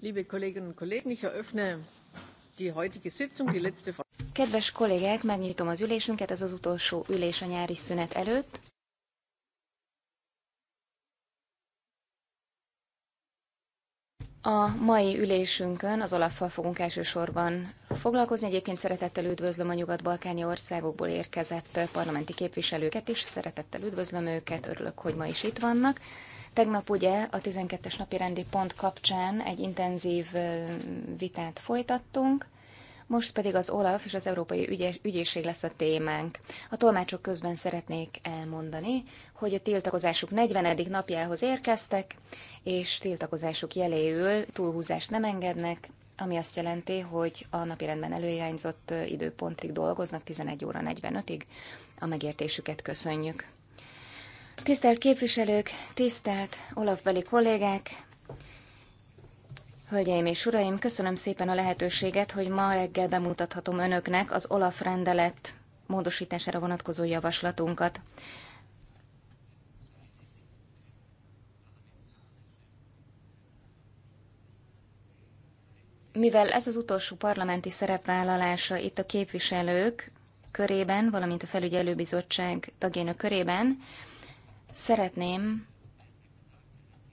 Liebe Kolleginnen und Kollegen, ich eröffne die heutige Sitzung, die letzte Kedves kollégák, megnyitom az ülésünket, ez az utolsó ülés a nyári szünet előtt. A mai ülésünkön az olaffal fogunk elsősorban foglalkozni. Egyébként szeretettel üdvözlöm a nyugat-balkáni országokból érkezett parlamenti képviselőket is, szeretettel üdvözlöm őket, örülök, hogy ma is itt vannak. Tegnap ugye a 12-es napi rendi pont kapcsán egy intenzív vitát folytattunk, most pedig az OLAF és az Európai Ügyes, Ügyészség lesz a témánk. A tolmácsok közben szeretnék elmondani, hogy a tiltakozásuk 40. napjához érkeztek, és tiltakozásuk jeléül túlhúzást nem engednek, ami azt jelenti, hogy a napirendben előirányzott időpontig dolgoznak 11 óra 45-ig. A megértésüket köszönjük. Tisztelt képviselők, tisztelt Olafbeli kollégák, Hölgyeim és uraim, köszönöm szépen a lehetőséget, hogy ma reggel bemutathatom önöknek az Olaf rendelet módosítására vonatkozó javaslatunkat. Mivel ez az utolsó parlamenti szerepvállalása itt a képviselők körében, valamint a felügyelőbizottság tagjának körében, Szeretném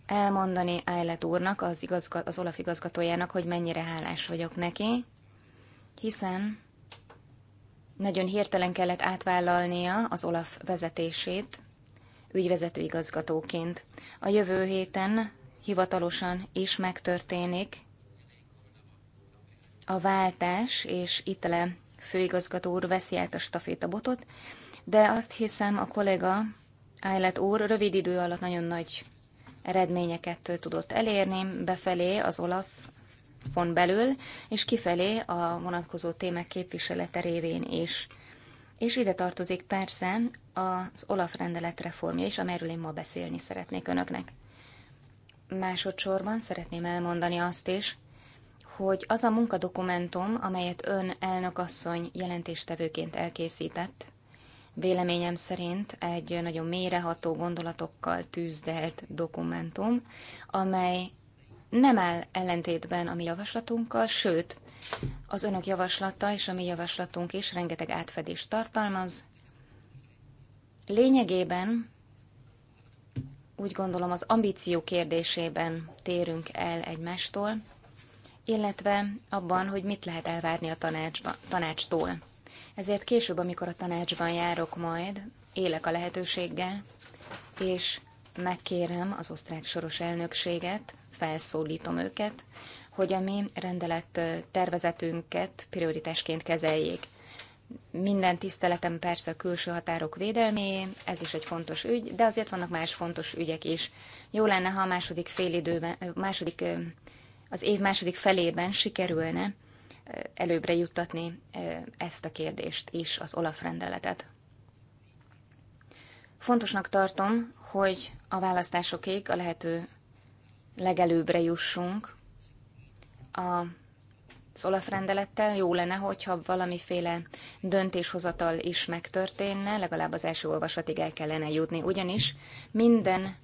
elmondani Eilert úrnak, az, igazga, az Olaf igazgatójának, hogy mennyire hálás vagyok neki, hiszen nagyon hirtelen kellett átvállalnia az Olaf vezetését ügyvezető igazgatóként. A jövő héten hivatalosan is megtörténik a váltás, és le főigazgató úr veszi át a stafétabotot, de azt hiszem a kollega Eilert úr rövid idő alatt nagyon nagy eredményeket tudott elérni, befelé az Olaf von belül, és kifelé a vonatkozó témák képviselete révén is. És ide tartozik persze az Olaf rendelet reformja is, amelyről én ma beszélni szeretnék önöknek. Másodszorban szeretném elmondani azt is, hogy az a munkadokumentum, amelyet ön elnökasszony jelentéstevőként elkészített, véleményem szerint egy nagyon mélyreható gondolatokkal tűzdelt dokumentum, amely nem áll ellentétben a mi javaslatunkkal, sőt, az önök javaslata és a mi javaslatunk is rengeteg átfedést tartalmaz. Lényegében úgy gondolom az ambíció kérdésében térünk el egymástól, illetve abban, hogy mit lehet elvárni a tanácsba, tanácstól. Ezért később, amikor a tanácsban járok majd, élek a lehetőséggel, és megkérem az osztrák soros elnökséget, felszólítom őket, hogy a mi rendelet tervezetünket prioritásként kezeljék. Minden tiszteletem persze a külső határok védelmé, ez is egy fontos ügy, de azért vannak más fontos ügyek is. Jó lenne, ha a második fél időben, második, az év második felében sikerülne előbbre juttatni ezt a kérdést is, az Olaf rendeletet. Fontosnak tartom, hogy a választásokig a lehető legelőbbre jussunk a az Olaf rendelettel jó lenne, hogyha valamiféle döntéshozatal is megtörténne, legalább az első olvasatig el kellene jutni, ugyanis minden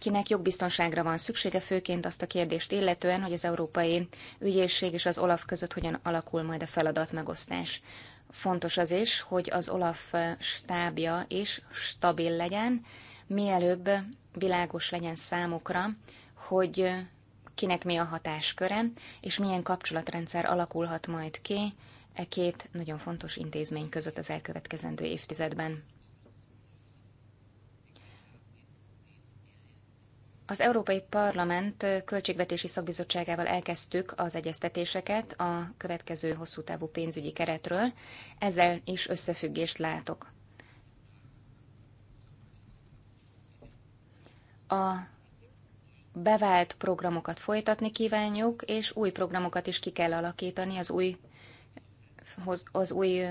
kinek jogbiztonságra van szüksége, főként azt a kérdést illetően, hogy az Európai Ügyészség és az OLAF között hogyan alakul majd a feladatmegosztás. Fontos az is, hogy az OLAF stábja is stabil legyen, mielőbb világos legyen számukra, hogy kinek mi a hatásköre, és milyen kapcsolatrendszer alakulhat majd ki e két nagyon fontos intézmény között az elkövetkezendő évtizedben. Az Európai Parlament költségvetési szakbizottságával elkezdtük az egyeztetéseket a következő hosszú távú pénzügyi keretről. Ezzel is összefüggést látok. A bevált programokat folytatni kívánjuk, és új programokat is ki kell alakítani az új, az új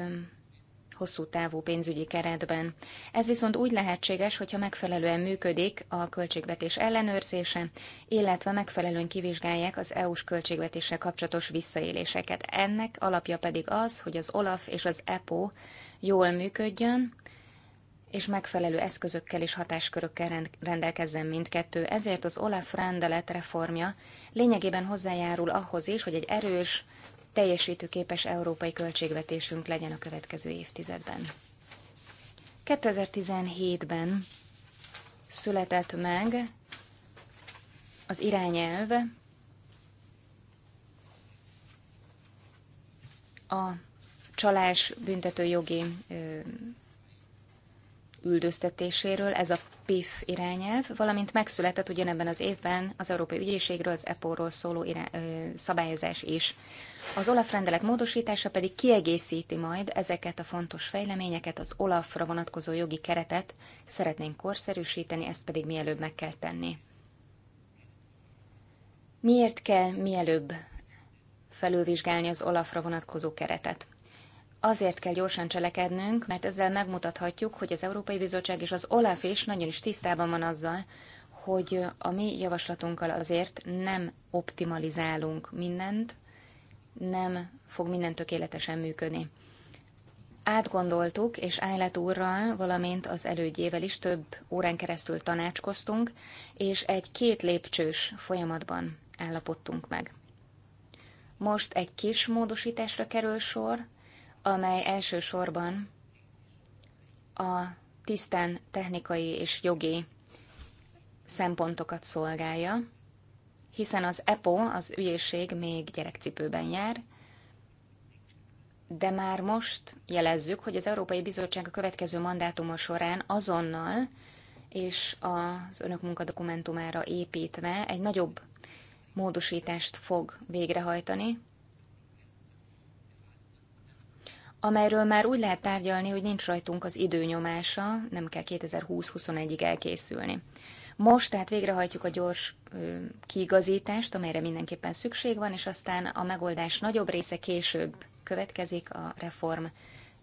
hosszú távú pénzügyi keretben. Ez viszont úgy lehetséges, hogyha megfelelően működik a költségvetés ellenőrzése, illetve megfelelően kivizsgálják az EU-s költségvetéssel kapcsolatos visszaéléseket. Ennek alapja pedig az, hogy az OLAF és az EPO jól működjön, és megfelelő eszközökkel és hatáskörökkel rendelkezzen mindkettő. Ezért az OLAF rendelet reformja lényegében hozzájárul ahhoz is, hogy egy erős, teljesítőképes európai költségvetésünk legyen a következő évtizedben. 2017-ben született meg az irányelv a csalás büntető jogi üldöztetéséről, ez a PIF irányelv, valamint megszületett ugyanebben az évben az Európai Ügyészségről, az EPO-ról szóló irány, ö, szabályozás is. Az OLAF rendelet módosítása pedig kiegészíti majd ezeket a fontos fejleményeket, az OLAF-ra vonatkozó jogi keretet szeretnénk korszerűsíteni, ezt pedig mielőbb meg kell tenni. Miért kell mielőbb felülvizsgálni az OLAF-ra vonatkozó keretet? Azért kell gyorsan cselekednünk, mert ezzel megmutathatjuk, hogy az Európai Bizottság és az OLAF is nagyon is tisztában van azzal, hogy a mi javaslatunkkal azért nem optimalizálunk mindent, nem fog minden tökéletesen működni. Átgondoltuk, és Állat úrral, valamint az elődjével is több órán keresztül tanácskoztunk, és egy két lépcsős folyamatban állapodtunk meg. Most egy kis módosításra kerül sor, amely elsősorban a tisztán technikai és jogi szempontokat szolgálja, hiszen az EPO, az ügyészség még gyerekcipőben jár, de már most jelezzük, hogy az Európai Bizottság a következő mandátuma során azonnal és az önök munkadokumentumára építve egy nagyobb módosítást fog végrehajtani, amelyről már úgy lehet tárgyalni, hogy nincs rajtunk az időnyomása, nem kell 2020-21-ig elkészülni. Most tehát végrehajtjuk a gyors ö, kiigazítást, amelyre mindenképpen szükség van, és aztán a megoldás nagyobb része később következik, a reform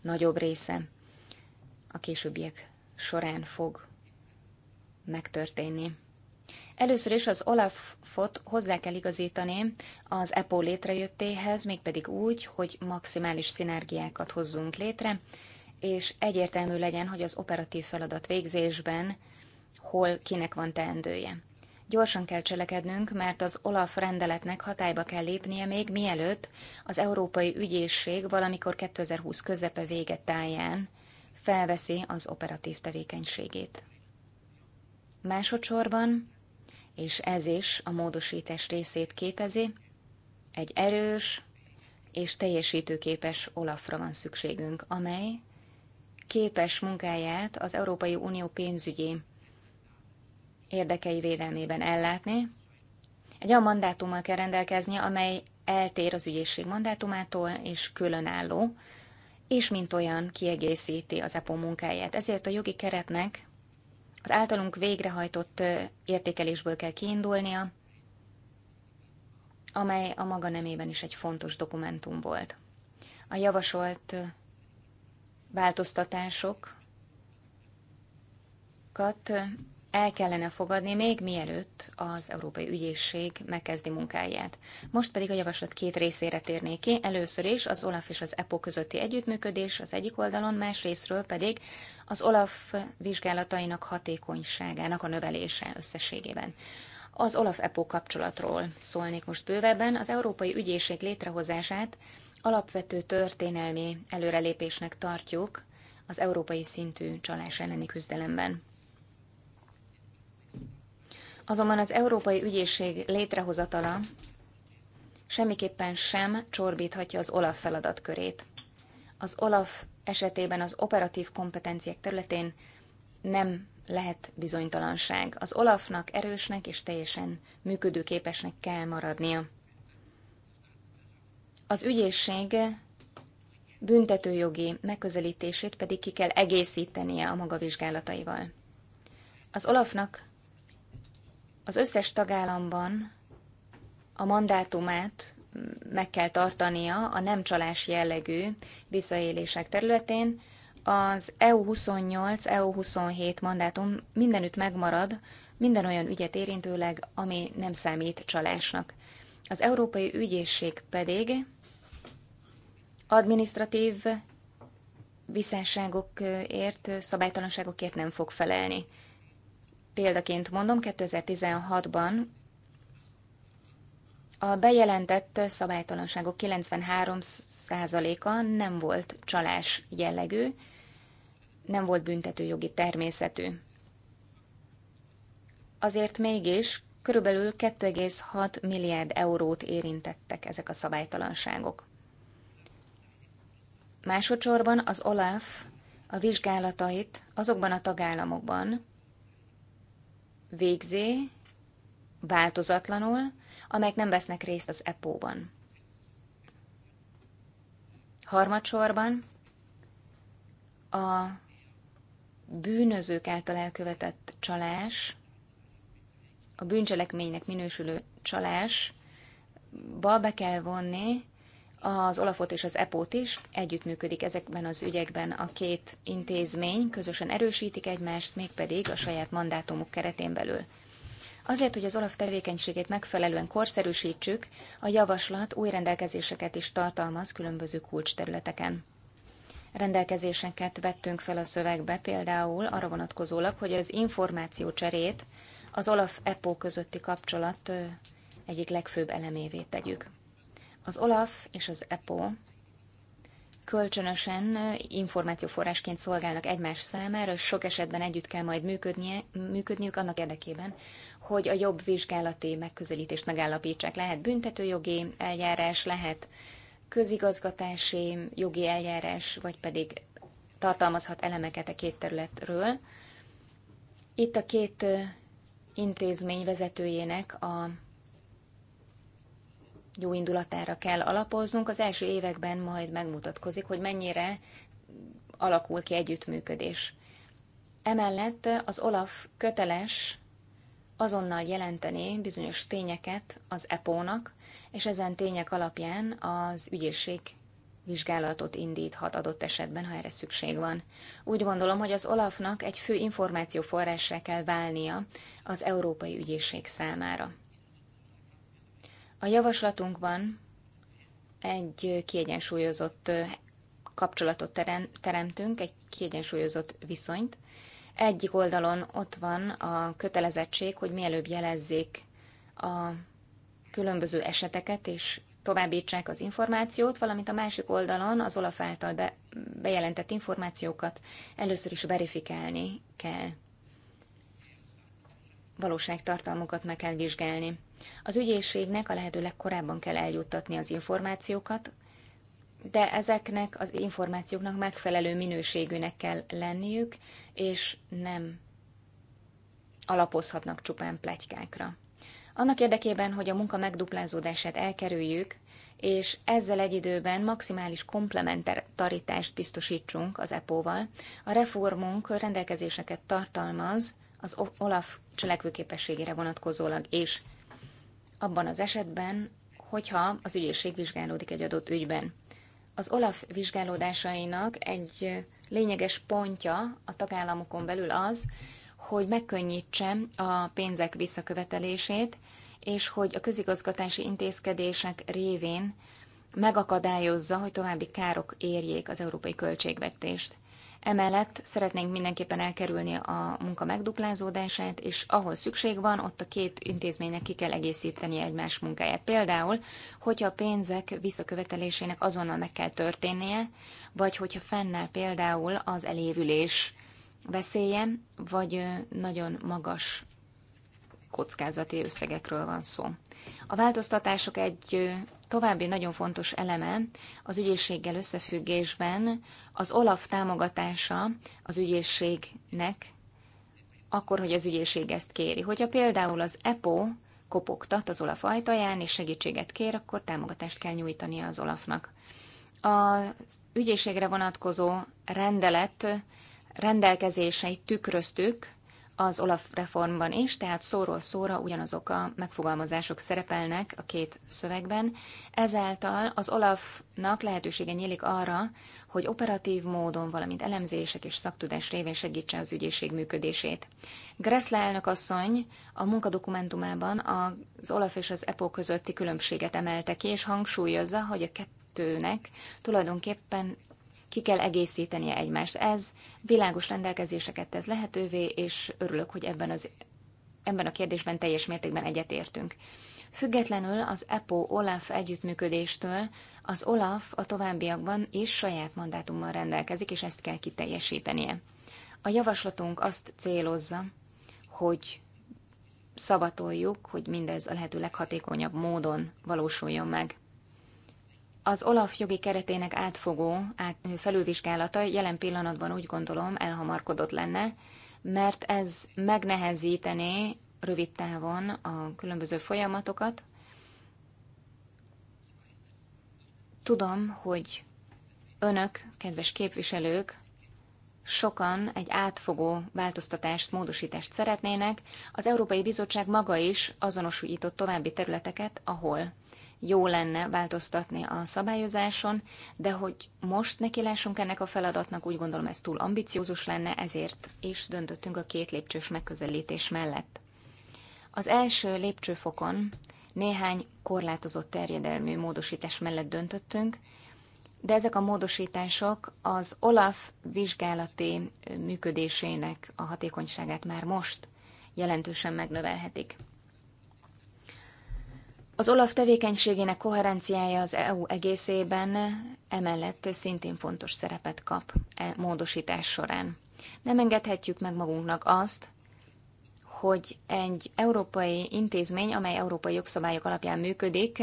nagyobb része a későbbiek során fog megtörténni. Először is az Olafot hozzá kell igazítani az EPO létrejöttéhez, mégpedig úgy, hogy maximális szinergiákat hozzunk létre, és egyértelmű legyen, hogy az operatív feladat végzésben hol kinek van teendője. Gyorsan kell cselekednünk, mert az OLAF rendeletnek hatályba kell lépnie még mielőtt az Európai Ügyészség valamikor 2020 közepe vége táján felveszi az operatív tevékenységét. Másodszorban és ez is a módosítás részét képezi. Egy erős és teljesítőképes Olafra van szükségünk, amely képes munkáját az Európai Unió pénzügyi érdekei védelmében ellátni. Egy olyan mandátummal kell rendelkezni, amely eltér az ügyészség mandátumától, és különálló, és mint olyan kiegészíti az EPO munkáját. Ezért a jogi keretnek az általunk végrehajtott értékelésből kell kiindulnia, amely a maga nemében is egy fontos dokumentum volt. A javasolt változtatásokat el kellene fogadni még mielőtt az Európai Ügyészség megkezdi munkáját. Most pedig a javaslat két részére térnék ki. Először is az OLAF és az EPO közötti együttműködés az egyik oldalon, másrésztről pedig az OLAF vizsgálatainak hatékonyságának a növelése összességében. Az OLAF-EPO kapcsolatról szólnék most bővebben. Az Európai Ügyészség létrehozását alapvető történelmi előrelépésnek tartjuk az európai szintű csalás elleni küzdelemben. Azonban az Európai Ügyészség létrehozatala semmiképpen sem csorbíthatja az OLAF feladatkörét. Az OLAF esetében az operatív kompetenciák területén nem lehet bizonytalanság. Az Olafnak erősnek és teljesen működőképesnek kell maradnia. Az ügyészség büntetőjogi megközelítését pedig ki kell egészítenie a maga vizsgálataival. Az Olafnak az összes tagállamban a mandátumát meg kell tartania a nem csalás jellegű visszaélések területén. Az EU28, EU27 mandátum mindenütt megmarad, minden olyan ügyet érintőleg, ami nem számít csalásnak. Az Európai Ügyészség pedig administratív visszásságokért, szabálytalanságokért nem fog felelni. Példaként mondom, 2016-ban a bejelentett szabálytalanságok 93%-a nem volt csalás jellegű, nem volt büntetőjogi természetű. Azért mégis körülbelül 2,6 milliárd eurót érintettek ezek a szabálytalanságok. Másodszorban az OLAF a vizsgálatait azokban a tagállamokban végzi, változatlanul, amelyek nem vesznek részt az EPO-ban. Harmadsorban a bűnözők által elkövetett csalás, a bűncselekménynek minősülő csalás, be kell vonni az Olafot és az EPO-t is, együttműködik ezekben az ügyekben a két intézmény, közösen erősítik egymást, mégpedig a saját mandátumuk keretén belül. Azért, hogy az OLAF tevékenységét megfelelően korszerűsítsük, a javaslat új rendelkezéseket is tartalmaz különböző kulcsterületeken. Rendelkezéseket vettünk fel a szövegbe, például arra vonatkozólag, hogy az információ cserét az OLAF-EPO közötti kapcsolat egyik legfőbb elemévé tegyük. Az OLAF és az EPO kölcsönösen információforrásként szolgálnak egymás számára, és sok esetben együtt kell majd működnie, működniük annak érdekében, hogy a jobb vizsgálati megközelítést megállapítsák. Lehet büntetőjogi eljárás, lehet közigazgatási jogi eljárás, vagy pedig tartalmazhat elemeket a két területről. Itt a két intézmény vezetőjének a jó indulatára kell alapoznunk. Az első években majd megmutatkozik, hogy mennyire alakul ki együttműködés. Emellett az OLAF köteles azonnal jelenteni bizonyos tényeket az EPO-nak, és ezen tények alapján az ügyészség vizsgálatot indíthat adott esetben, ha erre szükség van. Úgy gondolom, hogy az Olafnak egy fő információforrásra kell válnia az Európai Ügyészség számára. A javaslatunkban egy kiegyensúlyozott kapcsolatot teremtünk, egy kiegyensúlyozott viszonyt, egyik oldalon ott van a kötelezettség, hogy mielőbb jelezzék a különböző eseteket, és továbbítsák az információt, valamint a másik oldalon az Olaf által be, bejelentett információkat először is verifikálni kell. Valóságtartalmukat meg kell vizsgálni. Az ügyészségnek a lehető legkorábban kell eljuttatni az információkat, de ezeknek az információknak megfelelő minőségűnek kell lenniük, és nem alapozhatnak csupán plegykákra. Annak érdekében, hogy a munka megduplázódását elkerüljük, és ezzel egy időben maximális komplementaritást biztosítsunk az EPO-val, a reformunk rendelkezéseket tartalmaz az OLAF cselekvőképességére vonatkozólag és abban az esetben, hogyha az ügyészség vizsgálódik egy adott ügyben az OLAF vizsgálódásainak egy lényeges pontja a tagállamokon belül az, hogy megkönnyítse a pénzek visszakövetelését, és hogy a közigazgatási intézkedések révén megakadályozza, hogy további károk érjék az európai költségvetést. Emellett szeretnénk mindenképpen elkerülni a munka megduplázódását, és ahol szükség van, ott a két intézménynek ki kell egészíteni egymás munkáját. Például, hogyha a pénzek visszakövetelésének azonnal meg kell történnie, vagy hogyha fennáll például az elévülés veszélye, vagy nagyon magas kockázati összegekről van szó. A változtatások egy további nagyon fontos eleme az ügyészséggel összefüggésben az OLAF támogatása az ügyészségnek, akkor, hogy az ügyészség ezt kéri. Hogyha például az EPO kopogtat az OLAF ajtaján, és segítséget kér, akkor támogatást kell nyújtania az OLAF-nak. Az ügyészségre vonatkozó rendelet rendelkezései tükröztük az Olaf reformban is, tehát szóról szóra ugyanazok a megfogalmazások szerepelnek a két szövegben. Ezáltal az Olafnak lehetősége nyílik arra, hogy operatív módon, valamint elemzések és szaktudás révén segítse az ügyészség működését. Gressle asszony a munkadokumentumában az Olaf és az EPO közötti különbséget emelte ki, és hangsúlyozza, hogy a kettőnek tulajdonképpen ki kell egészítenie egymást. Ez világos rendelkezéseket tesz lehetővé, és örülök, hogy ebben, az, ebben a kérdésben teljes mértékben egyetértünk. Függetlenül az EPO-OLAF együttműködéstől az OLAF a továbbiakban is saját mandátummal rendelkezik, és ezt kell kiteljesítenie. A javaslatunk azt célozza, hogy szabatoljuk, hogy mindez a lehető leghatékonyabb módon valósuljon meg. Az Olaf jogi keretének átfogó felülvizsgálata jelen pillanatban úgy gondolom elhamarkodott lenne, mert ez megnehezítené rövid távon a különböző folyamatokat. Tudom, hogy önök, kedves képviselők, sokan egy átfogó változtatást, módosítást szeretnének. Az Európai Bizottság maga is azonosított további területeket, ahol jó lenne változtatni a szabályozáson, de hogy most nekilássunk ennek a feladatnak, úgy gondolom ez túl ambiciózus lenne, ezért is döntöttünk a két lépcsős megközelítés mellett. Az első lépcsőfokon néhány korlátozott terjedelmű módosítás mellett döntöttünk, de ezek a módosítások az OLAF vizsgálati működésének a hatékonyságát már most jelentősen megnövelhetik. Az OLAF tevékenységének koherenciája az EU egészében emellett szintén fontos szerepet kap e módosítás során. Nem engedhetjük meg magunknak azt, hogy egy európai intézmény, amely európai jogszabályok alapján működik,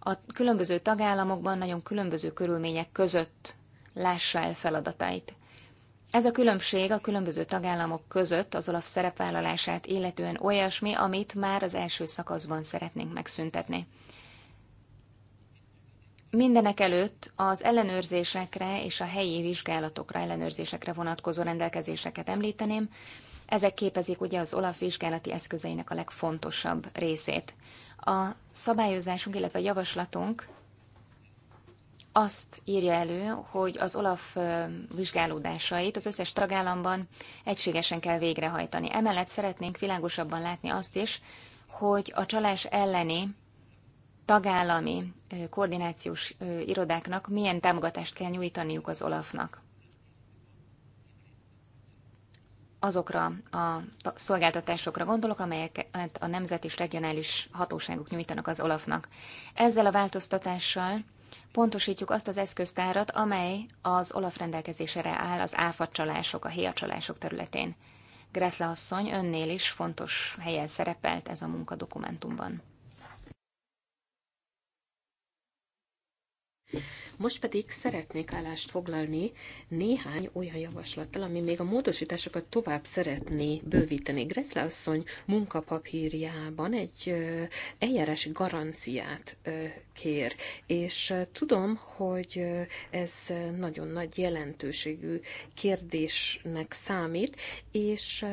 a különböző tagállamokban nagyon különböző körülmények között lássa el feladatait. Ez a különbség a különböző tagállamok között az Olaf szerepvállalását illetően olyasmi, amit már az első szakaszban szeretnénk megszüntetni. Mindenek előtt az ellenőrzésekre és a helyi vizsgálatokra, ellenőrzésekre vonatkozó rendelkezéseket említeném. Ezek képezik ugye az OLAF vizsgálati eszközeinek a legfontosabb részét. A szabályozásunk, illetve a javaslatunk azt írja elő, hogy az OLAF vizsgálódásait az összes tagállamban egységesen kell végrehajtani. Emellett szeretnénk világosabban látni azt is, hogy a csalás elleni tagállami koordinációs irodáknak milyen támogatást kell nyújtaniuk az OLAF-nak. Azokra a szolgáltatásokra gondolok, amelyeket hát a nemzet és regionális hatóságok nyújtanak az OLAF-nak. Ezzel a változtatással pontosítjuk azt az eszköztárat, amely az Olaf rendelkezésére áll az áfacsalások, a héjacsalások területén. Gressle asszony önnél is fontos helyen szerepelt ez a munkadokumentumban. Most pedig szeretnék állást foglalni néhány olyan javaslattal, ami még a módosításokat tovább szeretné bővíteni. Greszle asszony munkapapírjában egy eljárási garanciát kér, és tudom, hogy ez nagyon nagy jelentőségű kérdésnek számít, és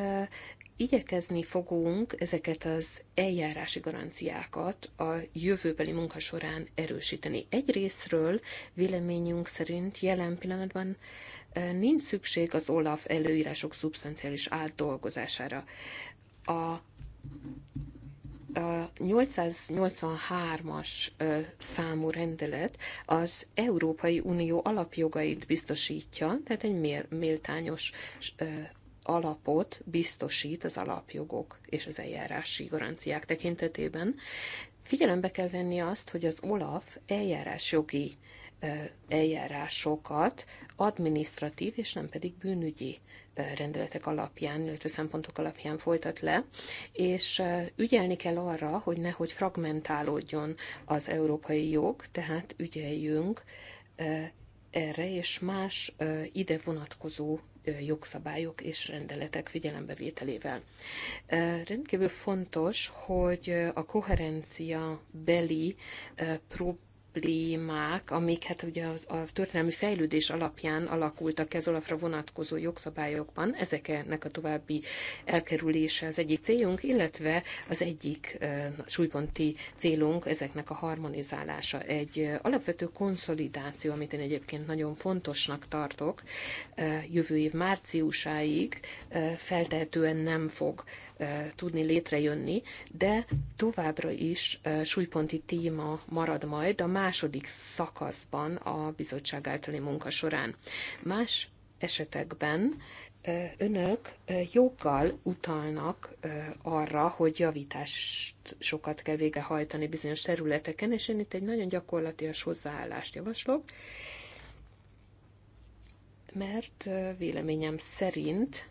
igyekezni fogunk ezeket az eljárási garanciákat a jövőbeli munka során erősíteni. Egy részről véleményünk szerint jelen pillanatban nincs szükség az OLAF előírások szubstanciális átdolgozására. A a 883-as számú rendelet az Európai Unió alapjogait biztosítja, tehát egy méltányos alapot biztosít az alapjogok és az eljárási garanciák tekintetében. Figyelembe kell venni azt, hogy az OLAF eljárásjogi eljárásokat administratív és nem pedig bűnügyi rendeletek alapján, illetve szempontok alapján folytat le, és ügyelni kell arra, hogy nehogy fragmentálódjon az európai jog, tehát ügyeljünk erre és más ide vonatkozó jogszabályok és rendeletek figyelembevételével. Rendkívül fontos, hogy a koherencia beli problémák, amik hát ugye a, a történelmi fejlődés alapján alakultak ez olafra vonatkozó jogszabályokban, ezeknek a további elkerülése az egyik célunk, illetve az egyik e, súlyponti célunk ezeknek a harmonizálása. Egy alapvető konszolidáció, amit én egyébként nagyon fontosnak tartok, e, jövő év márciusáig e, feltehetően nem fog e, tudni létrejönni, de továbbra is e, súlyponti téma marad majd a második szakaszban a bizottság általi munka során. Más esetekben önök joggal utalnak arra, hogy javítást sokat kell végrehajtani bizonyos területeken, és én itt egy nagyon gyakorlatias hozzáállást javaslok, mert véleményem szerint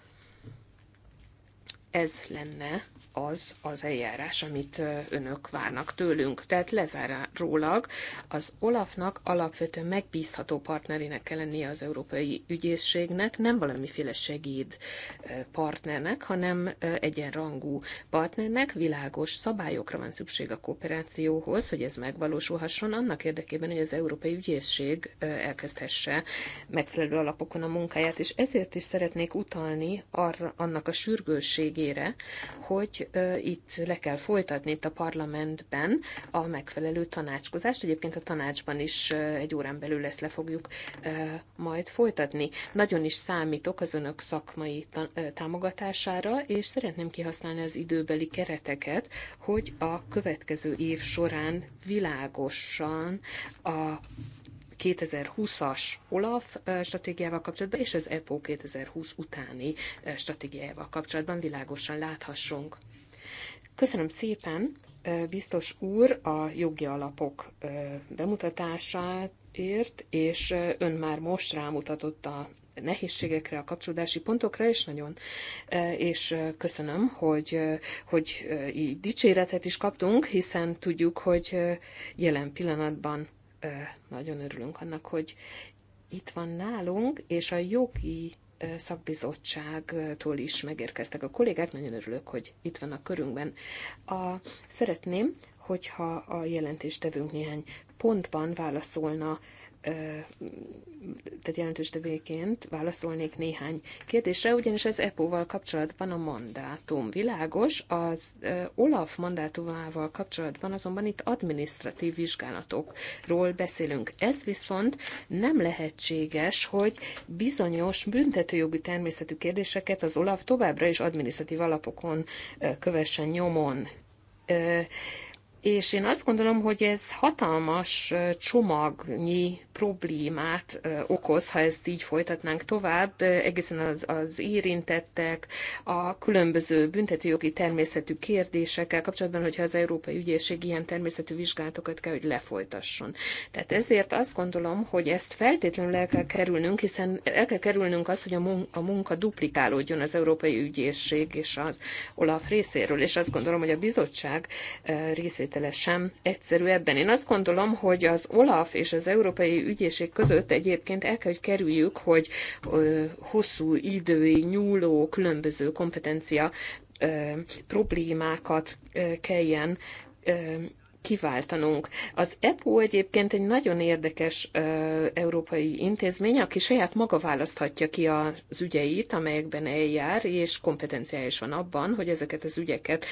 ez lenne az az eljárás, amit önök várnak tőlünk. Tehát lezárólag az Olafnak alapvetően megbízható partnerének kell lennie az Európai Ügyészségnek, nem valamiféle segéd partnernek, hanem egyenrangú partnernek. Világos szabályokra van szükség a kooperációhoz, hogy ez megvalósulhasson, annak érdekében, hogy az Európai Ügyészség elkezdhesse megfelelő alapokon a munkáját, és ezért is szeretnék utalni arra, annak a sürgősségére, végére, hogy itt le kell folytatni itt a parlamentben a megfelelő tanácskozást. Egyébként a tanácsban is egy órán belül ezt le fogjuk majd folytatni. Nagyon is számítok az önök szakmai támogatására, és szeretném kihasználni az időbeli kereteket, hogy a következő év során világosan a 2020-as OLAF stratégiával kapcsolatban és az EPO 2020 utáni stratégiával kapcsolatban világosan láthassunk. Köszönöm szépen, biztos úr, a jogi alapok bemutatását, és ön már most rámutatott a nehézségekre, a kapcsolódási pontokra, és nagyon, és köszönöm, hogy, hogy így dicséretet is kaptunk, hiszen tudjuk, hogy jelen pillanatban nagyon örülünk annak, hogy itt van nálunk, és a jogi szakbizottságtól is megérkeztek a kollégák. Nagyon örülök, hogy itt van a körünkben. A, szeretném, hogyha a jelentéstevünk néhány pontban válaszolna tehát jelentős tevéként válaszolnék néhány kérdésre, ugyanis ez EPO-val kapcsolatban a mandátum. Világos, az OLAF mandátumával kapcsolatban azonban itt administratív vizsgálatokról beszélünk. Ez viszont nem lehetséges, hogy bizonyos büntetőjogi természetű kérdéseket az OLAF továbbra is administratív alapokon kövessen nyomon és én azt gondolom, hogy ez hatalmas csomagnyi problémát okoz, ha ezt így folytatnánk tovább, egészen az, az érintettek, a különböző büntetőjogi természetű kérdésekkel kapcsolatban, hogyha az Európai Ügyészség ilyen természetű vizsgálatokat kell, hogy lefolytasson. Tehát ezért azt gondolom, hogy ezt feltétlenül el kell kerülnünk, hiszen el kell kerülnünk azt, hogy a munka duplikálódjon az Európai Ügyészség és az OLAF részéről, és azt gondolom, hogy a bizottság részét tétele sem egyszerű ebben. Én azt gondolom, hogy az OLAF és az Európai Ügyészség között egyébként el kell, hogy kerüljük, hogy hosszú idői, nyúló különböző kompetencia problémákat kelljen kiváltanunk. Az EPO egyébként egy nagyon érdekes ö, európai intézmény, aki saját maga választhatja ki az ügyeit, amelyekben eljár, és kompetenciája is van abban, hogy ezeket az ügyeket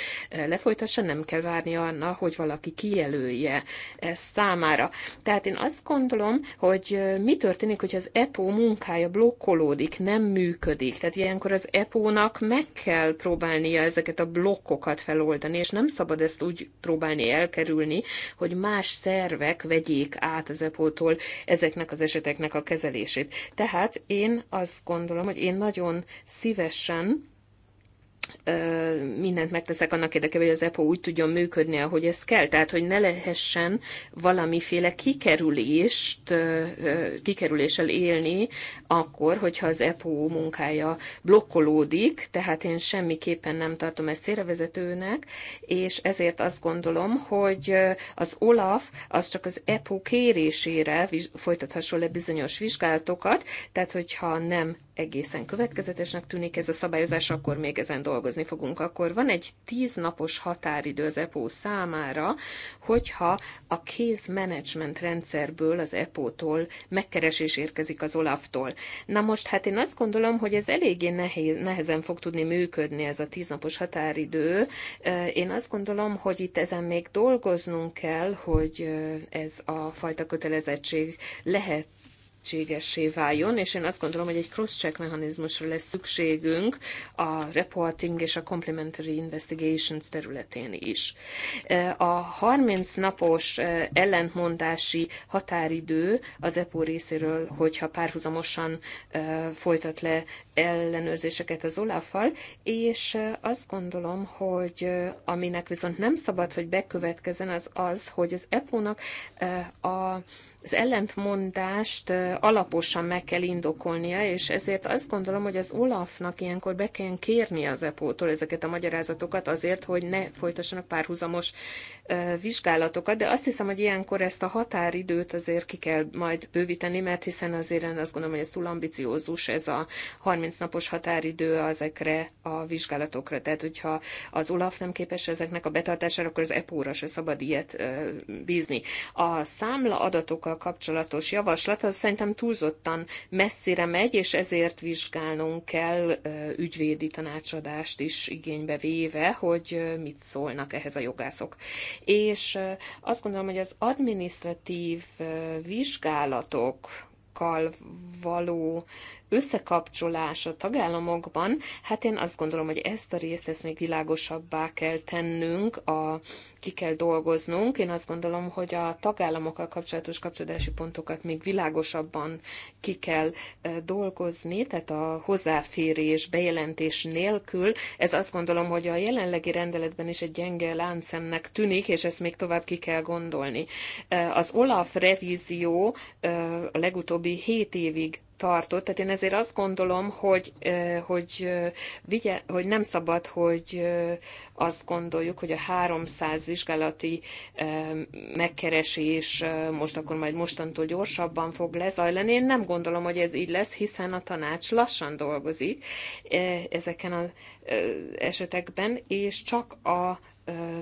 lefolytassa, nem kell várni anna, hogy valaki kijelölje ezt számára. Tehát én azt gondolom, hogy mi történik, hogy az EPO munkája blokkolódik, nem működik. Tehát ilyenkor az EPO-nak meg kell próbálnia ezeket a blokkokat feloldani, és nem szabad ezt úgy próbálni elkerülni, kerülni, hogy más szervek vegyék át az epótól ezeknek az eseteknek a kezelését. Tehát én azt gondolom, hogy én nagyon szívesen mindent megteszek annak érdekében, hogy az EPO úgy tudjon működni, ahogy ez kell. Tehát, hogy ne lehessen valamiféle kikerülést, kikerüléssel élni akkor, hogyha az EPO munkája blokkolódik, tehát én semmiképpen nem tartom ezt célvezetőnek, és ezért azt gondolom, hogy az OLAF az csak az EPO kérésére folytathasson le bizonyos vizsgálatokat, tehát hogyha nem egészen következetesnek tűnik ez a szabályozás, akkor még ezen dolgozni fogunk. Akkor van egy napos határidő az EPO számára, hogyha a kézmenedzsment rendszerből az EPO-tól megkeresés érkezik az Olaftól. Na most hát én azt gondolom, hogy ez eléggé nehéz, nehezen fog tudni működni ez a tíz napos határidő. Én azt gondolom, hogy itt ezen még dolgoznunk kell, hogy ez a fajta kötelezettség lehet egységessé váljon, és én azt gondolom, hogy egy cross-check mechanizmusra lesz szükségünk a reporting és a complementary investigations területén is. E, a 30 napos e, ellentmondási határidő az EPO részéről, hogyha párhuzamosan e, folytat le ellenőrzéseket az olaf és azt gondolom, hogy aminek viszont nem szabad, hogy bekövetkezzen, az az, hogy az EPO-nak a az ellentmondást alaposan meg kell indokolnia, és ezért azt gondolom, hogy az Olafnak ilyenkor be kell kérni az EPO-tól ezeket a magyarázatokat azért, hogy ne folytassanak párhuzamos vizsgálatokat, de azt hiszem, hogy ilyenkor ezt a határidőt azért ki kell majd bővíteni, mert hiszen azért én azt gondolom, hogy ez túl ambiciózus ez a 30 napos határidő ezekre a vizsgálatokra. Tehát, hogyha az Olaf nem képes ezeknek a betartására, akkor az EPO-ra se szabad ilyet bízni. A számla adatokat kutatásokkal kapcsolatos javaslat, az szerintem túlzottan messzire megy, és ezért vizsgálnunk kell ügyvédi tanácsadást is igénybe véve, hogy mit szólnak ehhez a jogászok. És azt gondolom, hogy az administratív vizsgálatok való összekapcsolás a tagállamokban, hát én azt gondolom, hogy ezt a részt ezt még világosabbá kell tennünk, a, ki kell dolgoznunk. Én azt gondolom, hogy a tagállamokkal kapcsolatos kapcsolódási pontokat még világosabban ki kell dolgozni, tehát a hozzáférés, bejelentés nélkül. Ez azt gondolom, hogy a jelenlegi rendeletben is egy gyenge láncemnek tűnik, és ezt még tovább ki kell gondolni. Az Olaf revízió a legutóbbi hét évig tartott. Tehát én ezért azt gondolom, hogy, hogy, vigye, hogy nem szabad, hogy azt gondoljuk, hogy a 300 vizsgálati megkeresés most akkor majd mostantól gyorsabban fog lezajlani. Én nem gondolom, hogy ez így lesz, hiszen a tanács lassan dolgozik ezeken a esetekben, és csak a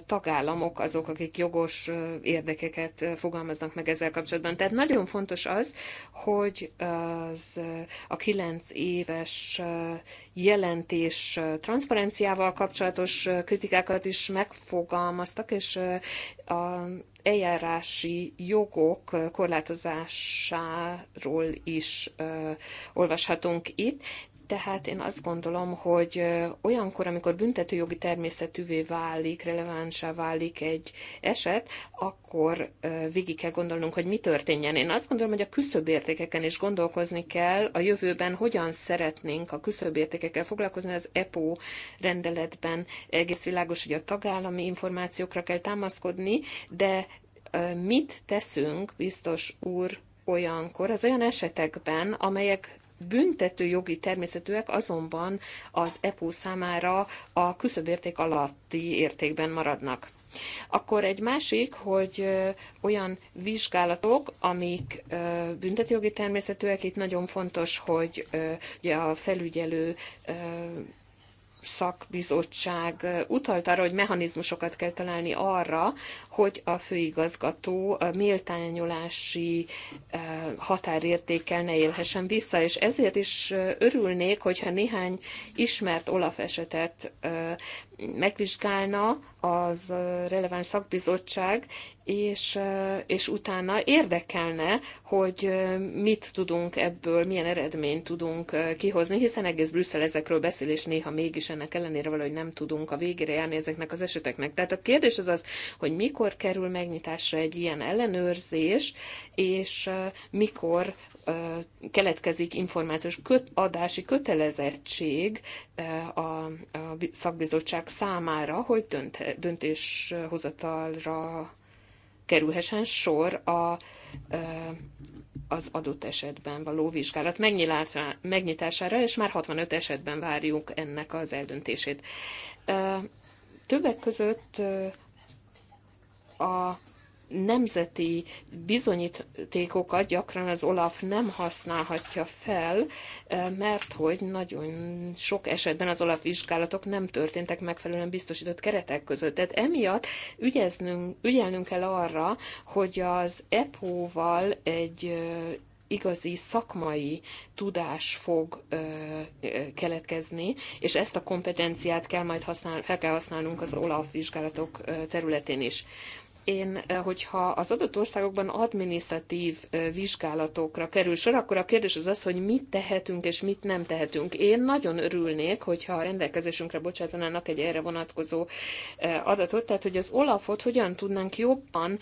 tagállamok azok, akik jogos érdekeket fogalmaznak meg ezzel kapcsolatban. Tehát nagyon fontos az, hogy az, a kilenc éves jelentés transzparenciával kapcsolatos kritikákat is megfogalmaztak, és a eljárási jogok korlátozásáról is olvashatunk itt, tehát én azt gondolom, hogy olyankor, amikor büntetőjogi természetűvé válik, relevánsá válik egy eset, akkor végig kell gondolnunk, hogy mi történjen. Én azt gondolom, hogy a küszöbértékeken is gondolkozni kell a jövőben, hogyan szeretnénk a küszöbértékekkel foglalkozni. Az EPO rendeletben egész világos, hogy a tagállami információkra kell támaszkodni, de mit teszünk, biztos úr, olyankor, az olyan esetekben, amelyek büntető jogi természetűek, azonban az EPO számára a küszöbérték alatti értékben maradnak. Akkor egy másik, hogy olyan vizsgálatok, amik büntetőjogi természetűek, itt nagyon fontos, hogy ugye a felügyelő szakbizottság utalt arra, hogy mechanizmusokat kell találni arra, hogy a főigazgató a méltányolási eh, határértékkel ne élhessen vissza, és ezért is eh, örülnék, hogyha néhány ismert Olaf esetet eh, megvizsgálna az releváns szakbizottság, és, és utána érdekelne, hogy mit tudunk ebből, milyen eredményt tudunk kihozni, hiszen egész Brüsszel ezekről beszél, és néha mégis ennek ellenére valahogy nem tudunk a végére járni ezeknek az eseteknek. Tehát a kérdés az az, hogy mikor mikor kerül megnyitásra egy ilyen ellenőrzés, és mikor keletkezik információs köt, adási kötelezettség a, a szakbizottság számára, hogy dönt, döntéshozatalra kerülhessen sor a, az adott esetben való vizsgálat megnyitására, és már 65 esetben várjuk ennek az eldöntését. Többek között a nemzeti bizonyítékokat gyakran az Olaf nem használhatja fel, eh, mert hogy nagyon sok esetben az Olaf vizsgálatok nem történtek megfelelően biztosított keretek között. Tehát emiatt ügyeznünk, ügyelnünk kell arra, hogy az EPO-val egy eh, igazi szakmai tudás fog ö, eh, keletkezni, és ezt a kompetenciát kell majd használ, fel kell használnunk az OLAF vizsgálatok területén is én, eh, hogyha az adott országokban adminisztratív eh, vizsgálatokra kerül sor, akkor a kérdés az az, hogy mit tehetünk és mit nem tehetünk. Én nagyon örülnék, hogyha a rendelkezésünkre bocsátanának egy erre vonatkozó eh, adatot, tehát hogy az Olafot hogyan tudnánk jobban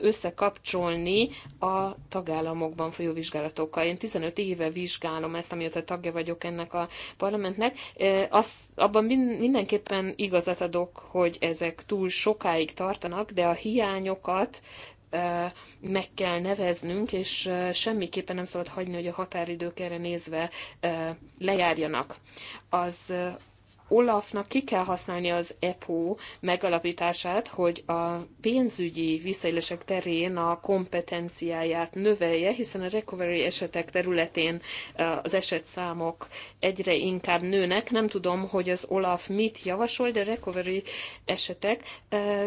összekapcsolni a tagállamokban folyó vizsgálatokkal. Én 15 éve vizsgálom ezt, amióta tagja vagyok ennek a parlamentnek. Az, abban mindenképpen igazat adok, hogy ezek túl sokáig tartanak, de a hiány hiányokat meg kell neveznünk, és semmiképpen nem szabad hagyni, hogy a határidők erre nézve lejárjanak. Az Olafnak ki kell használni az EPO megalapítását, hogy a pénzügyi visszaélések terén a kompetenciáját növelje, hiszen a recovery esetek területén az esetszámok egyre inkább nőnek. Nem tudom, hogy az Olaf mit javasol, de a recovery esetek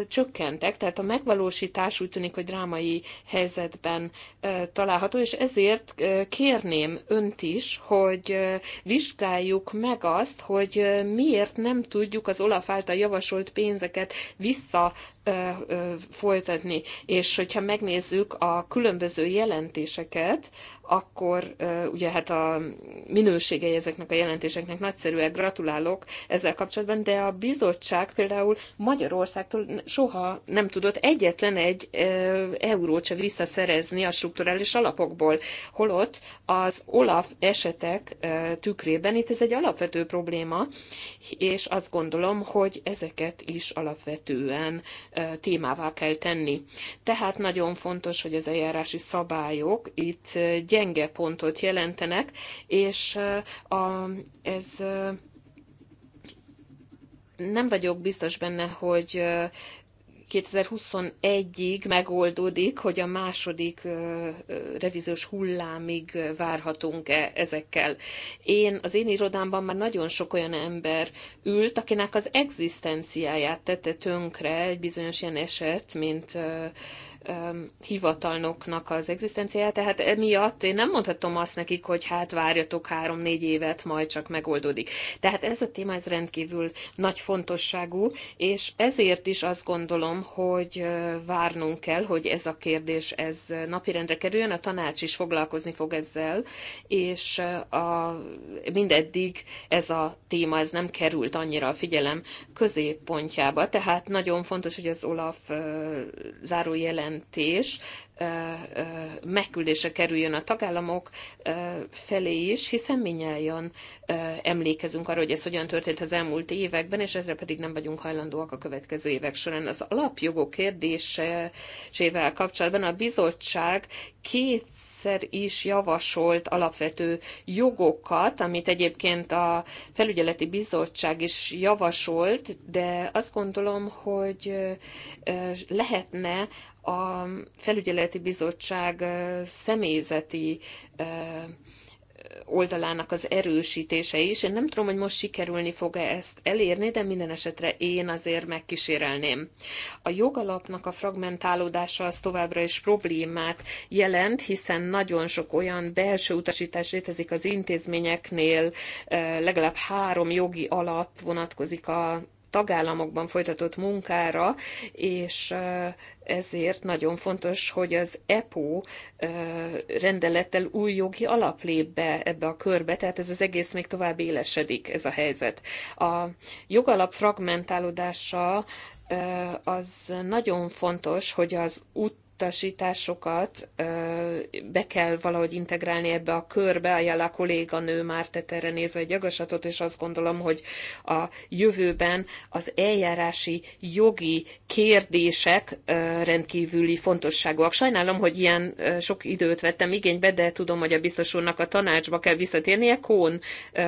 csökkentek, tehát a megvalósítás úgy tűnik, hogy drámai helyzetben található, és ezért kérném önt is, hogy vizsgáljuk meg azt, hogy mi miért nem tudjuk az Olaf által javasolt pénzeket vissza folytatni. És hogyha megnézzük a különböző jelentéseket, akkor ugye hát a minőségei ezeknek a jelentéseknek nagyszerűen gratulálok ezzel kapcsolatban, de a bizottság például Magyarországtól soha nem tudott egyetlen egy eurót se visszaszerezni a strukturális alapokból, holott az Olaf esetek tükrében itt ez egy alapvető probléma, és azt gondolom, hogy ezeket is alapvetően témává kell tenni. Tehát nagyon fontos, hogy az eljárási szabályok itt gyenge pontot jelentenek, és a, ez nem vagyok biztos benne, hogy 2021-ig megoldódik, hogy a második revíziós hullámig várhatunk-e ezekkel. Én az én irodámban már nagyon sok olyan ember ült, akinek az egzisztenciáját tette tönkre egy bizonyos ilyen eset, mint hivatalnoknak az egzisztenciáját, tehát emiatt én nem mondhatom azt nekik, hogy hát várjatok három-négy évet, majd csak megoldódik. Tehát ez a téma ez rendkívül nagy fontosságú, és ezért is azt gondolom, hogy várnunk kell, hogy ez a kérdés ez napirendre kerüljön, a tanács is foglalkozni fog ezzel, és a, mindeddig ez a téma ez nem került annyira a figyelem középpontjába, tehát nagyon fontos, hogy az Olaf zárójelen jelentés megküldése kerüljön a tagállamok felé is, hiszen minnyáján emlékezünk arra, hogy ez hogyan történt az elmúlt években, és ezre pedig nem vagyunk hajlandóak a következő évek során. Az alapjogok kérdésével kapcsolatban a bizottság kétszer is javasolt alapvető jogokat, amit egyébként a felügyeleti bizottság is javasolt, de azt gondolom, hogy lehetne a felügyeleti bizottság személyzeti oldalának az erősítése is. Én nem tudom, hogy most sikerülni fog-e ezt elérni, de minden esetre én azért megkísérelném. A jogalapnak a fragmentálódása az továbbra is problémát jelent, hiszen nagyon sok olyan belső utasítás létezik az intézményeknél, legalább három jogi alap vonatkozik a tagállamokban folytatott munkára, és ezért nagyon fontos, hogy az EPO rendelettel új jogi alap lép be ebbe a körbe, tehát ez az egész még tovább élesedik, ez a helyzet. A jogalap fragmentálódása az nagyon fontos, hogy az út utasításokat be kell valahogy integrálni ebbe a körbe. A Jella kolléganő már tett erre nézve egy jagaslatot, és azt gondolom, hogy a jövőben az eljárási jogi kérdések rendkívüli fontosságúak. Sajnálom, hogy ilyen sok időt vettem igénybe, de tudom, hogy a biztos úrnak a tanácsba kell visszatérnie. Kón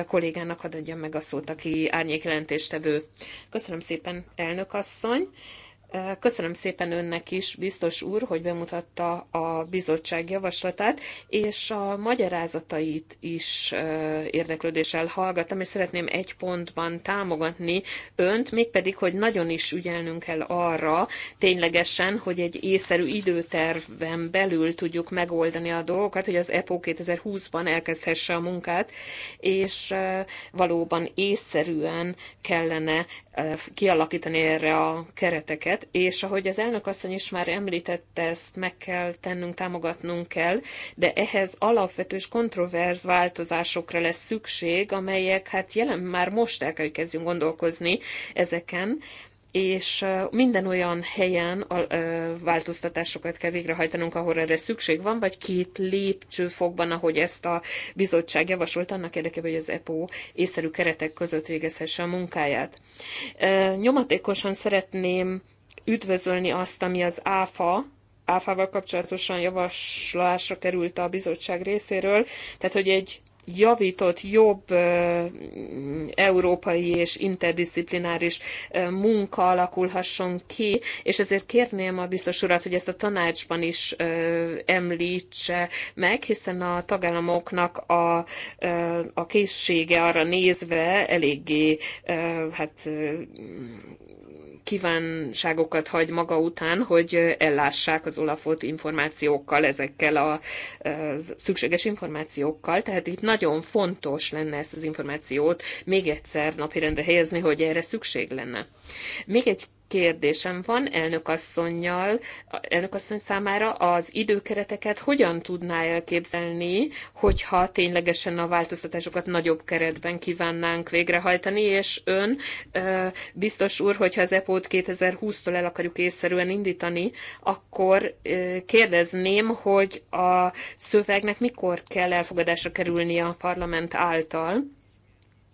kollégának adja meg a szót, aki árnyékjelentéstevő. Köszönöm szépen, elnök asszony. Köszönöm szépen önnek is, biztos úr, hogy bemutatta a bizottság javaslatát, és a magyarázatait is érdeklődéssel hallgattam, és szeretném egy pontban támogatni önt, mégpedig, hogy nagyon is ügyelnünk kell arra ténylegesen, hogy egy észszerű időterven belül tudjuk megoldani a dolgokat, hogy az EPO 2020-ban elkezdhesse a munkát, és valóban észszerűen kellene kialakítani erre a kereteket, helyzet, és ahogy az elnök asszony is már említette, ezt meg kell tennünk, támogatnunk kell, de ehhez alapvető és kontroverz változásokra lesz szükség, amelyek hát jelen már most el kell, kezdjünk gondolkozni ezeken, és minden olyan helyen a, változtatásokat kell végrehajtanunk, ahol erre szükség van, vagy két lépcsőfokban, ahogy ezt a bizottság javasolt, annak érdekében, hogy az EPO észszerű keretek között végezhesse a munkáját. Nyomatékosan szeretném üdvözölni azt, ami az ÁFA, Áfa-val kapcsolatosan javaslásra került a bizottság részéről, tehát hogy egy javított, jobb európai és interdisziplináris munka alakulhasson ki, és ezért kérném a biztos urat, hogy ezt a tanácsban is említse meg, hiszen a tagállamoknak a, a készsége arra nézve eléggé hát, kívánságokat hagy maga után, hogy ellássák az Olafot információkkal, ezekkel a e, szükséges információkkal. Tehát itt nagyon fontos lenne ezt az információt még egyszer napirendre helyezni, hogy erre szükség lenne. Még egy kérdésem van elnökasszonynal, elnökasszony számára az időkereteket hogyan tudná elképzelni, hogyha ténylegesen a változtatásokat nagyobb keretben kívánnánk végrehajtani, és ön biztos úr, hogyha az EPO-t 2020-tól el akarjuk észszerűen indítani, akkor kérdezném, hogy a szövegnek mikor kell elfogadásra kerülni a parlament által,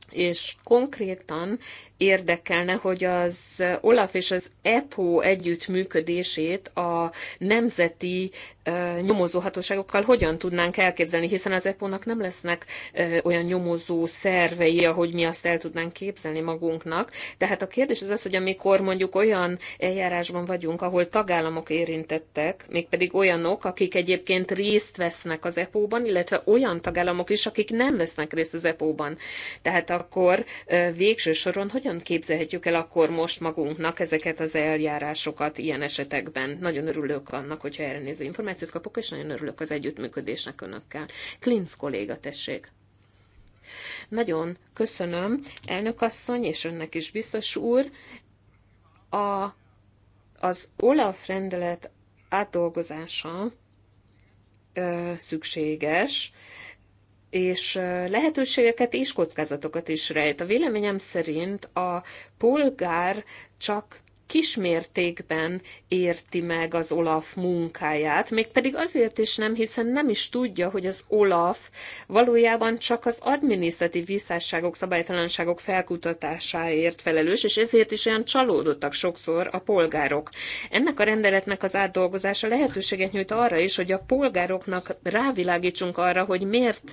és konkrétan érdekelne, hogy az Olaf és az EPO együttműködését a nemzeti nyomozóhatóságokkal hogyan tudnánk elképzelni, hiszen az EPO-nak nem lesznek olyan nyomozó szervei, ahogy mi azt el tudnánk képzelni magunknak. Tehát a kérdés az az, hogy amikor mondjuk olyan eljárásban vagyunk, ahol tagállamok érintettek, mégpedig olyanok, akik egyébként részt vesznek az EPO-ban, illetve olyan tagállamok is, akik nem vesznek részt az EPO-ban. Tehát akkor végső soron hogyan hogyan képzelhetjük el akkor most magunknak ezeket az eljárásokat ilyen esetekben. Nagyon örülök annak, hogyha erre néző információt kapok, és nagyon örülök az együttműködésnek önökkel. Klinc kolléga, tessék! Nagyon köszönöm, elnökasszony, és önnek is biztos úr. A, az Olaf rendelet átdolgozása ö, szükséges, és lehetőségeket és kockázatokat is rejt. A véleményem szerint a polgár csak kismértékben érti meg az Olaf munkáját, mégpedig azért is nem, hiszen nem is tudja, hogy az Olaf valójában csak az adminisztratív visszásságok, szabálytalanságok felkutatásáért felelős, és ezért is olyan csalódottak sokszor a polgárok. Ennek a rendeletnek az átdolgozása lehetőséget nyújt arra is, hogy a polgároknak rávilágítsunk arra, hogy miért,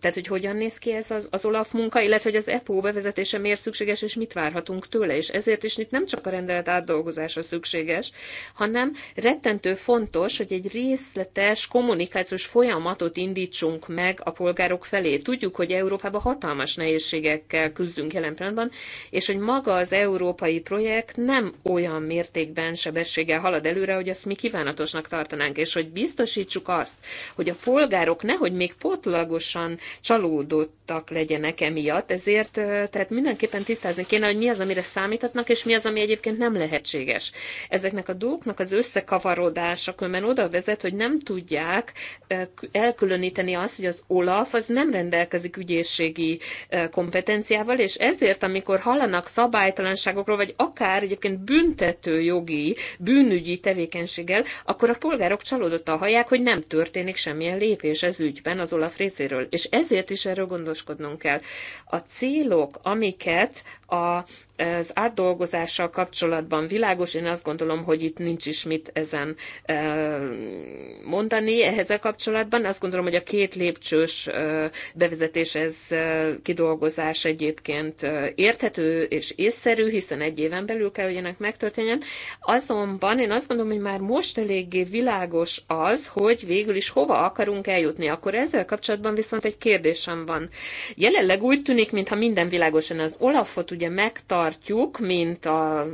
tehát hogy hogyan néz ki ez az, az Olaf munka, illetve hogy az EPO bevezetése miért szükséges, és mit várhatunk tőle. És ezért is itt nem csak a rendelet rendelet átdolgozása szükséges, hanem rettentő fontos, hogy egy részletes kommunikációs folyamatot indítsunk meg a polgárok felé. Tudjuk, hogy Európában hatalmas nehézségekkel küzdünk jelen pillanatban, és hogy maga az európai projekt nem olyan mértékben sebességgel halad előre, hogy azt mi kívánatosnak tartanánk, és hogy biztosítsuk azt, hogy a polgárok nehogy még potlagosan csalódottak legyenek emiatt, ezért tehát mindenképpen tisztázni kéne, hogy mi az, amire számíthatnak, és mi az, ami egyébként nem lehetséges. Ezeknek a dolgoknak az összekavarodása különben oda vezet, hogy nem tudják elkülöníteni azt, hogy az Olaf az nem rendelkezik ügyészségi kompetenciával, és ezért, amikor hallanak szabálytalanságokról, vagy akár egyébként büntető jogi, bűnügyi tevékenységgel, akkor a polgárok csalódottan hallják, hogy nem történik semmilyen lépés ez ügyben az Olaf részéről. És ezért is erről gondoskodnunk kell. A célok, amiket a, az átdolgozással kapcsolatban világos, én azt gondolom, hogy itt nincs is mit ezen mondani ehhez a kapcsolatban. Azt gondolom, hogy a két lépcsős bevezetés, ez kidolgozás egyébként érthető és észszerű, hiszen egy éven belül kell, hogy ennek megtörténjen. Azonban én azt gondolom, hogy már most eléggé világos az, hogy végül is hova akarunk eljutni. Akkor ezzel kapcsolatban viszont egy kérdésem van. Jelenleg úgy tűnik, mintha minden világosan az Olafot ugye megtartjuk, mint a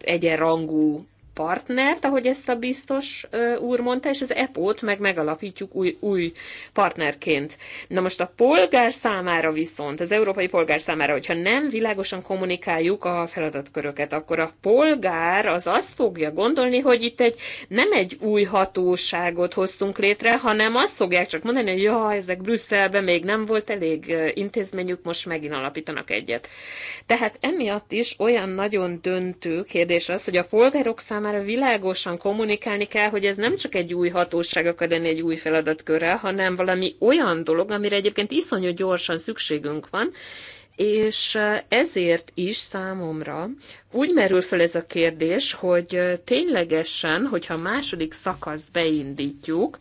egyenrangú partnert, ahogy ezt a biztos úr mondta, és az EPO-t meg megalapítjuk új, új partnerként. Na most a polgár számára viszont, az európai polgár számára, hogyha nem világosan kommunikáljuk a feladatköröket, akkor a polgár az azt fogja gondolni, hogy itt egy nem egy új hatóságot hoztunk létre, hanem azt fogják csak mondani, hogy ja, ezek Brüsszelben még nem volt elég intézményük, most megint alapítanak egyet. Tehát emiatt is olyan nagyon döntő kérdés az, hogy a polgárok számára számára világosan kommunikálni kell, hogy ez nem csak egy új hatóság akar lenni egy új feladatkörrel, hanem valami olyan dolog, amire egyébként iszonyú gyorsan szükségünk van, és ezért is számomra úgy merül fel ez a kérdés, hogy ténylegesen, hogyha a második szakaszt beindítjuk,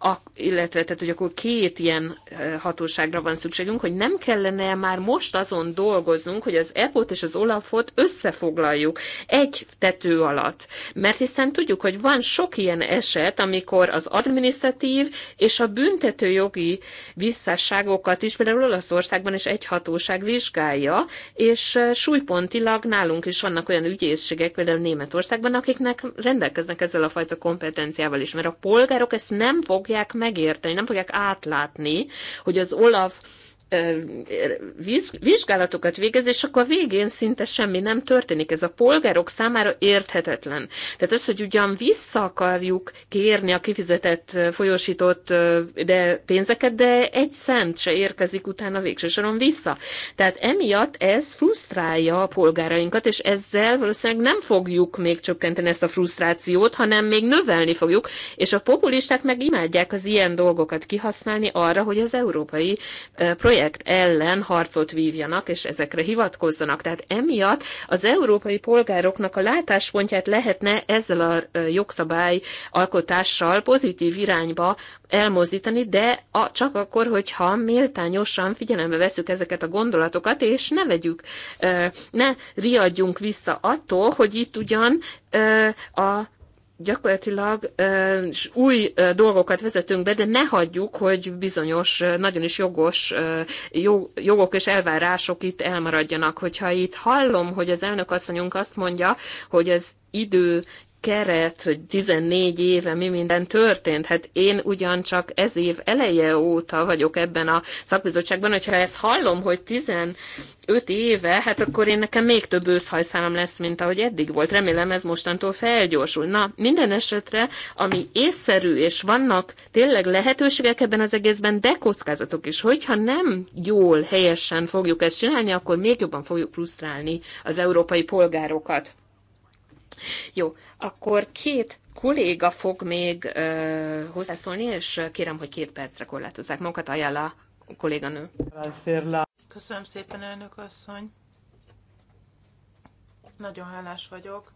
a, illetve tehát, hogy akkor két ilyen hatóságra van szükségünk, hogy nem kellene már most azon dolgoznunk, hogy az EPO-t és az Olafot összefoglaljuk egy tető alatt. Mert hiszen tudjuk, hogy van sok ilyen eset, amikor az administratív és a jogi visszásságokat is, például Olaszországban is egy hatóság vizsgálja, és súlypontilag nálunk is vannak olyan ügyészségek, például Németországban, akiknek rendelkeznek ezzel a fajta kompetenciával is, mert a polgárok ezt nem fog fogják megérteni, nem fogják átlátni, hogy az Olaf vizsgálatokat végez, és akkor a végén szinte semmi nem történik. Ez a polgárok számára érthetetlen. Tehát az, hogy ugyan vissza akarjuk kérni a kifizetett, folyósított de pénzeket, de egy cent se érkezik utána végső soron vissza. Tehát emiatt ez frusztrálja a polgárainkat, és ezzel valószínűleg nem fogjuk még csökkenteni ezt a frusztrációt, hanem még növelni fogjuk, és a populisták meg imádják az ilyen dolgokat kihasználni arra, hogy az európai projekt projekt ellen harcot vívjanak, és ezekre hivatkozzanak. Tehát emiatt az európai polgároknak a látáspontját lehetne ezzel a jogszabály alkotással pozitív irányba elmozdítani, de a, csak akkor, hogyha méltányosan figyelembe veszük ezeket a gondolatokat, és ne vegyük, ne riadjunk vissza attól, hogy itt ugyan a gyakorlatilag és új dolgokat vezetünk be, de ne hagyjuk, hogy bizonyos, nagyon is jogos jogok és elvárások itt elmaradjanak. Hogyha itt hallom, hogy az elnök asszonyunk azt mondja, hogy ez idő keret, hogy 14 éve mi minden történt. Hát én ugyancsak ez év eleje óta vagyok ebben a szakbizottságban, hogyha ezt hallom, hogy 15 éve, hát akkor én nekem még több őszhajszálom lesz, mint ahogy eddig volt. Remélem ez mostantól felgyorsul. Na, minden esetre, ami észszerű, és vannak tényleg lehetőségek ebben az egészben, de kockázatok is. Hogyha nem jól, helyesen fogjuk ezt csinálni, akkor még jobban fogjuk frusztrálni az európai polgárokat. Jó, akkor két kolléga fog még ö, hozzászólni, és kérem, hogy két percre korlátozzák magukat. ajánl a kolléganő. Köszönöm szépen, elnök asszony. Nagyon hálás vagyok,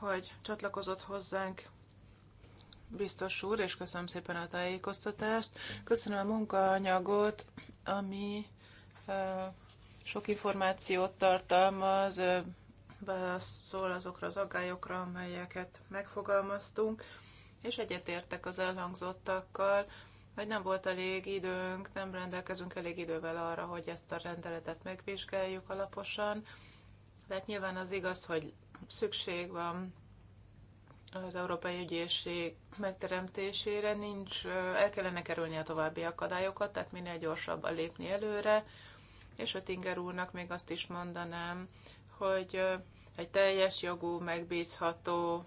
hogy csatlakozott hozzánk biztos úr, és köszönöm szépen a tájékoztatást. Köszönöm a munkaanyagot, ami uh, sok információt tartalmaz, uh, válaszol azokra az aggályokra, amelyeket megfogalmaztunk, és egyetértek az elhangzottakkal, hogy nem volt elég időnk, nem rendelkezünk elég idővel arra, hogy ezt a rendeletet megvizsgáljuk alaposan. Tehát nyilván az igaz, hogy szükség van az Európai Ügyészség megteremtésére, nincs, el kellene kerülni a további akadályokat, tehát minél gyorsabban lépni előre, és Tinger úrnak még azt is mondanám, hogy egy teljes jogú, megbízható,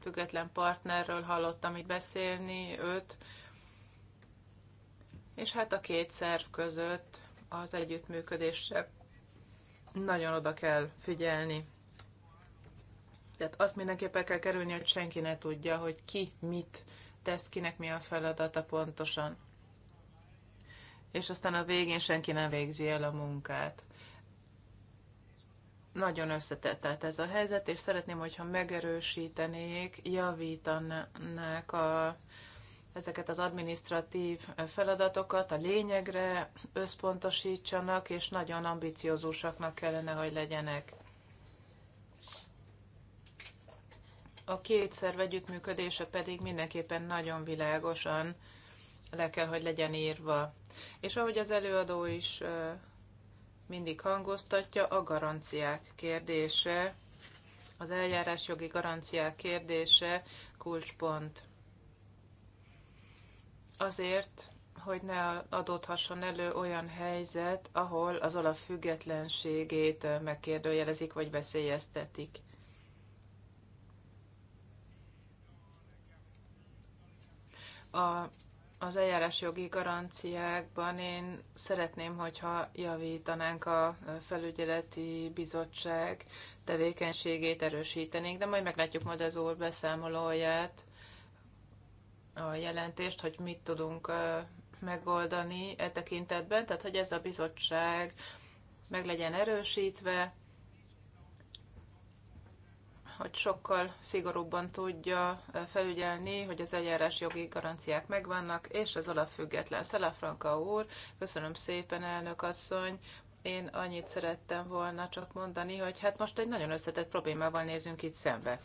független partnerről hallottam itt beszélni, őt, és hát a két szerv között az együttműködésre nagyon oda kell figyelni. Tehát azt mindenképpen kell kerülni, hogy senki ne tudja, hogy ki mit tesz, kinek mi a feladata pontosan. És aztán a végén senki nem végzi el a munkát. Nagyon összetett tehát ez a helyzet, és szeretném, hogyha megerősítenék, javítanák a, ezeket az administratív feladatokat a lényegre összpontosítsanak, és nagyon ambiciózusaknak kellene, hogy legyenek. A két szerv együttműködése pedig mindenképpen nagyon világosan le kell, hogy legyen írva. És ahogy az előadó is mindig hangoztatja, a garanciák kérdése, az eljárásjogi garanciák kérdése kulcspont. Azért, hogy ne adódhasson elő olyan helyzet, ahol az olaf függetlenségét megkérdőjelezik vagy veszélyeztetik. A az eljárás jogi garanciákban én szeretném, hogyha javítanánk a felügyeleti bizottság tevékenységét, erősítenénk, de majd meglátjuk majd az úr beszámolóját, a jelentést, hogy mit tudunk megoldani e tekintetben, tehát hogy ez a bizottság meg legyen erősítve, hogy sokkal szigorúbban tudja felügyelni, hogy az eljárás jogi garanciák megvannak, és az olaf független. Szelafranka úr, köszönöm szépen, elnök asszony, én annyit szerettem volna csak mondani, hogy hát most egy nagyon összetett problémával nézünk itt szembe.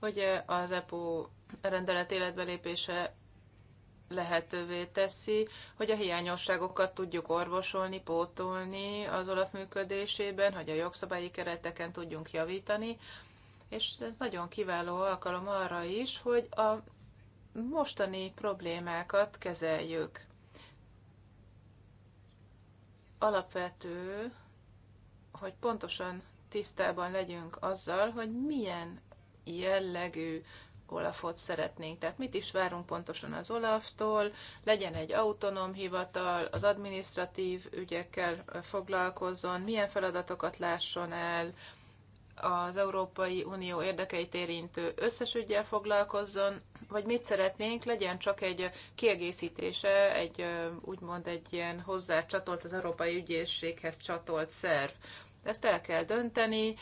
Ugye az EPO rendelet életbelépése lehetővé teszi, hogy a hiányosságokat tudjuk orvosolni, pótolni az olaf működésében, hogy a jogszabályi kereteken tudjunk javítani, és ez nagyon kiváló alkalom arra is, hogy a mostani problémákat kezeljük. Alapvető, hogy pontosan tisztában legyünk azzal, hogy milyen jellegű Olafot szeretnénk. Tehát mit is várunk pontosan az Olaftól? Legyen egy autonóm hivatal, az administratív ügyekkel foglalkozzon, milyen feladatokat lásson el, az Európai Unió érdekeit érintő összes ügyel foglalkozzon, vagy mit szeretnénk, legyen csak egy kiegészítése, egy úgymond egy ilyen hozzácsatolt az Európai Ügyészséghez csatolt szerv. Ezt el kell dönteni,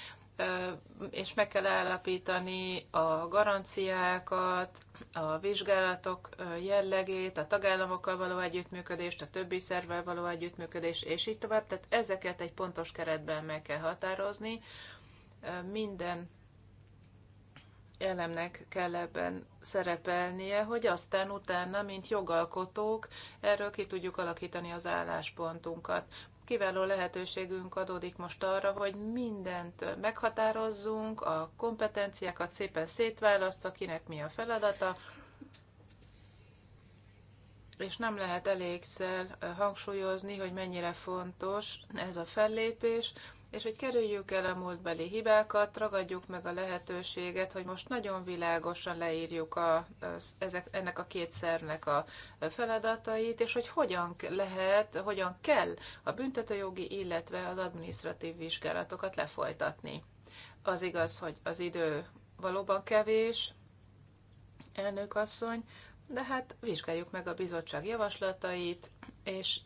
és meg kell állapítani a garanciákat, a vizsgálatok jellegét, a tagállamokkal való együttműködést, a többi szervvel való együttműködést, és így tovább. Tehát ezeket egy pontos keretben meg kell határozni. Minden elemnek kell ebben szerepelnie, hogy aztán utána, mint jogalkotók, erről ki tudjuk alakítani az álláspontunkat kiváló lehetőségünk adódik most arra, hogy mindent meghatározzunk, a kompetenciákat szépen szétválaszt, kinek mi a feladata, és nem lehet elégszer hangsúlyozni, hogy mennyire fontos ez a fellépés, és hogy kerüljük el a múltbeli hibákat, ragadjuk meg a lehetőséget, hogy most nagyon világosan leírjuk a, ezek, ennek a két szervnek a feladatait, és hogy hogyan lehet, hogyan kell a büntetőjogi, illetve az adminisztratív vizsgálatokat lefolytatni. Az igaz, hogy az idő valóban kevés, elnök asszony, de hát vizsgáljuk meg a bizottság javaslatait, és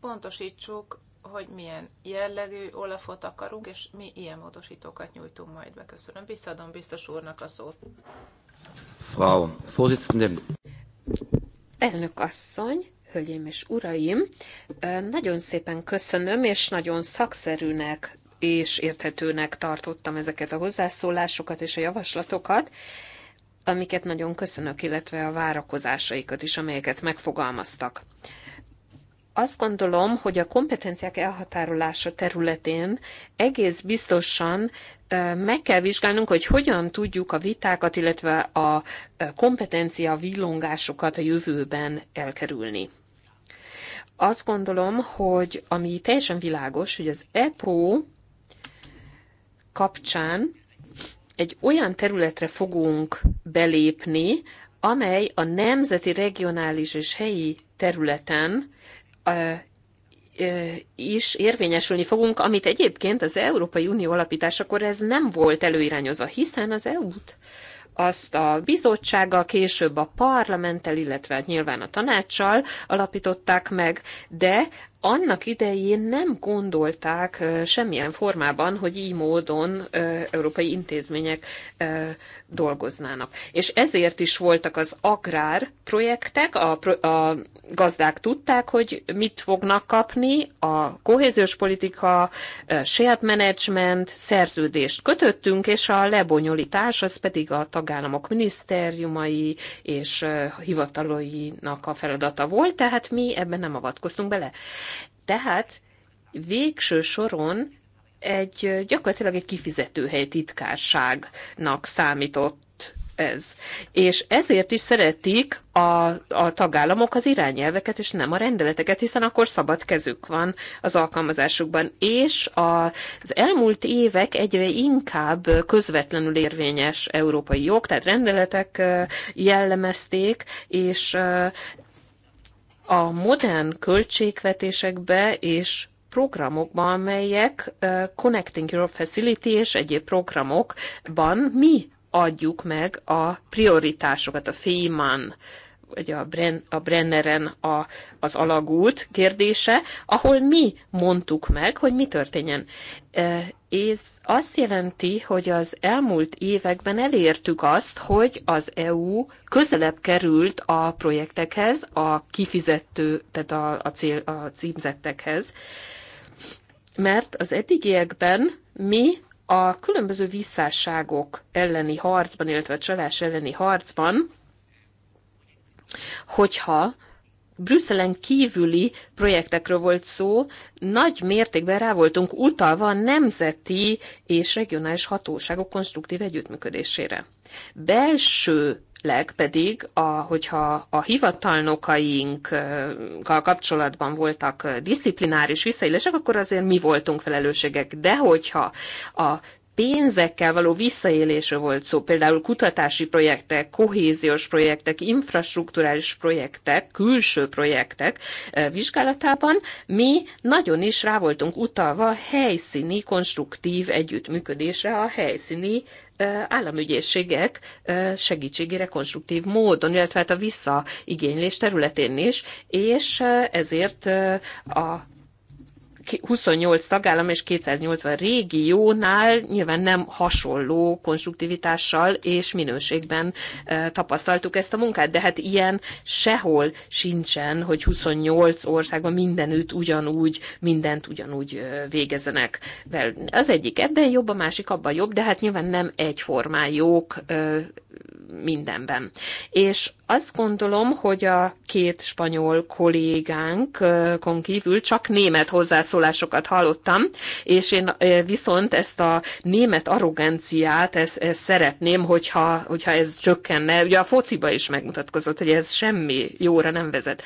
pontosítsuk hogy milyen jellegű Olafot akarunk, és mi ilyen módosítókat nyújtunk majd be. Köszönöm. Visszadom biztos úrnak a szót. Frau Vorsitzende. Elnök asszony, hölgyeim és uraim, nagyon szépen köszönöm, és nagyon szakszerűnek és érthetőnek tartottam ezeket a hozzászólásokat és a javaslatokat, amiket nagyon köszönök, illetve a várakozásaikat is, amelyeket megfogalmaztak azt gondolom, hogy a kompetenciák elhatárolása területén egész biztosan meg kell vizsgálnunk, hogy hogyan tudjuk a vitákat, illetve a kompetencia villongásokat a jövőben elkerülni. Azt gondolom, hogy ami teljesen világos, hogy az EPO kapcsán egy olyan területre fogunk belépni, amely a nemzeti, regionális és helyi területen is érvényesülni fogunk, amit egyébként az Európai Unió alapításakor ez nem volt előirányozva, hiszen az EU-t azt a bizottsággal, később a parlamenttel, illetve nyilván a tanácssal alapították meg, de annak idején nem gondolták semmilyen formában, hogy így módon európai intézmények dolgoznának. És ezért is voltak az agrárprojektek, a, a gazdák tudták, hogy mit fognak kapni, a kohéziós politika, shared management, szerződést kötöttünk, és a lebonyolítás az pedig a tagállamok minisztériumai és hivatalainak a feladata volt, tehát mi ebben nem avatkoztunk bele. Tehát végső soron egy gyakorlatilag egy kifizetőhely titkárságnak számított ez. És ezért is szeretik a, a tagállamok az irányelveket, és nem a rendeleteket, hiszen akkor szabad kezük van az alkalmazásukban. És a, az elmúlt évek egyre inkább közvetlenül érvényes európai jog, tehát rendeletek jellemezték, és a modern költségvetésekbe és programokban, amelyek Connecting Europe Facility és egyéb programokban mi adjuk meg a prioritásokat, a FEMAN ugye a, Bren, a Brenneren a, az alagút kérdése, ahol mi mondtuk meg, hogy mi történjen. Ez azt jelenti, hogy az elmúlt években elértük azt, hogy az EU közelebb került a projektekhez, a kifizető, tehát a, a, cél, a címzettekhez, mert az eddigiekben mi a különböző visszásságok elleni harcban, illetve a csalás elleni harcban hogyha Brüsszelen kívüli projektekről volt szó, nagy mértékben rá voltunk utalva a nemzeti és regionális hatóságok konstruktív együttműködésére. Belső leg pedig, a, hogyha a hivatalnokainkkal kapcsolatban voltak disziplináris visszaélések, akkor azért mi voltunk felelősségek. De hogyha a pénzekkel való visszaélésről volt szó, például kutatási projektek, kohéziós projektek, infrastruktúrális projektek, külső projektek vizsgálatában mi nagyon is rá voltunk utalva a helyszíni konstruktív együttműködésre, a helyszíni államügyészségek segítségére konstruktív módon, illetve hát a visszaigénylés területén is, és ezért a 28 tagállam és 280 régiónál nyilván nem hasonló konstruktivitással és minőségben e, tapasztaltuk ezt a munkát, de hát ilyen sehol sincsen, hogy 28 országban mindenütt ugyanúgy, mindent ugyanúgy e, végezzenek. Az egyik ebben jobb, a másik abban jobb, de hát nyilván nem egyformán jók e, mindenben. És azt gondolom, hogy a két spanyol kollégánkon kívül csak német hozzászólásokat hallottam, és én viszont ezt a német arroganciát ezt, ezt szeretném, hogyha, hogyha ez csökkenne. Ugye a fociba is megmutatkozott, hogy ez semmi jóra nem vezet.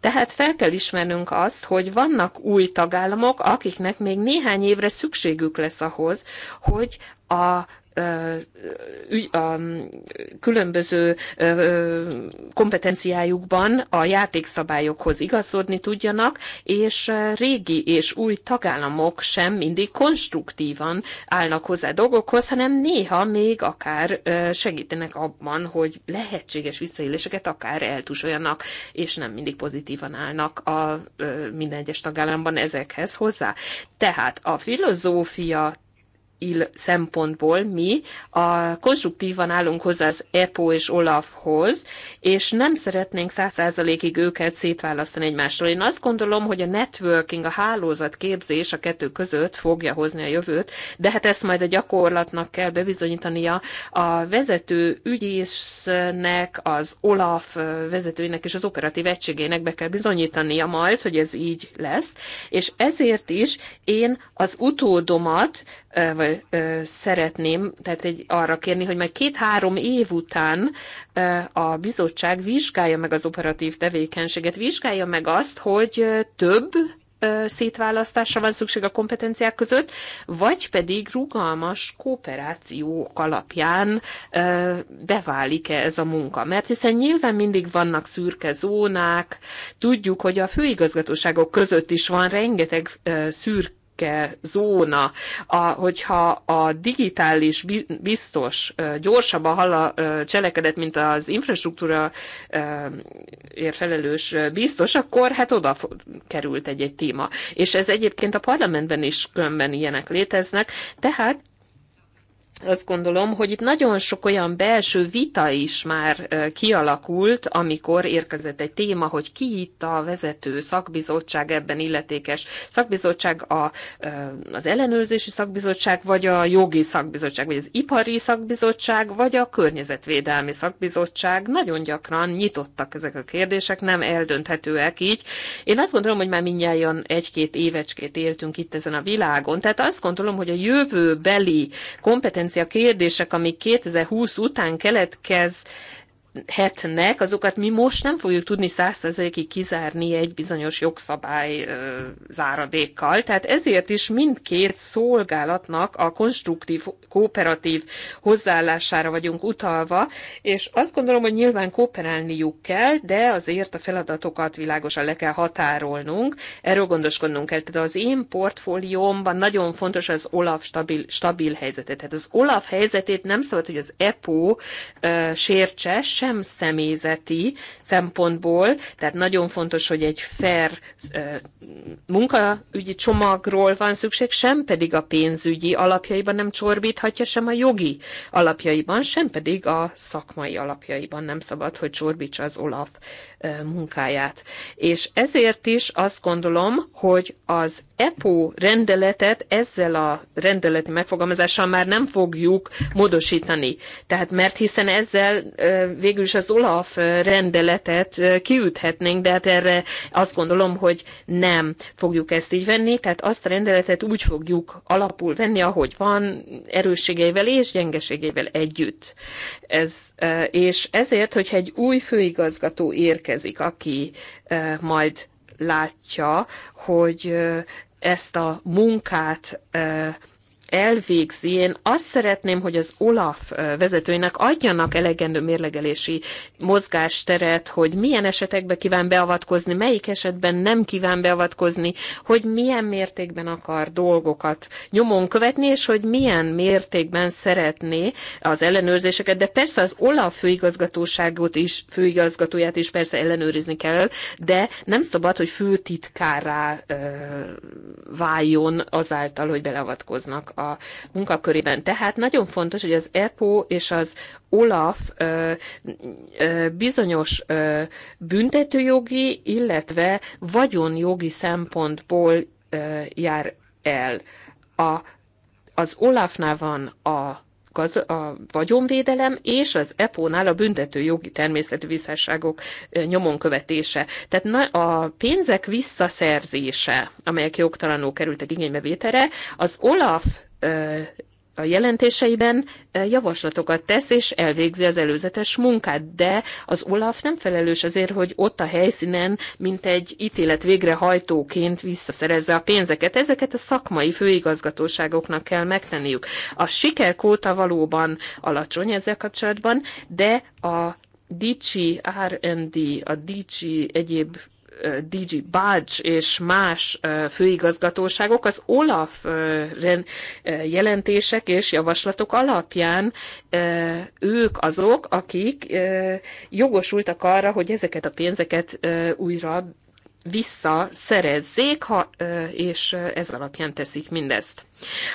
Tehát fel kell ismernünk azt, hogy vannak új tagállamok, akiknek még néhány évre szükségük lesz ahhoz, hogy a a különböző kompetenciájukban a játékszabályokhoz igazodni tudjanak, és régi és új tagállamok sem mindig konstruktívan állnak hozzá dolgokhoz, hanem néha még akár segítenek abban, hogy lehetséges visszaéléseket akár eltusoljanak, és nem mindig pozitívan állnak a minden egyes tagállamban ezekhez hozzá. Tehát a filozófia szempontból mi a konstruktívan állunk hozzá az EPO és Olafhoz, és nem szeretnénk százszázalékig őket szétválasztani egymástól. Én azt gondolom, hogy a networking, a hálózat képzés a kettő között fogja hozni a jövőt, de hát ezt majd a gyakorlatnak kell bebizonyítania a vezető ügyésznek, az Olaf vezetőinek és az operatív egységének be kell bizonyítania majd, hogy ez így lesz, és ezért is én az utódomat vagy szeretném, tehát egy arra kérni, hogy majd két-három év után a bizottság vizsgálja meg az operatív tevékenységet, vizsgálja meg azt, hogy több szétválasztásra van szükség a kompetenciák között, vagy pedig rugalmas kooperáció alapján beválik-e ez a munka. Mert hiszen nyilván mindig vannak szürke zónák, tudjuk, hogy a főigazgatóságok között is van rengeteg szürke szürke zóna, a, hogyha a digitális biztos gyorsabban hal a cselekedet, mint az infrastruktúra ér felelős biztos, akkor hát oda került egy-egy téma. És ez egyébként a parlamentben is különben ilyenek léteznek, tehát azt gondolom, hogy itt nagyon sok olyan belső vita is már kialakult, amikor érkezett egy téma, hogy ki itt a vezető szakbizottság, ebben illetékes szakbizottság, a, az ellenőrzési szakbizottság, vagy a jogi szakbizottság, vagy az ipari szakbizottság, vagy a környezetvédelmi szakbizottság. Nagyon gyakran nyitottak ezek a kérdések, nem eldönthetőek így. Én azt gondolom, hogy már mindjárt egy-két évecskét éltünk itt ezen a világon, tehát azt gondolom, hogy a jövőbeli kompetenciák kompetencia kérdések, amik 2020 után keletkeznek, lehetnek, azokat mi most nem fogjuk tudni százszerzelékig kizárni egy bizonyos jogszabály ö, záradékkal. Tehát ezért is mindkét szolgálatnak a konstruktív, kooperatív hozzáállására vagyunk utalva, és azt gondolom, hogy nyilván kooperálniuk kell, de azért a feladatokat világosan le kell határolnunk, erről gondoskodnunk kell. Tehát az én portfóliómban nagyon fontos az Olaf stabil, stabil helyzetet. Tehát az Olaf helyzetét nem szabad, hogy az EPO ö, sértse, se sem személyzeti szempontból, tehát nagyon fontos, hogy egy fair munkaügyi csomagról van szükség, sem pedig a pénzügyi alapjaiban nem csorbíthatja, sem a jogi alapjaiban, sem pedig a szakmai alapjaiban nem szabad, hogy csorbítsa az Olaf munkáját. És ezért is azt gondolom, hogy az EPO rendeletet ezzel a rendeleti megfogalmazással már nem fogjuk módosítani. Tehát mert hiszen ezzel végül is az Olaf rendeletet kiüthetnénk, de hát erre azt gondolom, hogy nem fogjuk ezt így venni, tehát azt a rendeletet úgy fogjuk alapul venni, ahogy van, erősségeivel és gyengeségeivel együtt. Ez, és ezért, hogyha egy új főigazgató érkezik, érkezik, aki majd látja, hogy ezt a munkát elvégzi. Én azt szeretném, hogy az OLAF vezetőinek adjanak elegendő mérlegelési mozgásteret, hogy milyen esetekben kíván beavatkozni, melyik esetben nem kíván beavatkozni, hogy milyen mértékben akar dolgokat nyomon követni, és hogy milyen mértékben szeretné az ellenőrzéseket, de persze az OLAF főigazgatóságot is, főigazgatóját is persze ellenőrizni kell, de nem szabad, hogy főtitkárá váljon azáltal, hogy beleavatkoznak a munkakörében. Tehát nagyon fontos, hogy az EPO és az OLAF ö, ö, bizonyos ö, büntetőjogi, illetve vagyonjogi szempontból ö, jár el. A, az OLAF-nál van a a vagyonvédelem és az EPO-nál a büntető jogi természetű visszásságok nyomon követése. Tehát a pénzek visszaszerzése, amelyek jogtalanul kerültek igénybevételre, az OLAF a jelentéseiben javaslatokat tesz, és elvégzi az előzetes munkát, de az Olaf nem felelős azért, hogy ott a helyszínen, mint egy ítélet végrehajtóként visszaszerezze a pénzeket. Ezeket a szakmai főigazgatóságoknak kell megtenniük. A sikerkóta valóban alacsony ezzel kapcsolatban, de a Dici R&D, a Dici egyéb DG Budge és más főigazgatóságok az Olaf jelentések és javaslatok alapján ők azok, akik jogosultak arra, hogy ezeket a pénzeket újra visszaszerezzék, ha, és ez alapján teszik mindezt.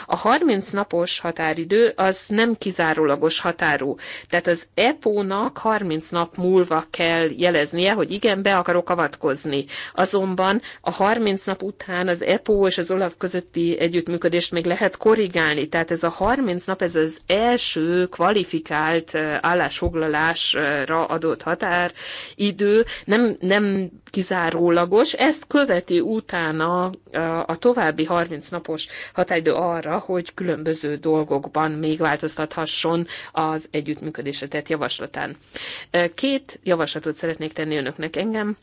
A 30 napos határidő az nem kizárólagos határú, tehát az EPO-nak 30 nap múlva kell jeleznie, hogy igen, be akarok avatkozni. Azonban a 30 nap után az EPO és az OLAF közötti együttműködést még lehet korrigálni, tehát ez a 30 nap, ez az első kvalifikált állásfoglalásra adott határidő, nem, nem kizárólagos, ezt követi utána a, a további 30 napos határidő arra, hogy különböző dolgokban még változtathasson az együttműködésre tett javaslatán. Két javaslatot szeretnék tenni önöknek engem.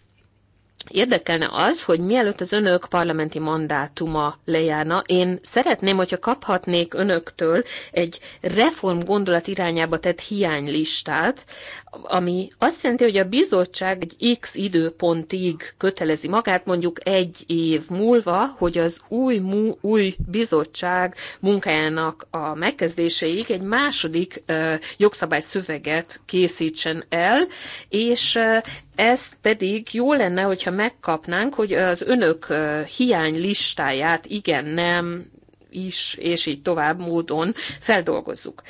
Érdekelne az, hogy mielőtt az önök parlamenti mandátuma lejárna, én szeretném, hogyha kaphatnék önöktől egy reform gondolat irányába tett hiánylistát, ami azt jelenti, hogy a bizottság egy X időpontig kötelezi magát, mondjuk egy év múlva, hogy az új, mú, új bizottság munkájának a megkezdéséig egy második uh, jogszabályszöveget készítsen el, és uh, ezt pedig jó lenne, hogyha megkapnánk, hogy az önök uh, hiány listáját igen, nem, is, és így tovább módon feldolgozzuk.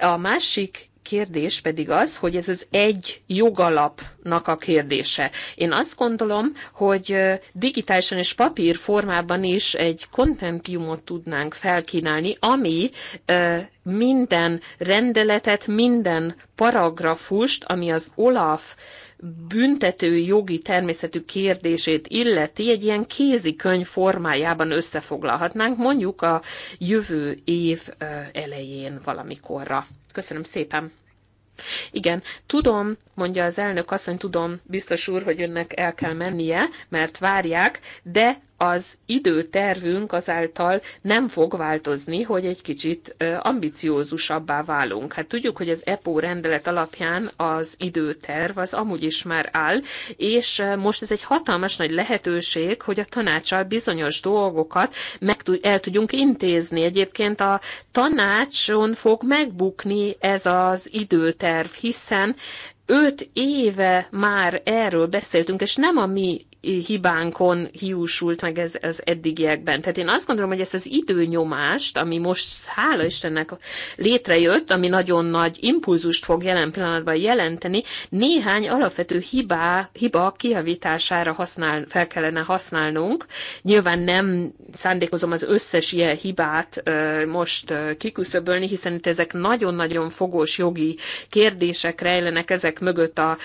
A másik kérdés pedig az, hogy ez az egy jogalapnak a kérdése. Én azt gondolom, hogy digitálisan és papír formában is egy kontentiumot tudnánk felkínálni, ami minden rendeletet, minden paragrafust, ami az OLAF büntető jogi természetű kérdését illeti, egy ilyen kézikönyv formájában összefoglalhatnánk, mondjuk a jövő év elején valamikorra. Köszönöm szépen! Igen, tudom, mondja az elnök asszony, tudom, biztos úr, hogy önnek el kell mennie, mert várják, de az időtervünk azáltal nem fog változni, hogy egy kicsit ambiciózusabbá válunk. Hát tudjuk, hogy az EPO rendelet alapján az időterv az amúgy is már áll, és most ez egy hatalmas nagy lehetőség, hogy a tanácsal bizonyos dolgokat meg el tudjunk intézni. Egyébként a tanácson fog megbukni ez az időterv, hiszen öt éve már erről beszéltünk, és nem a mi hibánkon hiúsult meg ez az eddigiekben. Tehát én azt gondolom, hogy ezt az időnyomást, ami most hála Istennek létrejött, ami nagyon nagy impulzust fog jelen pillanatban jelenteni, néhány alapvető hibá, hiba kihavítására használ, fel kellene használnunk. Nyilván nem szándékozom az összes ilyen hibát most kiküszöbölni, hiszen itt ezek nagyon-nagyon fogós jogi kérdések rejlenek ezek mögött a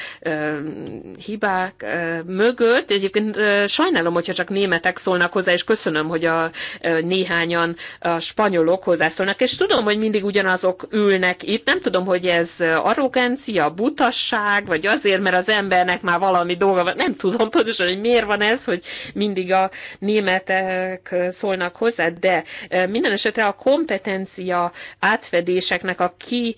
hibák mögött, Egyébként sajnálom, hogyha csak németek szólnak hozzá, és köszönöm, hogy a néhányan a spanyolok hozzászólnak, és tudom, hogy mindig ugyanazok ülnek itt, nem tudom, hogy ez arrogancia, butasság, vagy azért, mert az embernek már valami dolga van, nem tudom pontosan, hogy miért van ez, hogy mindig a németek szólnak hozzá, de minden esetre a kompetencia átfedéseknek a ki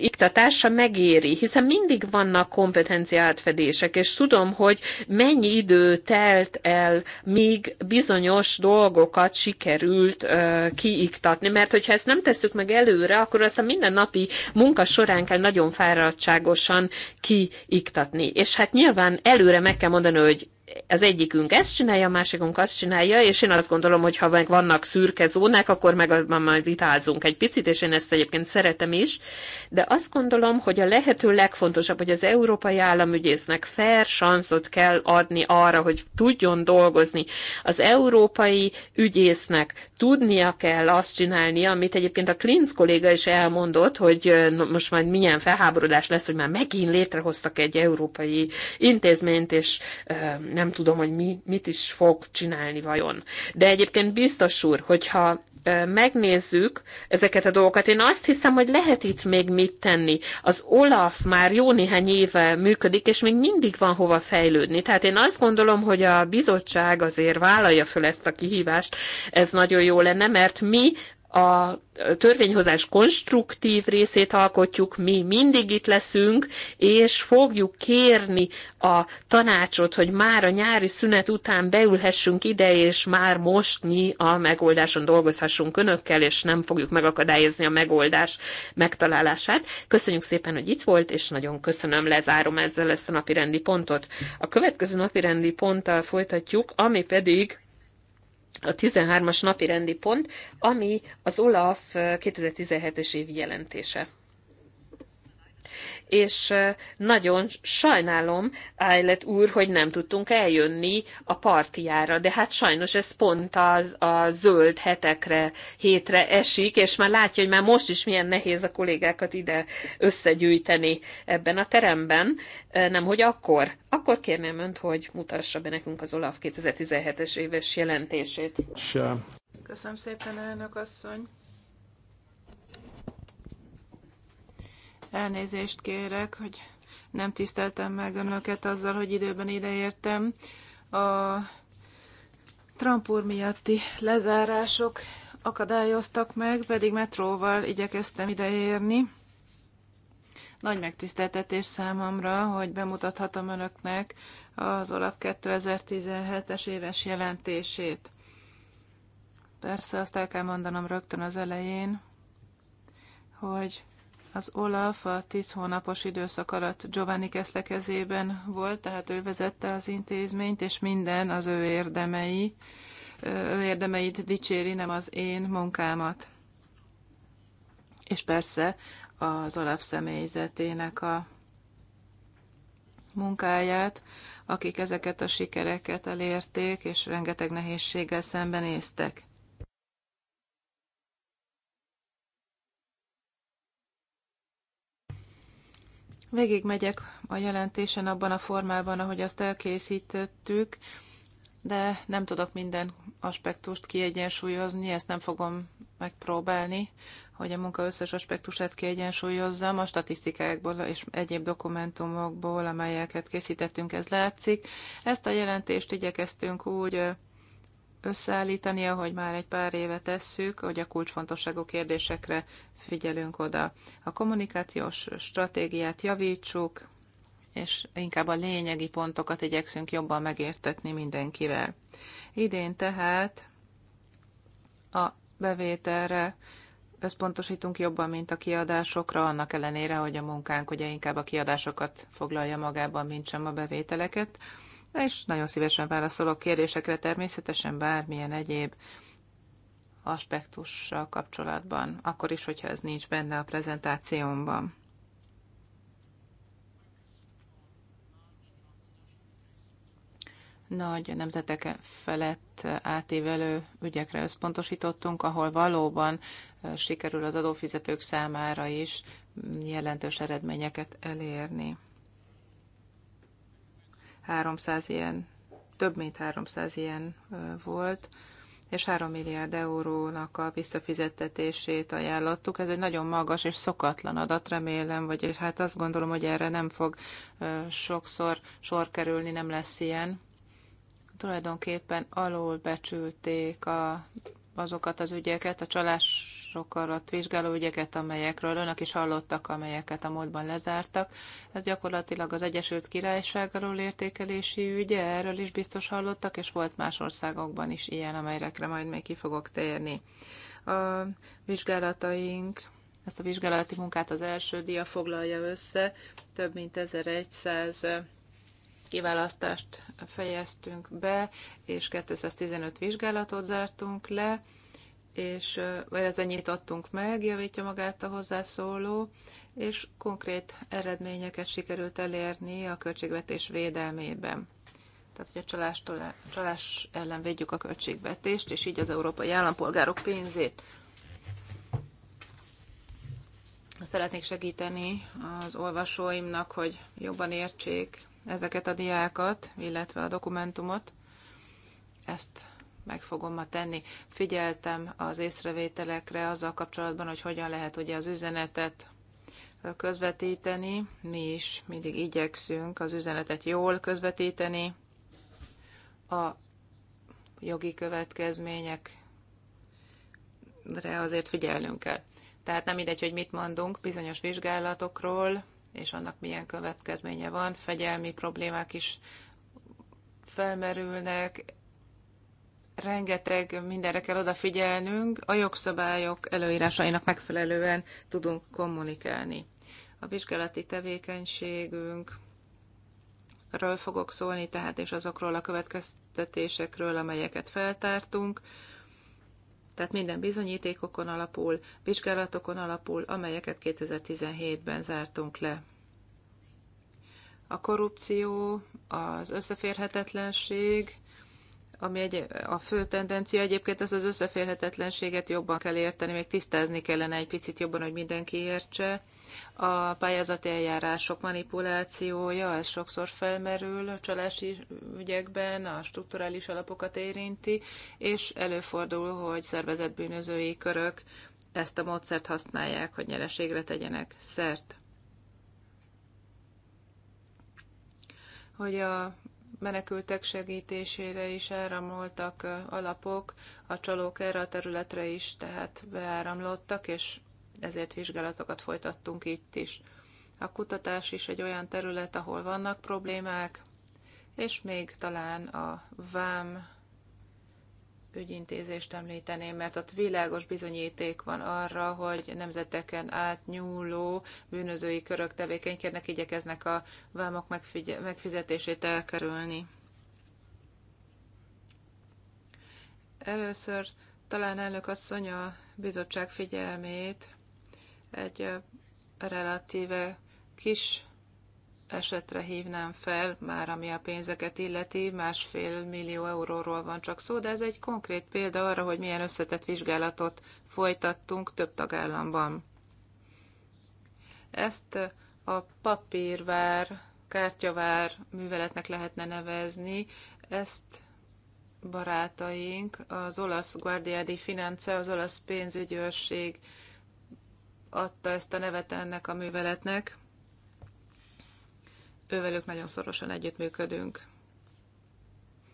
iktatása megéri, hiszen mindig vannak kompetencia átfedések, és tudom, hogy mennyi idő telt el, míg bizonyos dolgokat sikerült ö, kiiktatni, mert hogyha ezt nem tesszük meg előre, akkor azt a mindennapi munka során kell nagyon fáradtságosan kiiktatni. És hát nyilván előre meg kell mondani, hogy az egyikünk ezt csinálja, a másikunk azt csinálja, és én azt gondolom, hogy ha meg vannak szürke zónák, akkor meg majd vitázunk egy picit, és én ezt egyébként szeretem is, de azt gondolom, hogy a lehető legfontosabb, hogy az európai államügyésznek fair sanszot kell adni arra, hogy tudjon dolgozni. Az európai ügyésznek tudnia kell azt csinálni, amit egyébként a Klinz kolléga is elmondott, hogy most majd milyen felháborodás lesz, hogy már megint létrehoztak egy európai intézményt, és nem tudom, hogy mi, mit is fog csinálni vajon. De egyébként biztos úr, hogyha megnézzük ezeket a dolgokat, én azt hiszem, hogy lehet itt még mit tenni. Az Olaf már jó néhány éve működik, és még mindig van hova fejlődni. Tehát én azt gondolom, hogy a bizottság azért vállalja föl ezt a kihívást, ez nagyon jó lenne, mert mi a törvényhozás konstruktív részét alkotjuk, mi mindig itt leszünk, és fogjuk kérni a tanácsot, hogy már a nyári szünet után beülhessünk ide, és már most mi a megoldáson dolgozhassunk önökkel, és nem fogjuk megakadályozni a megoldás megtalálását. Köszönjük szépen, hogy itt volt, és nagyon köszönöm, lezárom ezzel ezt a napirendi pontot. A következő napirendi ponttal folytatjuk, ami pedig a 13-as napi rendi pont, ami az OLAF 2017-es évi jelentése és nagyon sajnálom, Eilert úr, hogy nem tudtunk eljönni a partiára, de hát sajnos ez pont az a zöld hetekre, hétre esik, és már látja, hogy már most is milyen nehéz a kollégákat ide összegyűjteni ebben a teremben, nem hogy akkor. Akkor kérném önt, hogy mutassa be nekünk az Olaf 2017-es éves jelentését. Sem. Köszönöm szépen, elnök asszony. Elnézést kérek, hogy nem tiszteltem meg önöket azzal, hogy időben ideértem. A Trump úr miatti lezárások akadályoztak meg, pedig metróval igyekeztem ideérni. Nagy megtiszteltetés számomra, hogy bemutathatom önöknek az Olaf 2017-es éves jelentését. Persze azt el kell mondanom rögtön az elején, hogy az Olaf a tíz hónapos időszak alatt Giovanni Keszle kezében volt, tehát ő vezette az intézményt, és minden az ő érdemei, ő érdemeit dicséri, nem az én munkámat. És persze az Olaf személyzetének a munkáját, akik ezeket a sikereket elérték, és rengeteg nehézséggel szembenéztek. Végig megyek a jelentésen abban a formában, ahogy azt elkészítettük, de nem tudok minden aspektust kiegyensúlyozni, ezt nem fogom megpróbálni, hogy a munka összes aspektusát kiegyensúlyozzam. A statisztikákból és egyéb dokumentumokból, amelyeket készítettünk, ez látszik. Ezt a jelentést igyekeztünk úgy összeállítani, ahogy már egy pár éve tesszük, hogy a kulcsfontosságú kérdésekre figyelünk oda. A kommunikációs stratégiát javítsuk, és inkább a lényegi pontokat igyekszünk jobban megértetni mindenkivel. Idén tehát a bevételre összpontosítunk jobban, mint a kiadásokra, annak ellenére, hogy a munkánk ugye inkább a kiadásokat foglalja magában, mint sem a bevételeket és nagyon szívesen válaszolok kérdésekre természetesen bármilyen egyéb aspektussal kapcsolatban, akkor is, hogyha ez nincs benne a prezentációmban. nagy nemzetek felett átívelő ügyekre összpontosítottunk, ahol valóban sikerül az adófizetők számára is jelentős eredményeket elérni. 300 ilyen, több mint 300 ilyen volt, és 3 milliárd eurónak a visszafizettetését ajánlottuk. Ez egy nagyon magas és szokatlan adat, remélem, vagy hát azt gondolom, hogy erre nem fog sokszor sor kerülni, nem lesz ilyen. Tulajdonképpen alul becsülték a, azokat az ügyeket, a csalás sok alatt vizsgáló ügyeket, amelyekről önök is hallottak, amelyeket a múltban lezártak. Ez gyakorlatilag az Egyesült Királyság alól értékelési ügye, erről is biztos hallottak, és volt más országokban is ilyen, amelyekre majd még ki fogok térni. A vizsgálataink ezt a vizsgálati munkát az első dia foglalja össze, több mint 1100 kiválasztást fejeztünk be, és 215 vizsgálatot zártunk le, és, vagy az ennyit adtunk meg, javítja magát a hozzászóló, és konkrét eredményeket sikerült elérni a költségvetés védelmében. Tehát, hogy a csalástól, csalás ellen védjük a költségvetést, és így az európai állampolgárok pénzét. Szeretnék segíteni az olvasóimnak, hogy jobban értsék ezeket a diákat, illetve a dokumentumot. Ezt meg fogom ma tenni. Figyeltem az észrevételekre azzal kapcsolatban, hogy hogyan lehet ugye az üzenetet közvetíteni. Mi is mindig igyekszünk az üzenetet jól közvetíteni. A jogi következményekre azért figyelnünk kell. Tehát nem mindegy, hogy mit mondunk bizonyos vizsgálatokról, és annak milyen következménye van. Fegyelmi problémák is felmerülnek, rengeteg mindenre kell odafigyelnünk, a jogszabályok előírásainak megfelelően tudunk kommunikálni. A vizsgálati tevékenységünk, ről fogok szólni, tehát és azokról a következtetésekről, amelyeket feltártunk. Tehát minden bizonyítékokon alapul, vizsgálatokon alapul, amelyeket 2017-ben zártunk le. A korrupció, az összeférhetetlenség, ami egy, a fő tendencia egyébként ez az összeférhetetlenséget jobban kell érteni, még tisztázni kellene egy picit jobban, hogy mindenki értse. A pályázati eljárások manipulációja, ez sokszor felmerül a csalási ügyekben, a strukturális alapokat érinti, és előfordul, hogy szervezetbűnözői körök ezt a módszert használják, hogy nyereségre tegyenek szert. Hogy a menekültek segítésére is elramoltak alapok, a csalók erre a területre is tehát beáramlottak, és ezért vizsgálatokat folytattunk itt is. A kutatás is egy olyan terület, ahol vannak problémák, és még talán a vám ügyintézést említeném, mert ott világos bizonyíték van arra, hogy nemzeteken átnyúló bűnözői körök tevékenykednek, igyekeznek a vámok megfizetését elkerülni. Először talán elnök asszony a bizottság figyelmét egy relatíve kis esetre hívnám fel, már ami a pénzeket illeti, másfél millió euróról van csak szó, de ez egy konkrét példa arra, hogy milyen összetett vizsgálatot folytattunk több tagállamban. Ezt a papírvár, kártyavár műveletnek lehetne nevezni, ezt barátaink, az olasz Guardia di Finance, az olasz pénzügyőrség adta ezt a nevet ennek a műveletnek ővelük nagyon szorosan együttműködünk.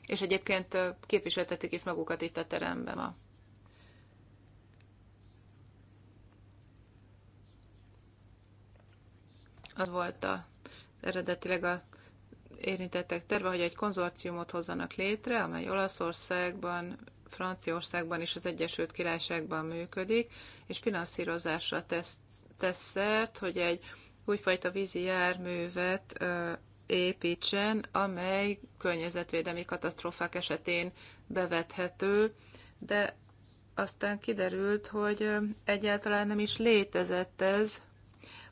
És egyébként képviseltetik is magukat itt a teremben ma. Az volt a, eredetileg a érintettek terve, hogy egy konzorciumot hozzanak létre, amely Olaszországban, Franciaországban és az Egyesült Királyságban működik, és finanszírozásra tesz, tesz szert, hogy egy újfajta vízi járművet építsen, amely környezetvédelmi katasztrófák esetén bevethető, de aztán kiderült, hogy egyáltalán nem is létezett ez.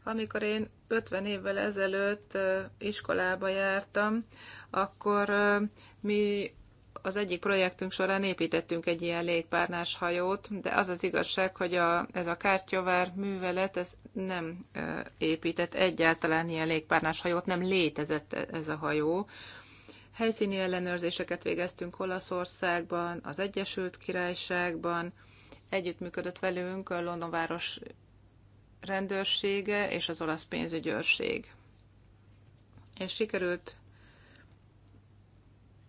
Amikor én 50 évvel ezelőtt iskolába jártam, akkor mi az egyik projektünk során építettünk egy ilyen légpárnás hajót, de az az igazság, hogy a, ez a kártyavár művelet ez nem épített egyáltalán ilyen légpárnás hajót, nem létezett e-, ez a hajó. Helyszíni ellenőrzéseket végeztünk Olaszországban, az Egyesült Királyságban, együttműködött velünk a Londonváros rendőrsége és az olasz pénzügyőrség. És sikerült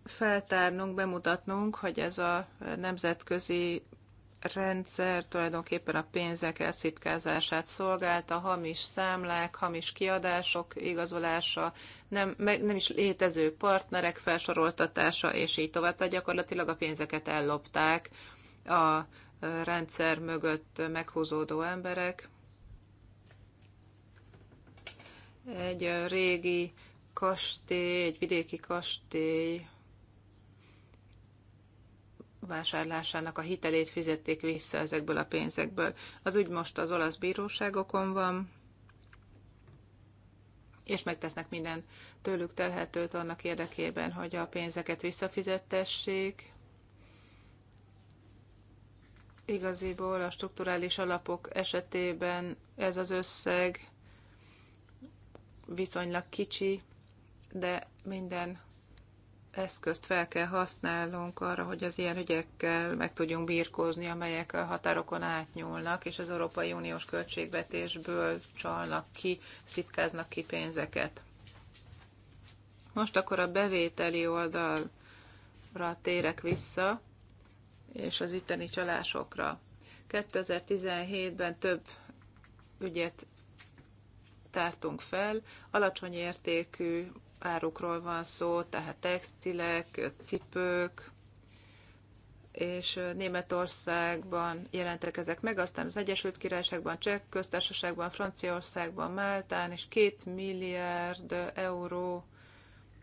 feltárnunk, bemutatnunk, hogy ez a nemzetközi rendszer tulajdonképpen a pénzek elszitkázását szolgálta, hamis számlák, hamis kiadások igazolása, nem, meg, nem is létező partnerek felsoroltatása, és így tovább. Tehát gyakorlatilag a pénzeket ellopták a rendszer mögött meghúzódó emberek. Egy régi kastély, egy vidéki kastély vásárlásának a hitelét fizették vissza ezekből a pénzekből. Az ügy most az olasz bíróságokon van, és megtesznek minden tőlük telhetőt annak érdekében, hogy a pénzeket visszafizettessék. Igaziból a strukturális alapok esetében ez az összeg viszonylag kicsi, de minden eszközt fel kell használnunk arra, hogy az ilyen ügyekkel meg tudjunk birkózni, amelyek a határokon átnyúlnak, és az Európai Uniós költségvetésből csalnak ki, szitkáznak ki pénzeket. Most akkor a bevételi oldalra térek vissza, és az itteni csalásokra. 2017-ben több ügyet tártunk fel, alacsony értékű árukról van szó, tehát textilek, cipők, és Németországban jelentek ezek meg, aztán az Egyesült Királyságban, Cseh köztársaságban, Franciaországban, Máltán, és két milliárd euró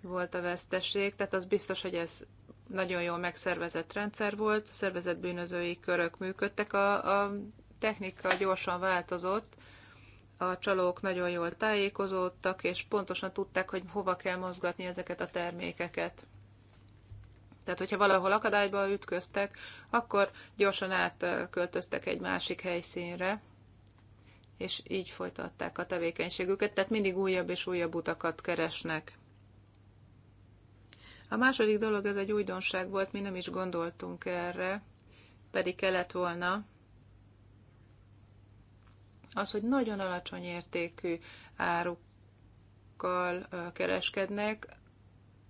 volt a veszteség, tehát az biztos, hogy ez nagyon jól megszervezett rendszer volt, a szervezett bűnözői körök működtek, a, a technika gyorsan változott, a csalók nagyon jól tájékozódtak, és pontosan tudták, hogy hova kell mozgatni ezeket a termékeket. Tehát, hogyha valahol akadályba ütköztek, akkor gyorsan átköltöztek egy másik helyszínre, és így folytatták a tevékenységüket, tehát mindig újabb és újabb utakat keresnek. A második dolog, ez egy újdonság volt, mi nem is gondoltunk erre, pedig kellett volna, az, hogy nagyon alacsony értékű árukkal kereskednek,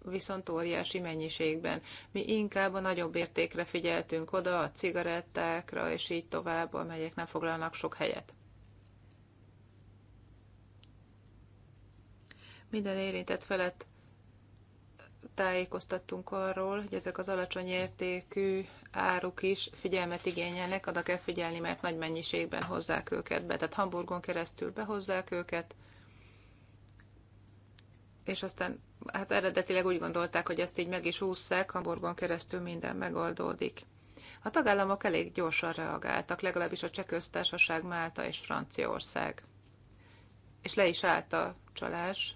viszont óriási mennyiségben. Mi inkább a nagyobb értékre figyeltünk oda, a cigarettákra és így tovább, amelyek nem foglalnak sok helyet. Minden érintett felett tájékoztattunk arról, hogy ezek az alacsony értékű áruk is figyelmet igényelnek, oda kell figyelni, mert nagy mennyiségben hozzák őket be. Tehát Hamburgon keresztül behozzák őket, és aztán hát eredetileg úgy gondolták, hogy ezt így meg is ússzák, Hamburgon keresztül minden megoldódik. A tagállamok elég gyorsan reagáltak, legalábbis a Cseh Köztársaság, Málta és Franciaország. És le is állt a csalás,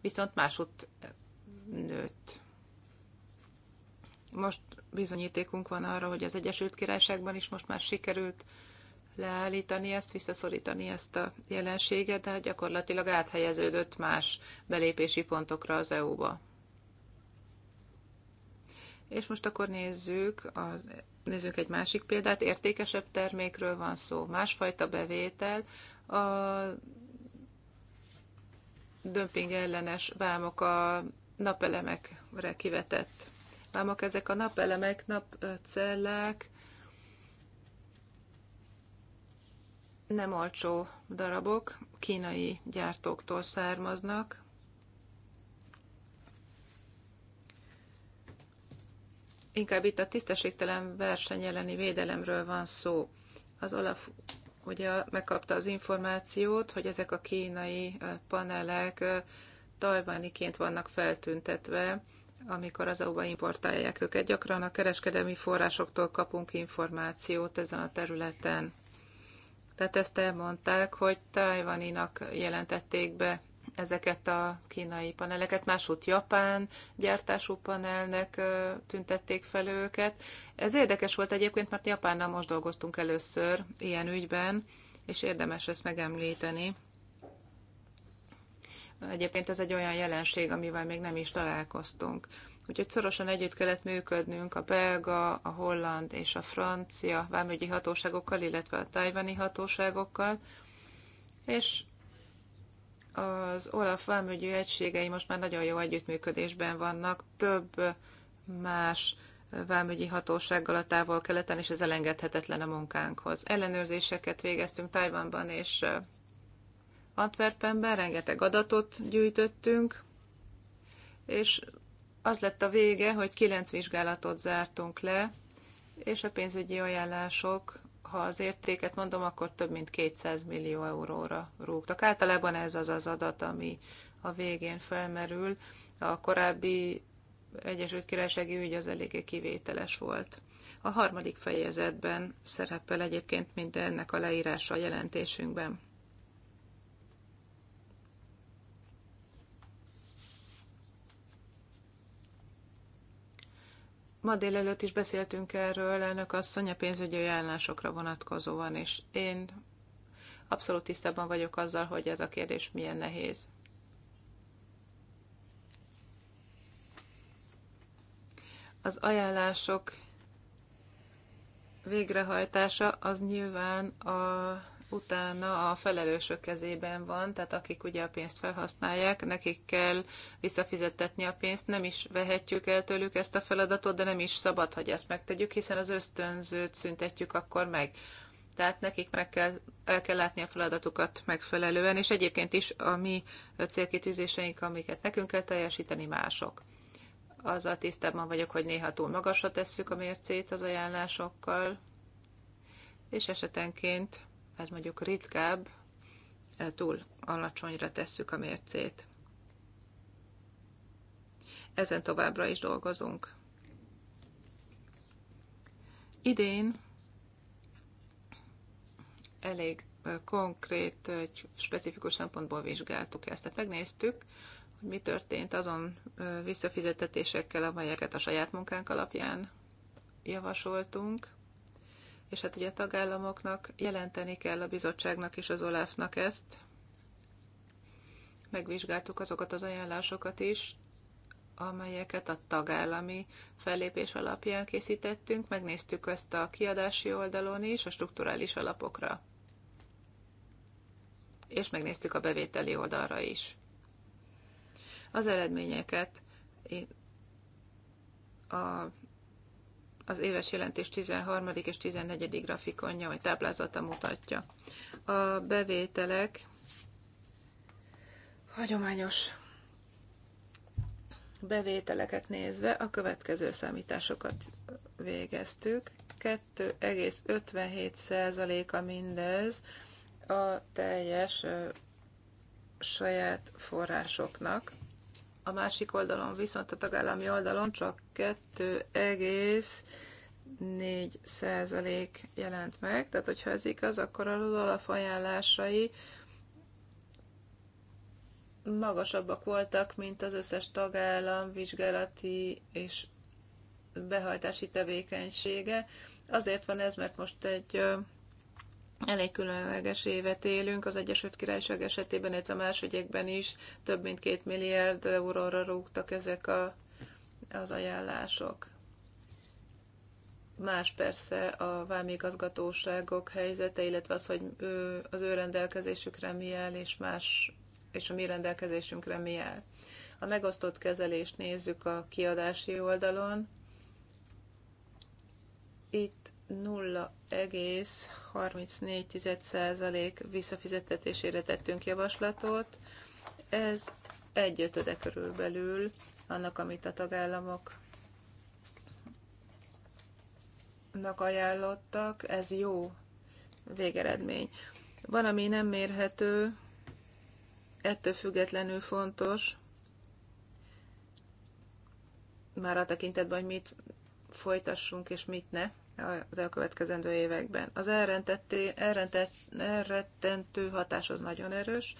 viszont másút nőtt. Most bizonyítékunk van arra, hogy az Egyesült Királyságban is most már sikerült leállítani ezt, visszaszorítani ezt a jelenséget, de hát gyakorlatilag áthelyeződött más belépési pontokra az EU-ba. És most akkor nézzük, a, nézzük egy másik példát, értékesebb termékről van szó, másfajta bevétel, a dömping ellenes vámok a napelemekre kivetett lámak. Ezek a napelemek, napcellák nem olcsó darabok, kínai gyártóktól származnak, inkább itt a tisztességtelen verseny elleni védelemről van szó. Az Olaf ugye megkapta az információt, hogy ezek a kínai panelek tajvániként vannak feltüntetve, amikor az EU-ba importálják őket. Gyakran a kereskedelmi forrásoktól kapunk információt ezen a területen. Tehát ezt elmondták, hogy tajvaninak jelentették be ezeket a kínai paneleket, másút japán gyártású panelnek tüntették fel őket. Ez érdekes volt egyébként, mert Japánnal most dolgoztunk először ilyen ügyben, és érdemes ezt megemlíteni, Egyébként ez egy olyan jelenség, amivel még nem is találkoztunk. Úgyhogy szorosan együtt kellett működnünk a belga, a holland és a francia vámügyi hatóságokkal, illetve a tajvani hatóságokkal, és az Olaf vámügyi egységei most már nagyon jó együttműködésben vannak, több más vámügyi hatósággal a távol-keleten, és ez elengedhetetlen a munkánkhoz. Ellenőrzéseket végeztünk Tajvanban és Antwerpenben, rengeteg adatot gyűjtöttünk, és az lett a vége, hogy kilenc vizsgálatot zártunk le, és a pénzügyi ajánlások, ha az értéket mondom, akkor több mint 200 millió euróra rúgtak. Általában ez az az adat, ami a végén felmerül. A korábbi Egyesült Királysági ügy az eléggé kivételes volt. A harmadik fejezetben szerepel egyébként mindennek a leírása a jelentésünkben. Ma délelőtt is beszéltünk erről, elnök asszony, a pénzügyi ajánlásokra vonatkozóan, és én abszolút tisztában vagyok azzal, hogy ez a kérdés milyen nehéz. Az ajánlások végrehajtása az nyilván a utána a felelősök kezében van, tehát akik ugye a pénzt felhasználják, nekik kell visszafizetetni a pénzt, nem is vehetjük el tőlük ezt a feladatot, de nem is szabad, hogy ezt megtegyük, hiszen az ösztönzőt szüntetjük akkor meg. Tehát nekik meg kell, el kell látni a feladatukat megfelelően, és egyébként is a mi célkitűzéseink, amiket nekünk kell teljesíteni mások. Azzal tisztában vagyok, hogy néha túl magasra tesszük a mércét az ajánlásokkal, és esetenként ez mondjuk ritkább, e, túl alacsonyra tesszük a mércét. Ezen továbbra is dolgozunk. Idén elég e, konkrét, egy specifikus szempontból vizsgáltuk ezt. Tehát megnéztük, hogy mi történt azon e, visszafizetetésekkel, amelyeket a saját munkánk alapján javasoltunk, és hát ugye a tagállamoknak jelenteni kell a bizottságnak és az Olafnak ezt. Megvizsgáltuk azokat az ajánlásokat is, amelyeket a tagállami fellépés alapján készítettünk. Megnéztük ezt a kiadási oldalon is, a strukturális alapokra. És megnéztük a bevételi oldalra is. Az eredményeket a az éves jelentés 13. és 14. grafikonja vagy táblázata mutatja. A bevételek hagyományos bevételeket nézve a következő számításokat végeztük. 2,57%-a mindez a teljes saját forrásoknak a másik oldalon viszont a tagállami oldalon csak 2,4 százalék jelent meg, tehát hogyha ez igaz, akkor az alapajánlásai magasabbak voltak, mint az összes tagállam vizsgálati és behajtási tevékenysége. Azért van ez, mert most egy Elég különleges évet élünk, az Egyesült Királyság esetében, illetve más ügyekben is több mint két milliárd euróra rúgtak ezek a, az ajánlások. Más persze a vámigazgatóságok helyzete, illetve az, hogy ő, az ő rendelkezésükre mi áll, és más, és a mi rendelkezésünkre mi áll. A megosztott kezelést nézzük a kiadási oldalon. Itt 0,34% visszafizettetésére tettünk javaslatot. Ez egy ötöde körülbelül annak, amit a tagállamok ajánlottak. Ez jó végeredmény. Van, ami nem mérhető, ettől függetlenül fontos, már a tekintetben, hogy mit folytassunk és mit ne az elkövetkezendő években. Az elrettentő hatás az nagyon erős,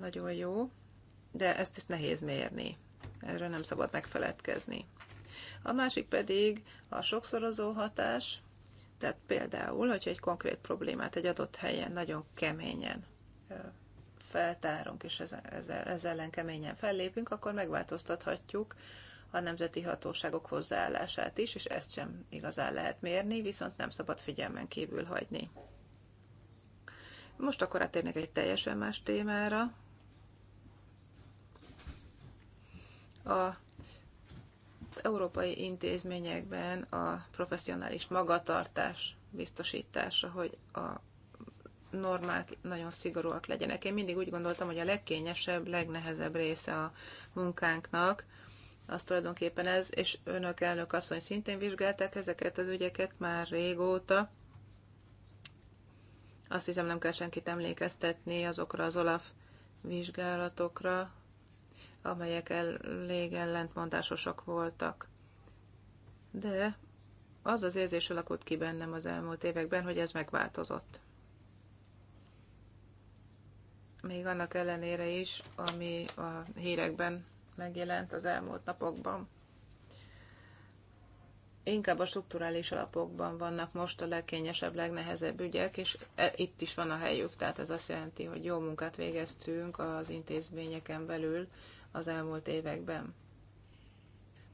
nagyon jó, de ezt is nehéz mérni. Erre nem szabad megfeledkezni. A másik pedig a sokszorozó hatás, tehát például, hogyha egy konkrét problémát egy adott helyen nagyon keményen feltárunk, és ezzel, ezzel ellen keményen fellépünk, akkor megváltoztathatjuk a nemzeti hatóságok hozzáállását is, és ezt sem igazán lehet mérni, viszont nem szabad figyelmen kívül hagyni. Most akkor átérnek egy teljesen más témára. A az európai intézményekben a professzionális magatartás biztosítása, hogy a normák nagyon szigorúak legyenek. Én mindig úgy gondoltam, hogy a legkényesebb, legnehezebb része a munkánknak az tulajdonképpen ez, és önök elnök asszony szintén vizsgálták ezeket az ügyeket már régóta. Azt hiszem nem kell senkit emlékeztetni azokra az Olaf vizsgálatokra, amelyek elég ellentmondásosak voltak. De az az érzés alakult ki bennem az elmúlt években, hogy ez megváltozott. Még annak ellenére is, ami a hírekben megjelent az elmúlt napokban. Inkább a strukturális alapokban vannak most a legkényesebb, legnehezebb ügyek, és e, itt is van a helyük, tehát ez azt jelenti, hogy jó munkát végeztünk az intézményeken belül az elmúlt években.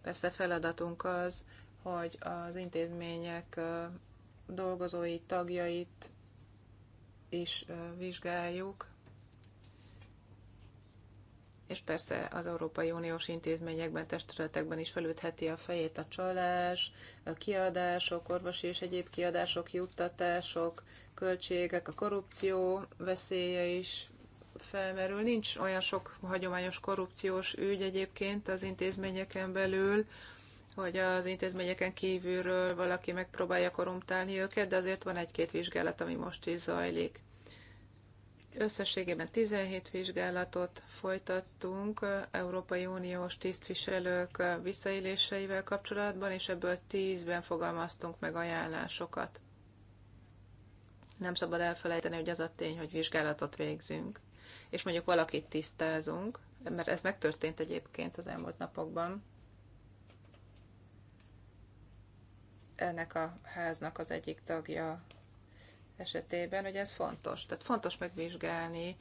Persze feladatunk az, hogy az intézmények dolgozói tagjait is vizsgáljuk, és persze az Európai Uniós intézményekben, testületekben is felütheti a fejét a csalás, a kiadások, orvosi és egyéb kiadások, juttatások, költségek, a korrupció veszélye is felmerül. Nincs olyan sok hagyományos korrupciós ügy egyébként az intézményeken belül, hogy az intézményeken kívülről valaki megpróbálja korumptálni őket, de azért van egy-két vizsgálat, ami most is zajlik. Összességében 17 vizsgálatot folytattunk Európai Uniós tisztviselők visszaéléseivel kapcsolatban, és ebből 10-ben fogalmaztunk meg ajánlásokat. Nem szabad elfelejteni, hogy az a tény, hogy vizsgálatot végzünk, és mondjuk valakit tisztázunk, mert ez megtörtént egyébként az elmúlt napokban. Ennek a háznak az egyik tagja esetében, hogy ez fontos. Tehát fontos megvizsgálni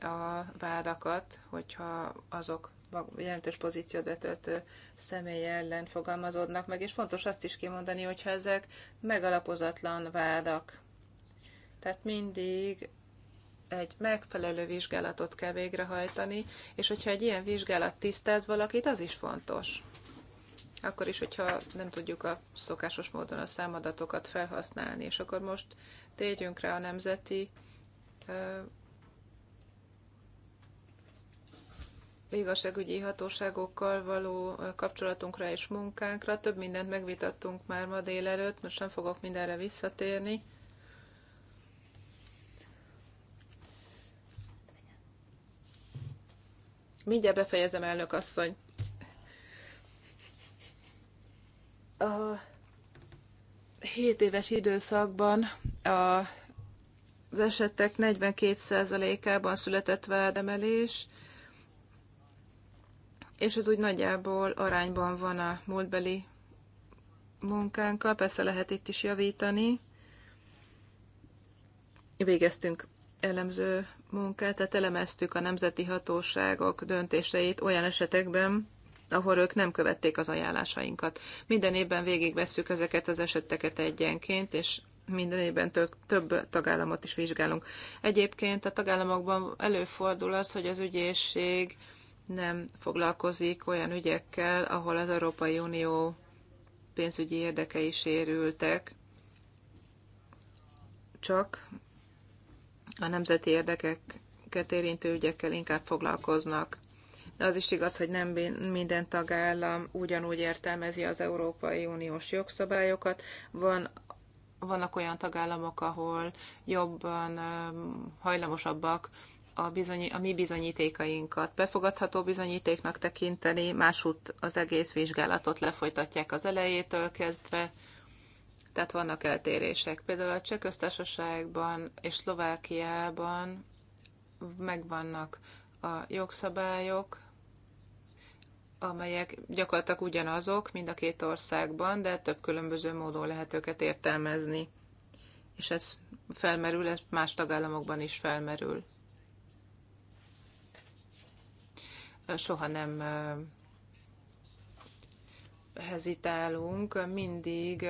a vádakat, hogyha azok jelentős pozíciót betöltő személy ellen fogalmazódnak meg, és fontos azt is kimondani, hogyha ezek megalapozatlan vádak. Tehát mindig egy megfelelő vizsgálatot kell végrehajtani, és hogyha egy ilyen vizsgálat tisztáz valakit, az is fontos. Akkor is, hogyha nem tudjuk a szokásos módon a számadatokat felhasználni. És akkor most térjünk rá a nemzeti igazságügyi hatóságokkal való kapcsolatunkra és munkánkra. Több mindent megvitattunk már ma délelőtt, most nem fogok mindenre visszatérni. Mindjárt befejezem, elnök asszony. Uh, 7 éves időszakban a, az esetek 42%-ában született vádemelés, és ez úgy nagyjából arányban van a múltbeli munkánkkal, persze lehet itt is javítani. Végeztünk elemző munkát, tehát elemeztük a nemzeti hatóságok döntéseit olyan esetekben, ahol ők nem követték az ajánlásainkat. Minden évben végigvesszük ezeket az eseteket egyenként, és minden évben tök, több tagállamot is vizsgálunk. Egyébként a tagállamokban előfordul az, hogy az ügyészség nem foglalkozik olyan ügyekkel, ahol az Európai Unió pénzügyi érdekei sérültek, csak a nemzeti érdekeket érintő ügyekkel inkább foglalkoznak. Az is igaz, hogy nem minden tagállam ugyanúgy értelmezi az Európai Uniós jogszabályokat. Van vannak olyan tagállamok, ahol jobban hajlamosabbak a, bizonyi, a mi bizonyítékainkat befogadható bizonyítéknak tekinteni, másút az egész vizsgálatot lefolytatják az elejétől kezdve, tehát vannak eltérések. Például a Csehköztársaságban és Szlovákiában megvannak a jogszabályok, amelyek gyakorlatilag ugyanazok mind a két országban, de több különböző módon lehet őket értelmezni. És ez felmerül, ez más tagállamokban is felmerül. Soha nem hezitálunk, mindig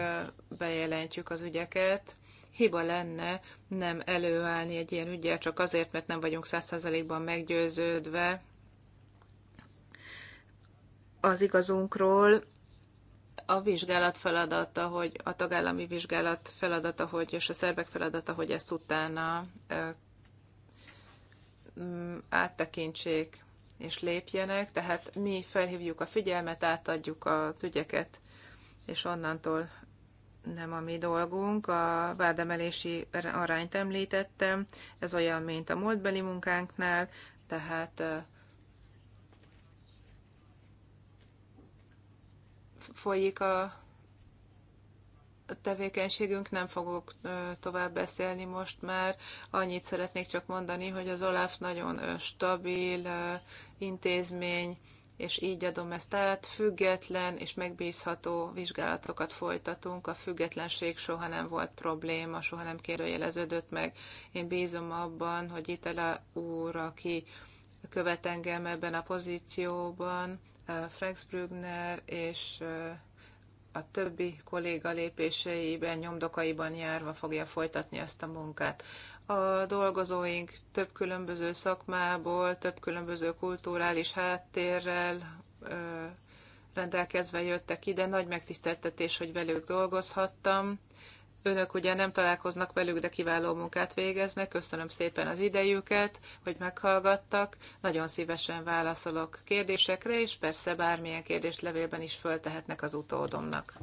bejelentjük az ügyeket. Hiba lenne nem előállni egy ilyen ügyel csak azért, mert nem vagyunk százszerzalékban meggyőződve az igazunkról a vizsgálat feladata, hogy a tagállami vizsgálat feladata, hogy és a szerbek feladata, hogy ezt utána áttekintsék és lépjenek, tehát mi felhívjuk a figyelmet, átadjuk az ügyeket, és onnantól nem a mi dolgunk. A vádemelési arányt említettem, ez olyan, mint a múltbeli munkánknál, tehát folyik a tevékenységünk, nem fogok tovább beszélni most már. Annyit szeretnék csak mondani, hogy az OLAF nagyon stabil intézmény, és így adom ezt át, független és megbízható vizsgálatokat folytatunk, a függetlenség soha nem volt probléma, soha nem kérőjeleződött meg. Én bízom abban, hogy itt a úr, aki követ engem ebben a pozícióban, Franz Brügner és a többi kolléga lépéseiben, nyomdokaiban járva fogja folytatni ezt a munkát. A dolgozóink több különböző szakmából, több különböző kulturális háttérrel rendelkezve jöttek ide. Nagy megtiszteltetés, hogy velük dolgozhattam Önök ugye nem találkoznak velük, de kiváló munkát végeznek. Köszönöm szépen az idejüket, hogy meghallgattak. Nagyon szívesen válaszolok kérdésekre, és persze bármilyen kérdést levélben is föltehetnek az utódomnak.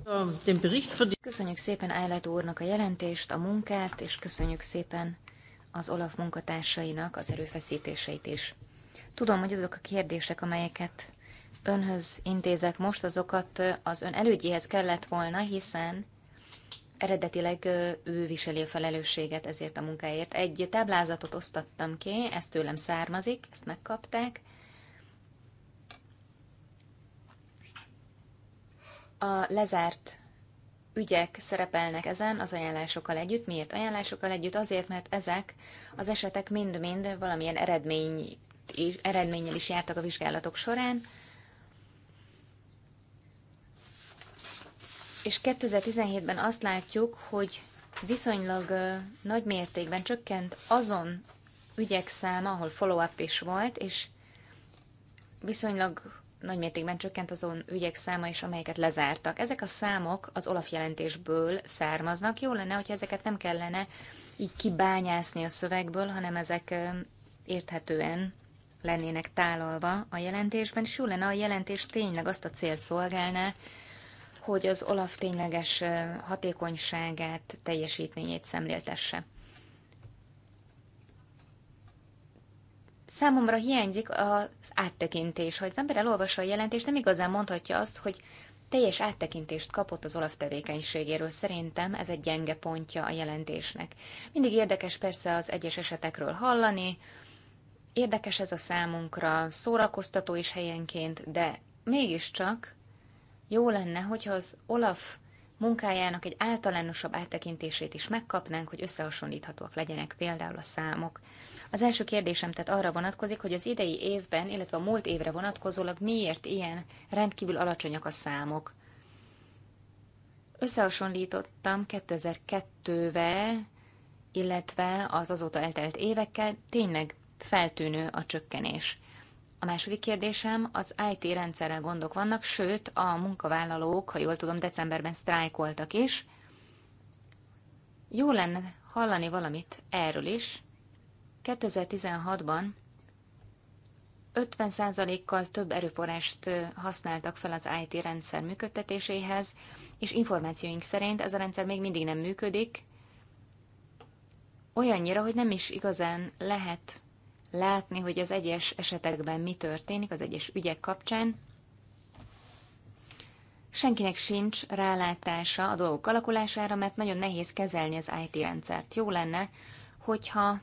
Köszönjük szépen Állat úrnak a jelentést, a munkát, és köszönjük szépen az Olaf munkatársainak az erőfeszítéseit is. Tudom, hogy azok a kérdések, amelyeket önhöz intézek most, azokat az ön elődjéhez kellett volna, hiszen Eredetileg ő viseli a felelősséget ezért a munkáért. Egy táblázatot osztattam ki, ez tőlem származik, ezt megkapták. A lezárt ügyek szerepelnek ezen az ajánlásokkal együtt. Miért ajánlásokkal együtt? Azért, mert ezek az esetek mind-mind valamilyen eredmény, eredménnyel is jártak a vizsgálatok során. és 2017-ben azt látjuk, hogy viszonylag nagy mértékben csökkent azon ügyek száma, ahol follow-up is volt, és viszonylag nagy mértékben csökkent azon ügyek száma is, amelyeket lezártak. Ezek a számok az Olaf jelentésből származnak. Jó lenne, hogyha ezeket nem kellene így kibányászni a szövegből, hanem ezek érthetően lennének tálalva a jelentésben, és jó lenne a jelentés tényleg azt a célt szolgálná, hogy az Olaf tényleges hatékonyságát, teljesítményét szemléltesse. Számomra hiányzik az áttekintés, hogy az ember elolvassa a jelentést, nem igazán mondhatja azt, hogy teljes áttekintést kapott az Olaf tevékenységéről. Szerintem ez egy gyenge pontja a jelentésnek. Mindig érdekes persze az egyes esetekről hallani, érdekes ez a számunkra, szórakoztató is helyenként, de mégiscsak jó lenne, hogyha az Olaf munkájának egy általánosabb áttekintését is megkapnánk, hogy összehasonlíthatóak legyenek például a számok. Az első kérdésem tehát arra vonatkozik, hogy az idei évben, illetve a múlt évre vonatkozólag miért ilyen rendkívül alacsonyak a számok. Összehasonlítottam 2002-vel, illetve az azóta eltelt évekkel, tényleg feltűnő a csökkenés. A második kérdésem, az IT rendszerrel gondok vannak, sőt, a munkavállalók, ha jól tudom, decemberben sztrájkoltak is. Jó lenne hallani valamit erről is. 2016-ban 50%-kal több erőforrást használtak fel az IT rendszer működtetéséhez, és információink szerint ez a rendszer még mindig nem működik, olyannyira, hogy nem is igazán lehet látni, hogy az egyes esetekben mi történik, az egyes ügyek kapcsán. Senkinek sincs rálátása a dolgok alakulására, mert nagyon nehéz kezelni az IT rendszert. Jó lenne, hogyha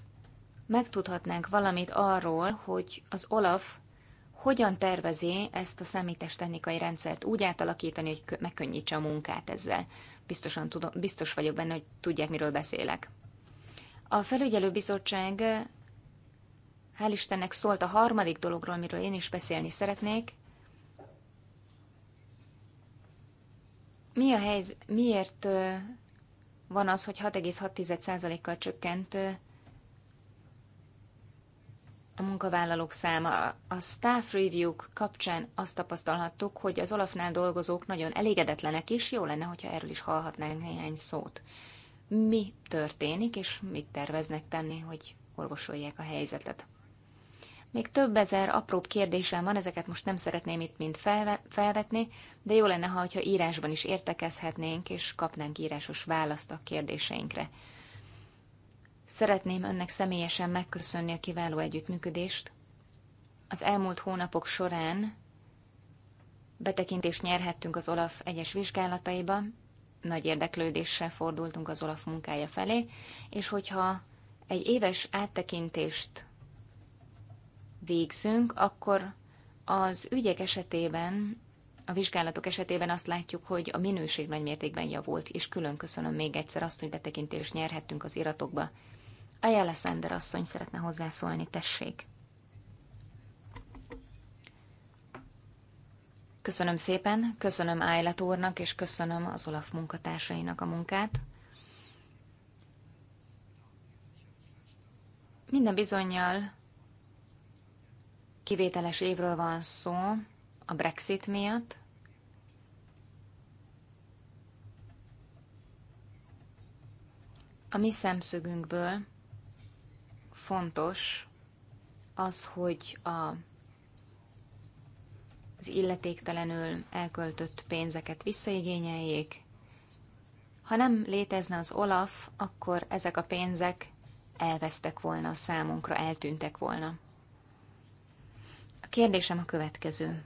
megtudhatnánk valamit arról, hogy az Olaf hogyan tervezi ezt a technikai rendszert úgy átalakítani, hogy megkönnyítse a munkát ezzel. Biztosan tudom, biztos vagyok benne, hogy tudják, miről beszélek. A felügyelőbizottság hál' Istennek szólt a harmadik dologról, amiről én is beszélni szeretnék. Mi a helyz, miért van az, hogy 6,6%-kal csökkent a munkavállalók száma. A staff review kapcsán azt tapasztalhattuk, hogy az Olafnál dolgozók nagyon elégedetlenek is, jó lenne, hogyha erről is hallhatnánk néhány szót. Mi történik, és mit terveznek tenni, hogy orvosolják a helyzetet? Még több ezer apróbb kérdésem van, ezeket most nem szeretném itt mind felvetni, de jó lenne, ha hogyha írásban is értekezhetnénk, és kapnánk írásos választ a kérdéseinkre. Szeretném önnek személyesen megköszönni a kiváló együttműködést. Az elmúlt hónapok során betekintést nyerhettünk az Olaf egyes vizsgálataiba, nagy érdeklődéssel fordultunk az Olaf munkája felé, és hogyha egy éves áttekintést végzünk, akkor az ügyek esetében, a vizsgálatok esetében azt látjuk, hogy a minőség mértékben javult, és külön köszönöm még egyszer azt, hogy betekintést nyerhettünk az iratokba. Ajala Sander asszony szeretne hozzászólni, tessék! Köszönöm szépen, köszönöm Ájlet úrnak, és köszönöm az Olaf munkatársainak a munkát. Minden bizonyal kivételes évről van szó a Brexit miatt. A mi szemszögünkből fontos az, hogy a az illetéktelenül elköltött pénzeket visszaigényeljék. Ha nem létezne az OLAF, akkor ezek a pénzek elvesztek volna a számunkra, eltűntek volna. A kérdésem a következő.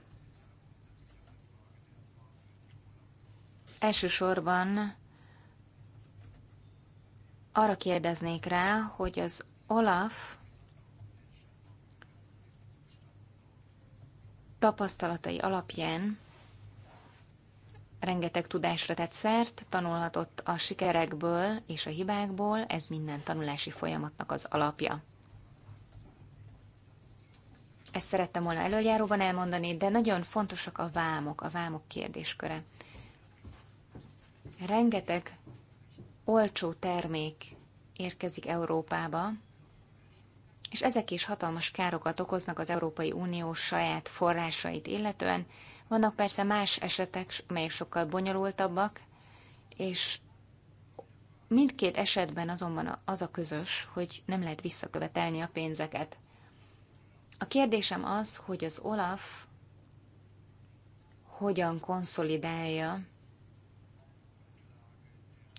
Elsősorban arra kérdeznék rá, hogy az Olaf tapasztalatai alapján rengeteg tudásra tett szert, tanulhatott a sikerekből és a hibákból, ez minden tanulási folyamatnak az alapja. Ezt szerettem volna előjáróban elmondani, de nagyon fontosak a vámok, a vámok kérdésköre. Rengeteg olcsó termék érkezik Európába, és ezek is hatalmas károkat okoznak az Európai Unió saját forrásait illetően. Vannak persze más esetek, amelyek sokkal bonyolultabbak, és mindkét esetben azonban az a közös, hogy nem lehet visszakövetelni a pénzeket. A kérdésem az, hogy az Olaf hogyan konszolidálja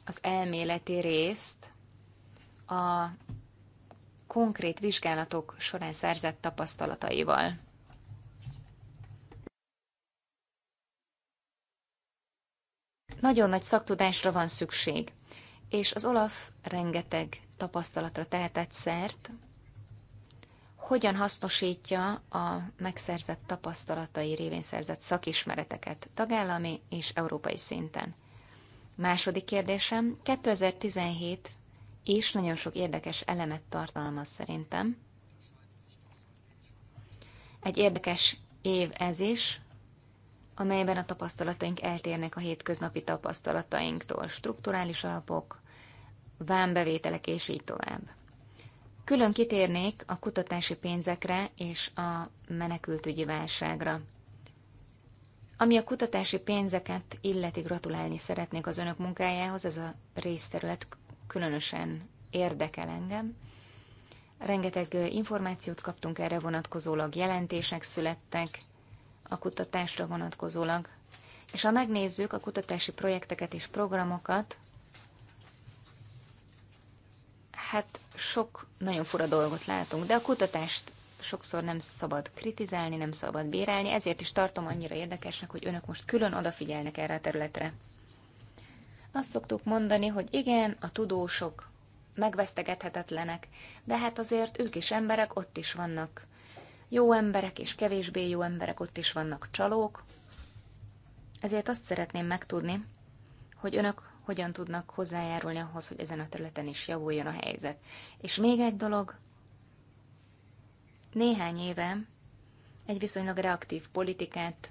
az elméleti részt a konkrét vizsgálatok során szerzett tapasztalataival. Nagyon nagy szaktudásra van szükség, és az Olaf rengeteg tapasztalatra tehetett szert, hogyan hasznosítja a megszerzett tapasztalatai révén szerzett szakismereteket tagállami és európai szinten. Második kérdésem, 2017 és nagyon sok érdekes elemet tartalmaz szerintem. Egy érdekes év ez is, amelyben a tapasztalataink eltérnek a hétköznapi tapasztalatainktól, strukturális alapok, vámbevételek és így tovább. Külön kitérnék a kutatási pénzekre és a menekültügyi válságra. Ami a kutatási pénzeket illeti, gratulálni szeretnék az önök munkájához, ez a részterület különösen érdekel engem. Rengeteg információt kaptunk erre vonatkozólag, jelentések születtek a kutatásra vonatkozólag, és ha megnézzük a kutatási projekteket és programokat, hát sok nagyon fura dolgot látunk, de a kutatást sokszor nem szabad kritizálni, nem szabad bírálni, ezért is tartom annyira érdekesnek, hogy önök most külön odafigyelnek erre a területre. Azt szoktuk mondani, hogy igen, a tudósok megvesztegethetetlenek, de hát azért ők is emberek, ott is vannak jó emberek és kevésbé jó emberek, ott is vannak csalók. Ezért azt szeretném megtudni, hogy önök hogyan tudnak hozzájárulni ahhoz, hogy ezen a területen is javuljon a helyzet. És még egy dolog, néhány éve egy viszonylag reaktív politikát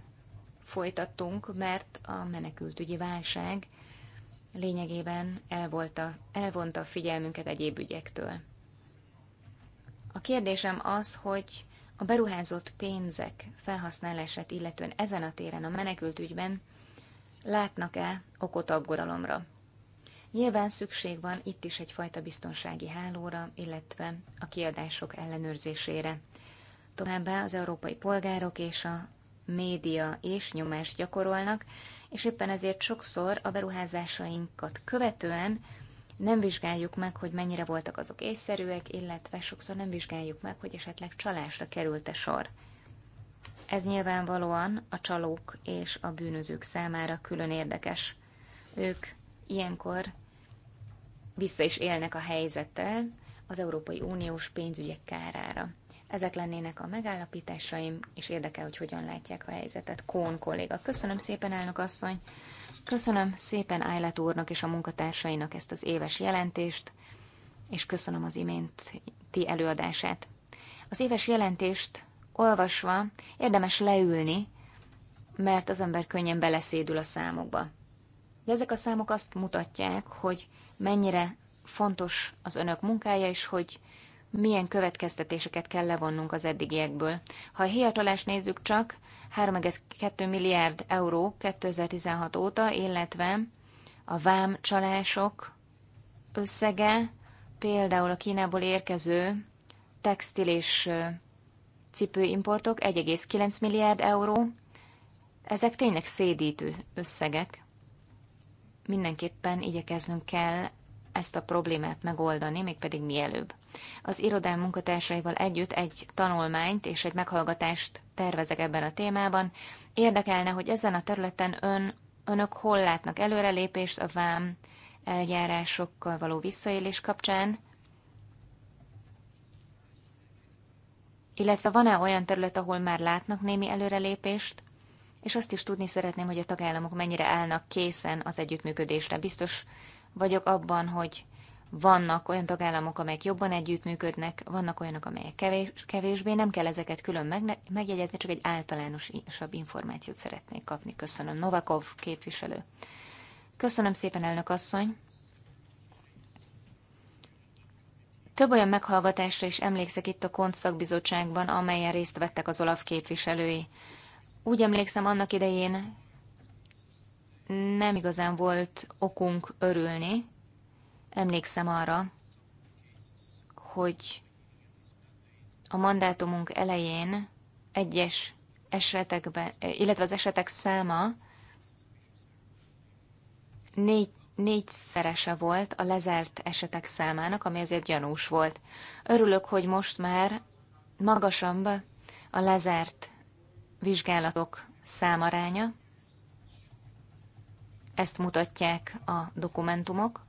folytattunk, mert a menekültügyi válság lényegében elvolta, elvonta a figyelmünket egyéb ügyektől. A kérdésem az, hogy a beruházott pénzek felhasználását illetően ezen a téren, a menekültügyben látnak-e okot aggodalomra. Nyilván szükség van itt is egyfajta biztonsági hálóra, illetve a kiadások ellenőrzésére. Továbbá az európai polgárok és a média és nyomást gyakorolnak, és éppen ezért sokszor a beruházásainkat követően nem vizsgáljuk meg, hogy mennyire voltak azok észszerűek, illetve sokszor nem vizsgáljuk meg, hogy esetleg csalásra került-e sor. Ez nyilvánvalóan a csalók és a bűnözők számára külön érdekes. Ők ilyenkor vissza is élnek a helyzettel az Európai Uniós pénzügyek kárára. Ezek lennének a megállapításaim, és érdekel, hogy hogyan látják a helyzetet. Kón kolléga, köszönöm szépen, elnök asszony! Köszönöm szépen Ájlet úrnak és a munkatársainak ezt az éves jelentést, és köszönöm az imént ti előadását. Az éves jelentést olvasva érdemes leülni, mert az ember könnyen beleszédül a számokba. De ezek a számok azt mutatják, hogy mennyire fontos az önök munkája, és hogy milyen következtetéseket kell levonnunk az eddigiekből. Ha a hiatalást nézzük csak, 3,2 milliárd euró 2016 óta, illetve a vám csalások összege, például a Kínából érkező textil és cipőimportok 1,9 milliárd euró. Ezek tényleg szédítő összegek. Mindenképpen igyekeznünk kell ezt a problémát megoldani, mégpedig mielőbb. Az irodám munkatársaival együtt egy tanulmányt és egy meghallgatást tervezek ebben a témában. Érdekelne, hogy ezen a területen ön, önök hol látnak előrelépést a vám eljárásokkal való visszaélés kapcsán, illetve van-e olyan terület, ahol már látnak némi előrelépést, és azt is tudni szeretném, hogy a tagállamok mennyire állnak készen az együttműködésre. Biztos vagyok abban, hogy vannak olyan tagállamok, amelyek jobban együttműködnek, vannak olyanok, amelyek kevés, kevésbé. Nem kell ezeket külön megjegyezni, csak egy általánosabb információt szeretnék kapni. Köszönöm. Novakov képviselő. Köszönöm szépen, elnök asszony. Több olyan meghallgatásra is emlékszek itt a KONT szakbizottságban, amelyen részt vettek az OLAF képviselői. Úgy emlékszem, annak idején nem igazán volt okunk örülni. Emlékszem arra, hogy a mandátumunk elején egyes esetekben, illetve az esetek száma négy négyszerese volt a lezárt esetek számának, ami azért gyanús volt. Örülök, hogy most már magasabb a lezárt vizsgálatok számaránya. Ezt mutatják a dokumentumok.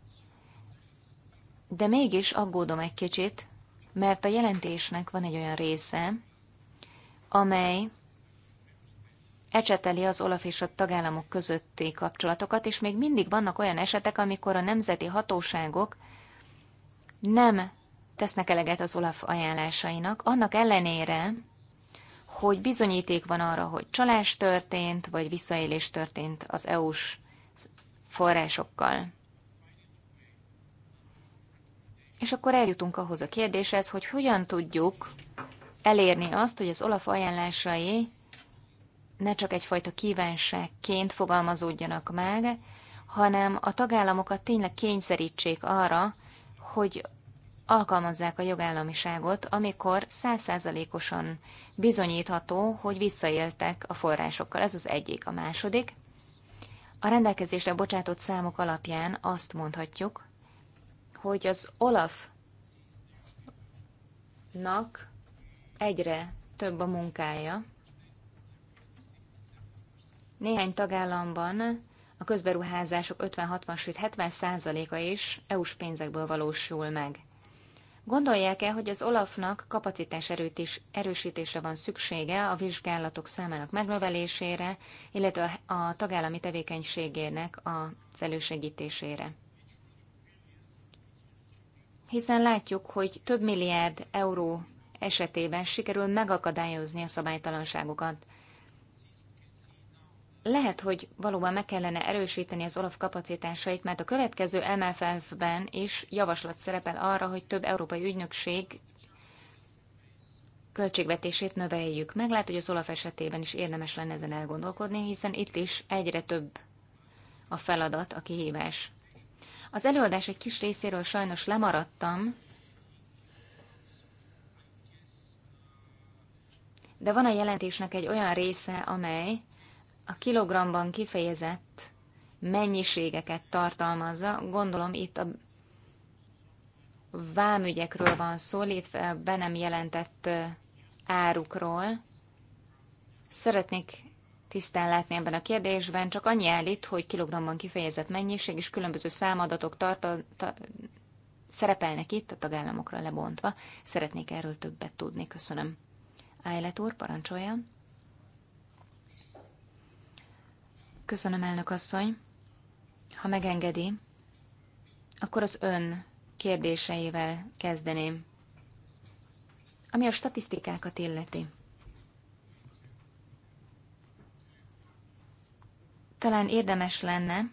De mégis aggódom egy kicsit, mert a jelentésnek van egy olyan része, amely ecseteli az Olaf és a tagállamok közötti kapcsolatokat, és még mindig vannak olyan esetek, amikor a nemzeti hatóságok nem tesznek eleget az Olaf ajánlásainak, annak ellenére, hogy bizonyíték van arra, hogy csalás történt, vagy visszaélés történt az EU-s forrásokkal. És akkor eljutunk ahhoz a kérdéshez, hogy hogyan tudjuk elérni azt, hogy az Olaf ajánlásai ne csak egyfajta kívánságként fogalmazódjanak meg, hanem a tagállamokat tényleg kényszerítsék arra, hogy alkalmazzák a jogállamiságot, amikor százszázalékosan bizonyítható, hogy visszaéltek a forrásokkal. Ez az egyik. A második. A rendelkezésre bocsátott számok alapján azt mondhatjuk, hogy az Olafnak egyre több a munkája, néhány tagállamban a közberuházások 50-60, sőt 70 százaléka is EU-s pénzekből valósul meg. Gondolják el, hogy az Olafnak kapacitás erőt is erősítése van szüksége a vizsgálatok számának megnövelésére, illetve a tagállami tevékenységének a elősegítésére. Hiszen látjuk, hogy több milliárd euró esetében sikerül megakadályozni a szabálytalanságokat lehet, hogy valóban meg kellene erősíteni az Olaf kapacitásait, mert a következő MFF-ben is javaslat szerepel arra, hogy több európai ügynökség költségvetését növeljük. Meg lehet, hogy az Olaf esetében is érdemes lenne ezen elgondolkodni, hiszen itt is egyre több a feladat, a kihívás. Az előadás egy kis részéről sajnos lemaradtam, de van a jelentésnek egy olyan része, amely a kilogramban kifejezett mennyiségeket tartalmazza. Gondolom itt a vámügyekről van szó, illetve be nem jelentett árukról. Szeretnék tisztán látni ebben a kérdésben, csak annyi állít, hogy kilogramban kifejezett mennyiség és különböző számadatok tartal, ta, szerepelnek itt a tagállamokra lebontva. Szeretnék erről többet tudni. Köszönöm. Ájlet úr, parancsoljon! Köszönöm, elnök asszony. Ha megengedi, akkor az ön kérdéseivel kezdeném, ami a statisztikákat illeti. Talán érdemes lenne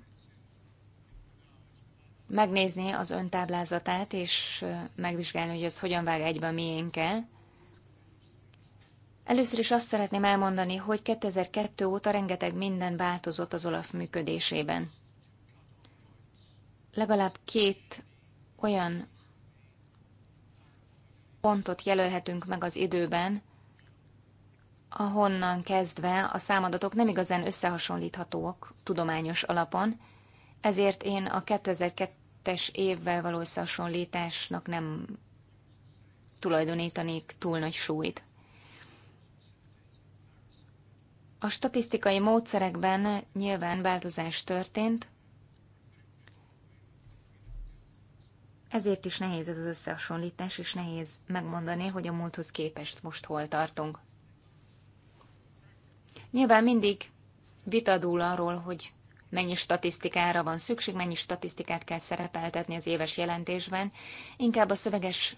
megnézni az ön táblázatát, és megvizsgálni, hogy az hogyan vág egybe a miénkkel, Először is azt szeretném elmondani, hogy 2002 óta rengeteg minden változott az Olaf működésében. Legalább két olyan pontot jelölhetünk meg az időben, ahonnan kezdve a számadatok nem igazán összehasonlíthatóak tudományos alapon, ezért én a 2002-es évvel való összehasonlításnak nem tulajdonítanék túl nagy súlyt. A statisztikai módszerekben nyilván változás történt, ezért is nehéz ez az összehasonlítás, és nehéz megmondani, hogy a múlthoz képest most hol tartunk. Nyilván mindig vitadul arról, hogy mennyi statisztikára van szükség, mennyi statisztikát kell szerepeltetni az éves jelentésben. Inkább a szöveges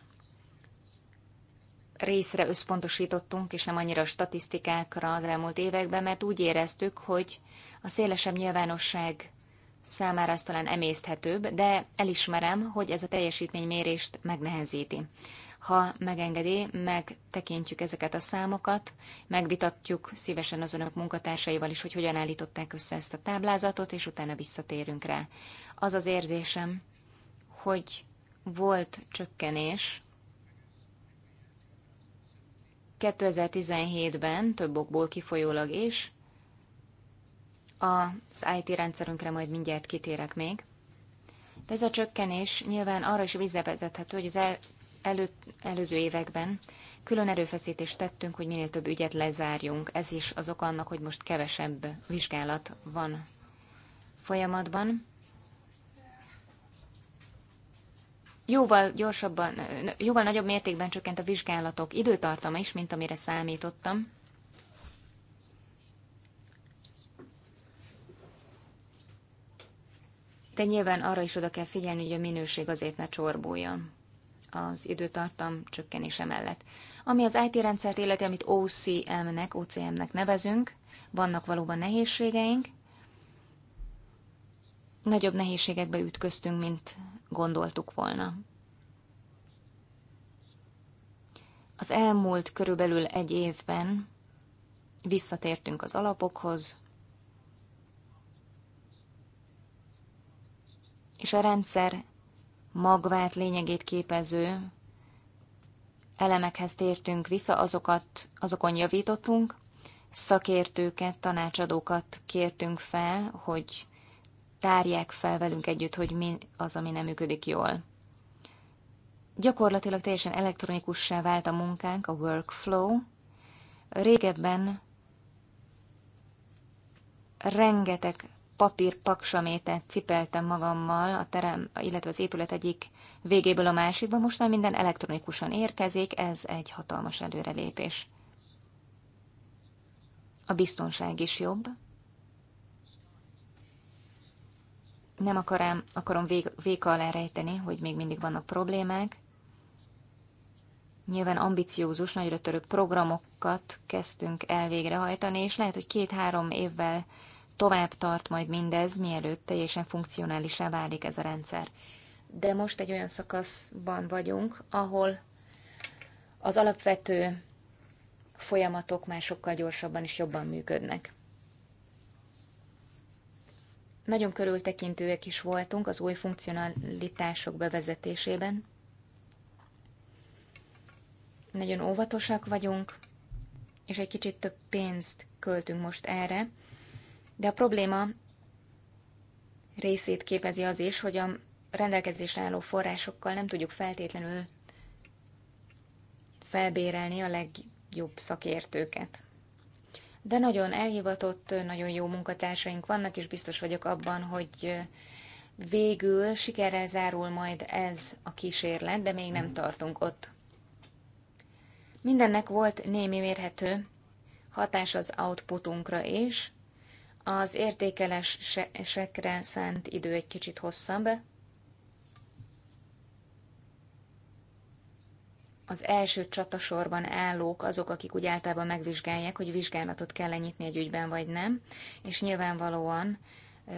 részre összpontosítottunk, és nem annyira a statisztikákra az elmúlt években, mert úgy éreztük, hogy a szélesebb nyilvánosság számára ez talán emészthetőbb, de elismerem, hogy ez a teljesítménymérést megnehezíti. Ha megengedi, megtekintjük ezeket a számokat, megvitatjuk szívesen az önök munkatársaival is, hogy hogyan állították össze ezt a táblázatot, és utána visszatérünk rá. Az az érzésem, hogy volt csökkenés 2017-ben, több okból kifolyólag is, az IT rendszerünkre majd mindjárt kitérek még, de ez a csökkenés nyilván arra is visszavezethető, hogy az el, elő, előző években külön erőfeszítést tettünk, hogy minél több ügyet lezárjunk. Ez is az oka annak, hogy most kevesebb vizsgálat van folyamatban. jóval gyorsabban, jóval nagyobb mértékben csökkent a vizsgálatok időtartama is, mint amire számítottam. De nyilván arra is oda kell figyelni, hogy a minőség azért ne csorbuljon az időtartam csökkenése mellett. Ami az IT rendszert illeti, amit OCM-nek, OCM-nek nevezünk, vannak valóban nehézségeink. Nagyobb nehézségekbe ütköztünk, mint gondoltuk volna. Az elmúlt körülbelül egy évben visszatértünk az alapokhoz, és a rendszer magvát lényegét képező elemekhez tértünk vissza, azokat, azokon javítottunk, szakértőket, tanácsadókat kértünk fel, hogy tárják fel velünk együtt, hogy mi az, ami nem működik jól. Gyakorlatilag teljesen elektronikussá vált a munkánk, a workflow. Régebben rengeteg papír paksamétet cipeltem magammal a terem, illetve az épület egyik végéből a másikba, most már minden elektronikusan érkezik, ez egy hatalmas előrelépés. A biztonság is jobb. nem akarám, akarom vég, véka alá rejteni, hogy még mindig vannak problémák. Nyilván ambiciózus, nagyra törő programokat kezdtünk el végrehajtani, és lehet, hogy két-három évvel tovább tart majd mindez, mielőtt teljesen funkcionálisá válik ez a rendszer. De most egy olyan szakaszban vagyunk, ahol az alapvető folyamatok már sokkal gyorsabban és jobban működnek. Nagyon körültekintőek is voltunk az új funkcionalitások bevezetésében. Nagyon óvatosak vagyunk, és egy kicsit több pénzt költünk most erre, de a probléma részét képezi az is, hogy a rendelkezésre álló forrásokkal nem tudjuk feltétlenül felbérelni a legjobb szakértőket de nagyon elhivatott, nagyon jó munkatársaink vannak, és biztos vagyok abban, hogy végül sikerrel zárul majd ez a kísérlet, de még nem mhm. tartunk ott. Mindennek volt némi mérhető hatás az outputunkra is, az értékelésekre szánt idő egy kicsit hosszabb, az első csatasorban állók azok, akik úgy általában megvizsgálják, hogy vizsgálatot kell nyitni egy ügyben vagy nem, és nyilvánvalóan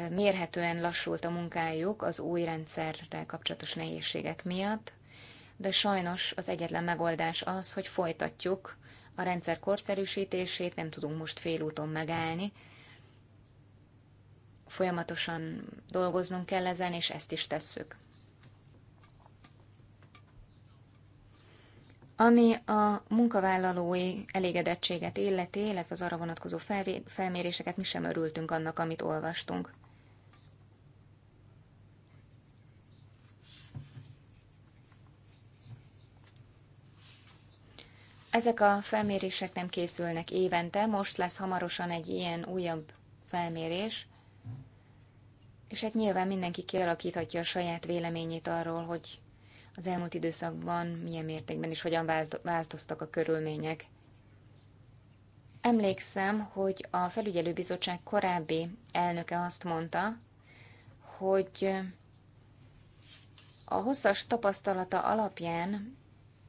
mérhetően lassult a munkájuk az új rendszerrel kapcsolatos nehézségek miatt, de sajnos az egyetlen megoldás az, hogy folytatjuk a rendszer korszerűsítését, nem tudunk most félúton megállni, folyamatosan dolgoznunk kell ezen, és ezt is tesszük. Ami a munkavállalói elégedettséget illeti, illetve az arra vonatkozó felméréseket, mi sem örültünk annak, amit olvastunk. Ezek a felmérések nem készülnek évente, most lesz hamarosan egy ilyen újabb felmérés, és hát nyilván mindenki kialakíthatja a saját véleményét arról, hogy az elmúlt időszakban milyen mértékben is hogyan változtak a körülmények. Emlékszem, hogy a felügyelőbizottság korábbi elnöke azt mondta, hogy a hosszas tapasztalata alapján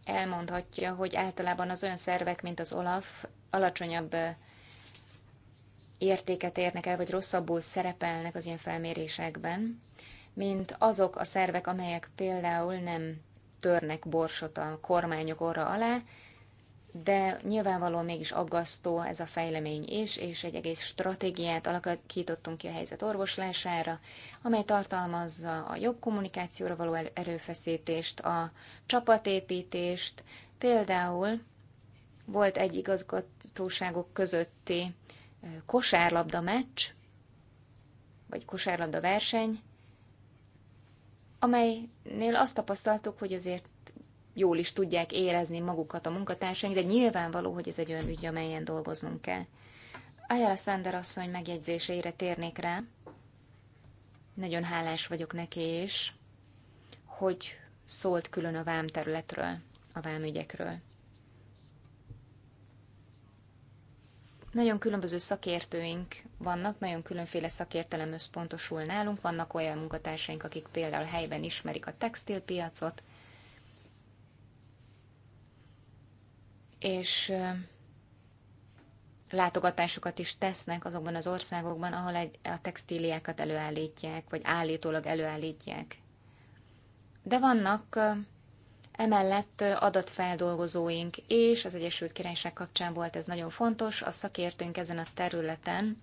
elmondhatja, hogy általában az olyan szervek, mint az OLAF alacsonyabb értéket érnek el, vagy rosszabbul szerepelnek az ilyen felmérésekben mint azok a szervek, amelyek például nem törnek borsot a kormányok orra alá, de nyilvánvalóan mégis aggasztó ez a fejlemény is, és egy egész stratégiát alakítottunk ki a helyzet orvoslására, amely tartalmazza a jobb kommunikációra való er- erőfeszítést, a csapatépítést, például volt egy igazgatóságok közötti kosárlabda meccs, vagy kosárlabda verseny, amelynél azt tapasztaltuk, hogy azért jól is tudják érezni magukat a munkatársaink, de nyilvánvaló, hogy ez egy olyan ügy, amelyen dolgoznunk kell. Ajala Sander asszony megjegyzéseire térnék rá. Nagyon hálás vagyok neki is, hogy szólt külön a vámterületről, a vámügyekről. Nagyon különböző szakértőink vannak, nagyon különféle szakértelem összpontosul nálunk. Vannak olyan munkatársaink, akik például helyben ismerik a textilpiacot, és látogatásokat is tesznek azokban az országokban, ahol egy, a textíliákat előállítják, vagy állítólag előállítják. De vannak Emellett adatfeldolgozóink és az Egyesült Királyság kapcsán volt ez nagyon fontos, a szakértőnk ezen a területen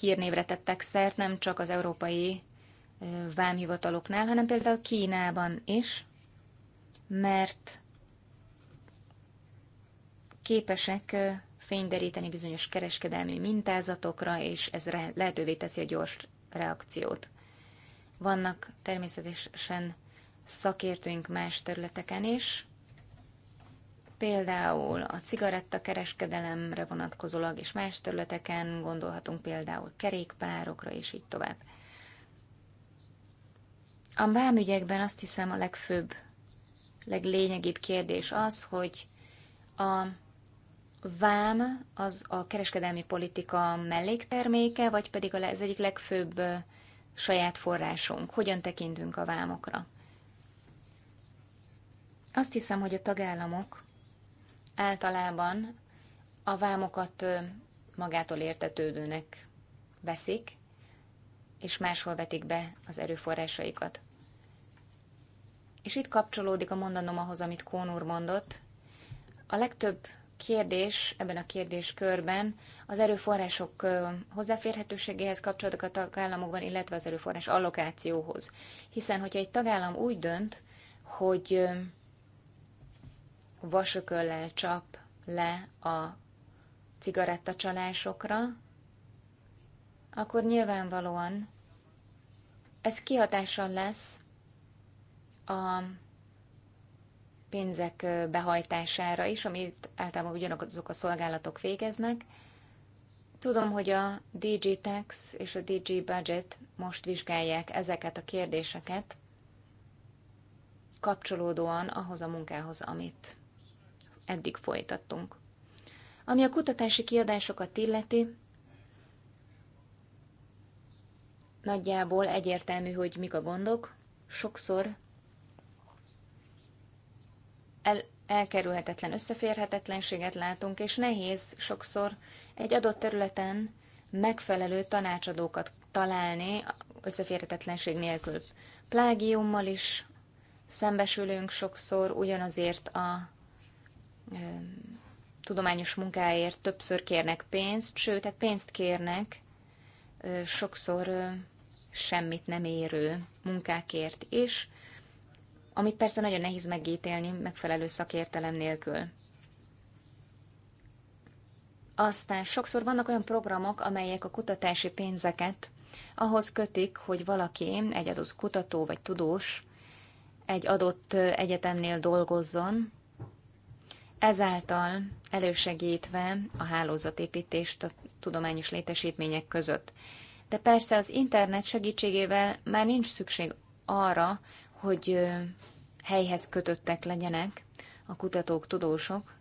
hírnévre tettek szert nem csak az európai vámhivataloknál, hanem például Kínában is, mert képesek fényderíteni bizonyos kereskedelmi mintázatokra, és ez lehetővé teszi a gyors reakciót. Vannak természetesen szakértőink más területeken is, például a cigarettakereskedelemre vonatkozólag és más területeken, gondolhatunk például kerékpárokra és így tovább. A vámügyekben azt hiszem a legfőbb, leglényegibb kérdés az, hogy a vám az a kereskedelmi politika mellékterméke, vagy pedig az egyik legfőbb saját forrásunk. Hogyan tekintünk a vámokra? Azt hiszem, hogy a tagállamok általában a vámokat magától értetődőnek veszik, és máshol vetik be az erőforrásaikat. És itt kapcsolódik a mondanom ahhoz, amit Kón úr mondott. A legtöbb kérdés ebben a kérdéskörben az erőforrások hozzáférhetőségéhez kapcsolódik a tagállamokban, illetve az erőforrás allokációhoz. Hiszen, hogyha egy tagállam úgy dönt, hogy vasököllel csap le a cigarettacsalásokra, akkor nyilvánvalóan ez kihatással lesz a pénzek behajtására is, amit általában ugyanazok a szolgálatok végeznek. Tudom, hogy a DG Tax és a DG Budget most vizsgálják ezeket a kérdéseket, kapcsolódóan ahhoz a munkához, amit eddig folytattunk. Ami a kutatási kiadásokat illeti, nagyjából egyértelmű, hogy mik a gondok. Sokszor el, elkerülhetetlen összeférhetetlenséget látunk, és nehéz sokszor egy adott területen megfelelő tanácsadókat találni összeférhetetlenség nélkül. Plágiummal is szembesülünk sokszor ugyanazért a tudományos munkáért többször kérnek pénzt, sőt, tehát pénzt kérnek sokszor semmit nem érő munkákért is, amit persze nagyon nehéz megítélni megfelelő szakértelem nélkül. Aztán sokszor vannak olyan programok, amelyek a kutatási pénzeket ahhoz kötik, hogy valaki, egy adott kutató vagy tudós, egy adott egyetemnél dolgozzon, ezáltal elősegítve a hálózatépítést a tudományos létesítmények között. De persze az internet segítségével már nincs szükség arra, hogy helyhez kötöttek legyenek a kutatók, tudósok,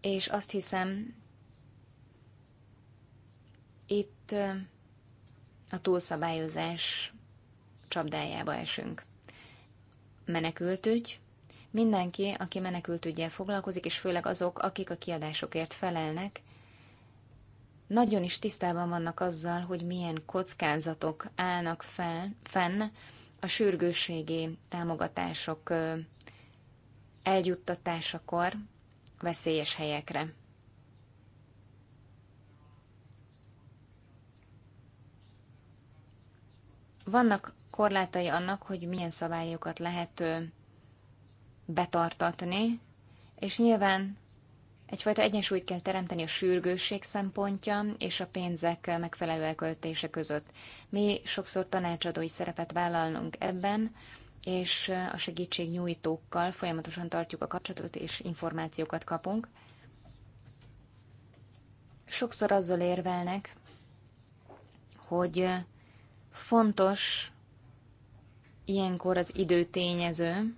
és azt hiszem, itt a túlszabályozás csapdájába esünk. Menekültügy, Mindenki, aki menekült, ügyel foglalkozik, és főleg azok, akik a kiadásokért felelnek, nagyon is tisztában vannak azzal, hogy milyen kockázatok állnak fel, fenn a sürgősségi támogatások eljuttatásakor veszélyes helyekre. Vannak korlátai annak, hogy milyen szabályokat lehet betartatni, és nyilván egyfajta egyensúlyt kell teremteni a sürgősség szempontja és a pénzek megfelelő elköltése között. Mi sokszor tanácsadói szerepet vállalnunk ebben, és a segítségnyújtókkal folyamatosan tartjuk a kapcsolatot, és információkat kapunk. Sokszor azzal érvelnek, hogy fontos ilyenkor az időtényező,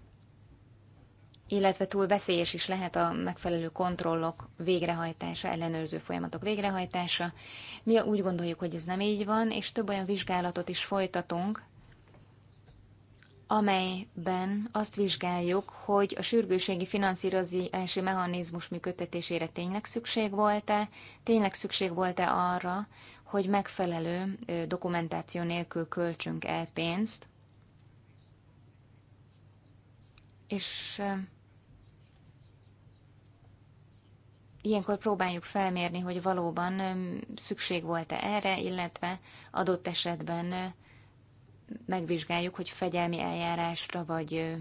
illetve túl veszélyes is lehet a megfelelő kontrollok végrehajtása, ellenőrző folyamatok végrehajtása. Mi úgy gondoljuk, hogy ez nem így van, és több olyan vizsgálatot is folytatunk, amelyben azt vizsgáljuk, hogy a sürgőségi finanszírozási mechanizmus működtetésére tényleg szükség volt-e, tényleg szükség volt-e arra, hogy megfelelő dokumentáció nélkül költsünk el pénzt, és ilyenkor próbáljuk felmérni, hogy valóban szükség volt-e erre, illetve adott esetben megvizsgáljuk, hogy fegyelmi eljárásra vagy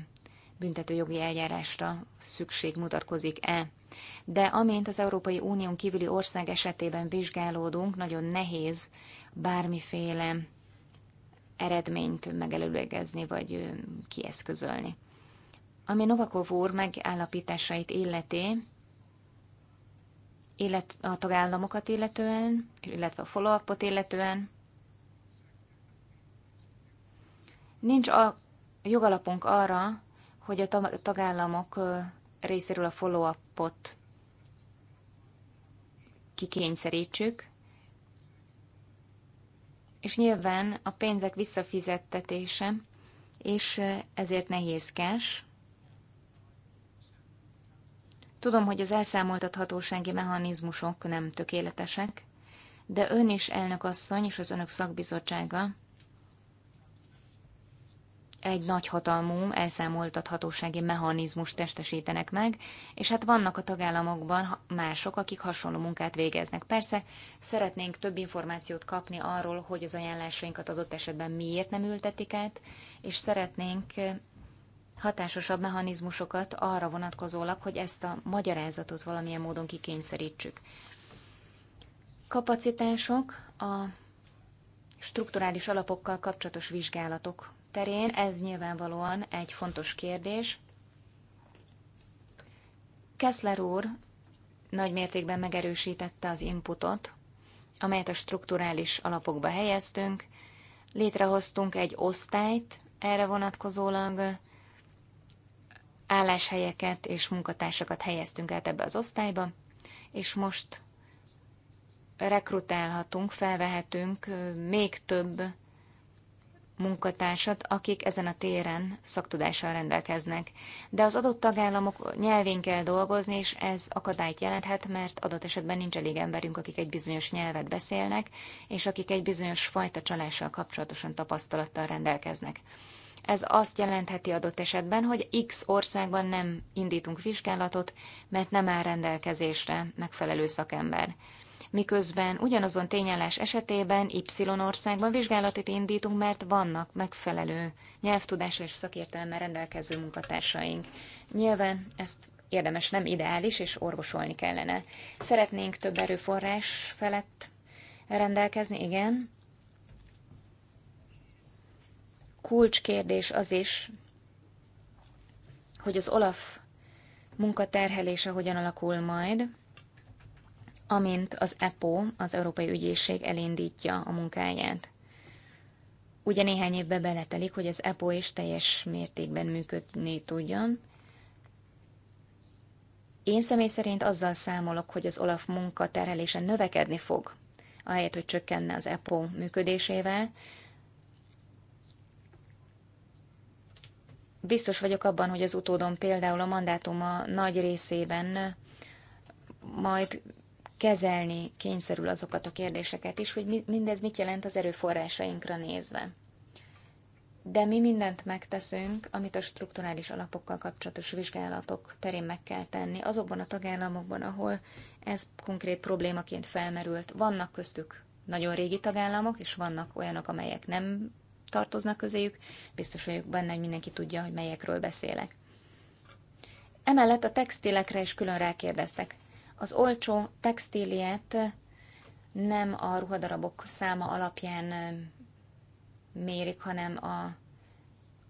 büntetőjogi eljárásra szükség mutatkozik-e. De amint az Európai Unión kívüli ország esetében vizsgálódunk, nagyon nehéz bármiféle eredményt megelőlegezni vagy kieszközölni. Ami Novakov úr megállapításait illeti, illet, a tagállamokat illetően, illetve a follow illetően, nincs a jogalapunk arra, hogy a tagállamok részéről a follow-upot kikényszerítsük, és nyilván a pénzek visszafizettetése, és ezért nehézkes. Tudom, hogy az elszámoltathatósági mechanizmusok nem tökéletesek, de ön is asszony és az önök szakbizottsága egy nagyhatalmú elszámoltathatósági mechanizmus testesítenek meg, és hát vannak a tagállamokban mások, akik hasonló munkát végeznek. Persze szeretnénk több információt kapni arról, hogy az ajánlásainkat adott esetben miért nem ültetik át, és szeretnénk hatásosabb mechanizmusokat arra vonatkozólag, hogy ezt a magyarázatot valamilyen módon kikényszerítsük. Kapacitások a strukturális alapokkal kapcsolatos vizsgálatok terén, ez nyilvánvalóan egy fontos kérdés. Kessler úr nagy mértékben megerősítette az inputot, amelyet a strukturális alapokba helyeztünk, létrehoztunk egy osztályt erre vonatkozólag, álláshelyeket és munkatársakat helyeztünk át ebbe az osztályba, és most rekrutálhatunk, felvehetünk még több munkatársat, akik ezen a téren szaktudással rendelkeznek. De az adott tagállamok nyelvén kell dolgozni, és ez akadályt jelenthet, mert adott esetben nincs elég emberünk, akik egy bizonyos nyelvet beszélnek, és akik egy bizonyos fajta csalással kapcsolatosan tapasztalattal rendelkeznek. Ez azt jelentheti adott esetben, hogy X országban nem indítunk vizsgálatot, mert nem áll rendelkezésre megfelelő szakember. Miközben ugyanazon tényállás esetében Y országban vizsgálatot indítunk, mert vannak megfelelő nyelvtudással és szakértelme rendelkező munkatársaink. Nyilván ezt érdemes, nem ideális, és orvosolni kellene. Szeretnénk több erőforrás felett rendelkezni, igen, kulcskérdés az is, hogy az Olaf munkaterhelése hogyan alakul majd, amint az EPO, az Európai Ügyészség elindítja a munkáját. Ugye néhány évbe beletelik, hogy az EPO is teljes mértékben működni tudjon. Én személy szerint azzal számolok, hogy az Olaf munkaterhelése növekedni fog, ahelyett, hogy csökkenne az EPO működésével, Biztos vagyok abban, hogy az utódom például a mandátuma nagy részében majd kezelni kényszerül azokat a kérdéseket is, hogy mindez mit jelent az erőforrásainkra nézve. De mi mindent megteszünk, amit a strukturális alapokkal kapcsolatos vizsgálatok terén meg kell tenni, azokban a tagállamokban, ahol ez konkrét problémaként felmerült. Vannak köztük nagyon régi tagállamok, és vannak olyanok, amelyek nem tartoznak közéjük, biztos vagyok benne, hogy mindenki tudja, hogy melyekről beszélek. Emellett a textilekre is külön rákérdeztek. Az olcsó textíliet nem a ruhadarabok száma alapján um, mérik, hanem a,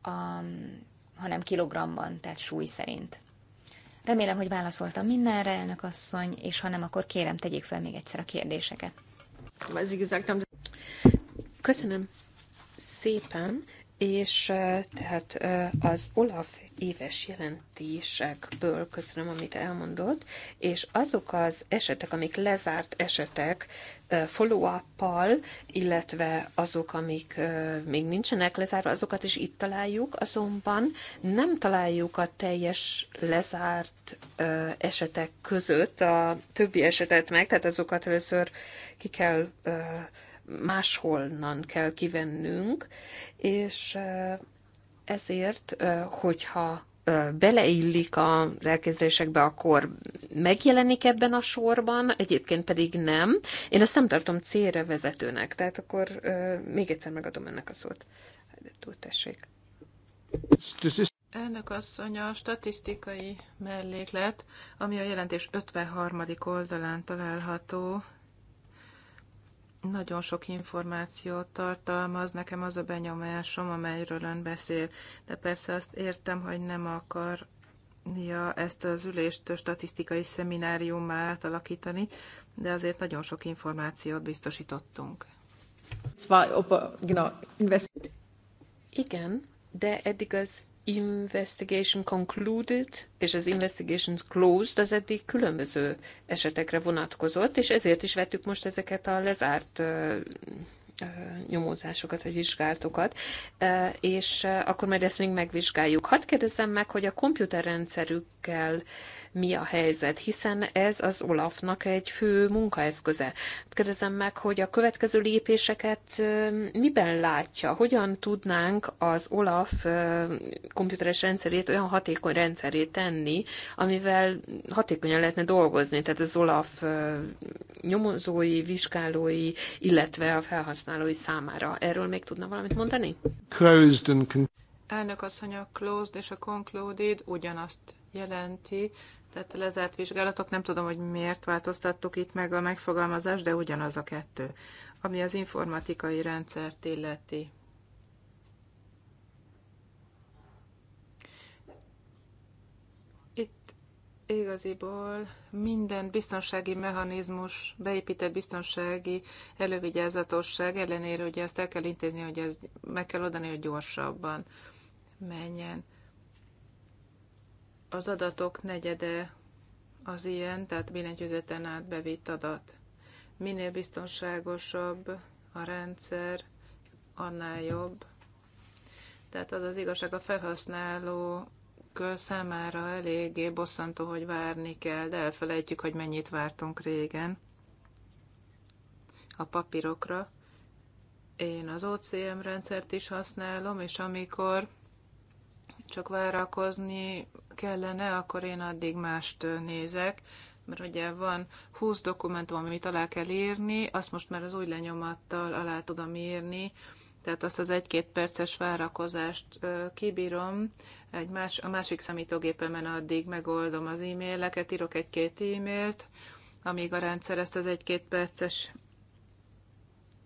a hanem kilogramban, tehát súly szerint. Remélem, hogy válaszoltam mindenre, elnök asszony, és ha nem, akkor kérem, tegyék fel még egyszer a kérdéseket. Köszönöm szépen, és tehát az Olaf éves jelentésekből köszönöm, amit elmondott, és azok az esetek, amik lezárt esetek follow illetve azok, amik még nincsenek lezárva, azokat is itt találjuk, azonban nem találjuk a teljes lezárt esetek között a többi esetet meg, tehát azokat először ki kell máshonnan kell kivennünk, és ezért, hogyha beleillik az elképzelésekbe, akkor megjelenik ebben a sorban, egyébként pedig nem. Én ezt nem tartom célra vezetőnek, tehát akkor még egyszer megadom ennek a szót. Túl tessék. Elnök asszony, a statisztikai melléklet, ami a jelentés 53. oldalán található, nagyon sok információt tartalmaz, nekem az a benyomásom, amelyről ön beszél. De persze azt értem, hogy nem akarja ezt az ülést statisztikai szemináriummá átalakítani, de azért nagyon sok információt biztosítottunk. Igen, de eddig az investigation concluded és az investigation closed az eddig különböző esetekre vonatkozott, és ezért is vettük most ezeket a lezárt nyomozásokat vagy vizsgálatokat, és akkor majd ezt még megvizsgáljuk. Hadd kérdezzem meg, hogy a komputerrendszerükkel mi a helyzet, hiszen ez az Olafnak egy fő munkaeszköze. Kérdezem meg, hogy a következő lépéseket miben látja, hogyan tudnánk az Olaf komputeres rendszerét olyan hatékony rendszerét tenni, amivel hatékonyan lehetne dolgozni, tehát az Olaf nyomozói, vizsgálói, illetve a felhasználói számára. Erről még tudna valamit mondani? Closed and con- Elnök asszony a closed és a concluded ugyanazt jelenti, tehát lezárt vizsgálatok, nem tudom, hogy miért változtattuk itt meg a megfogalmazást, de ugyanaz a kettő, ami az informatikai rendszert illeti. Itt igaziból minden biztonsági mechanizmus, beépített biztonsági elővigyázatosság ellenére, hogy ezt el kell intézni, hogy ez meg kell oldani, hogy gyorsabban menjen az adatok negyede az ilyen, tehát billentyűzeten át bevitt adat. Minél biztonságosabb a rendszer, annál jobb. Tehát az az igazság a felhasználó számára eléggé bosszantó, hogy várni kell, de elfelejtjük, hogy mennyit vártunk régen a papírokra. Én az OCM rendszert is használom, és amikor csak várakozni kellene, akkor én addig mást nézek, mert ugye van 20 dokumentum, amit alá kell írni, azt most már az új lenyomattal alá tudom írni, tehát azt az egy-két perces várakozást kibírom, egy más, a másik számítógépemen addig megoldom az e-maileket, írok egy-két e-mailt, amíg a rendszer ezt az egy-két perces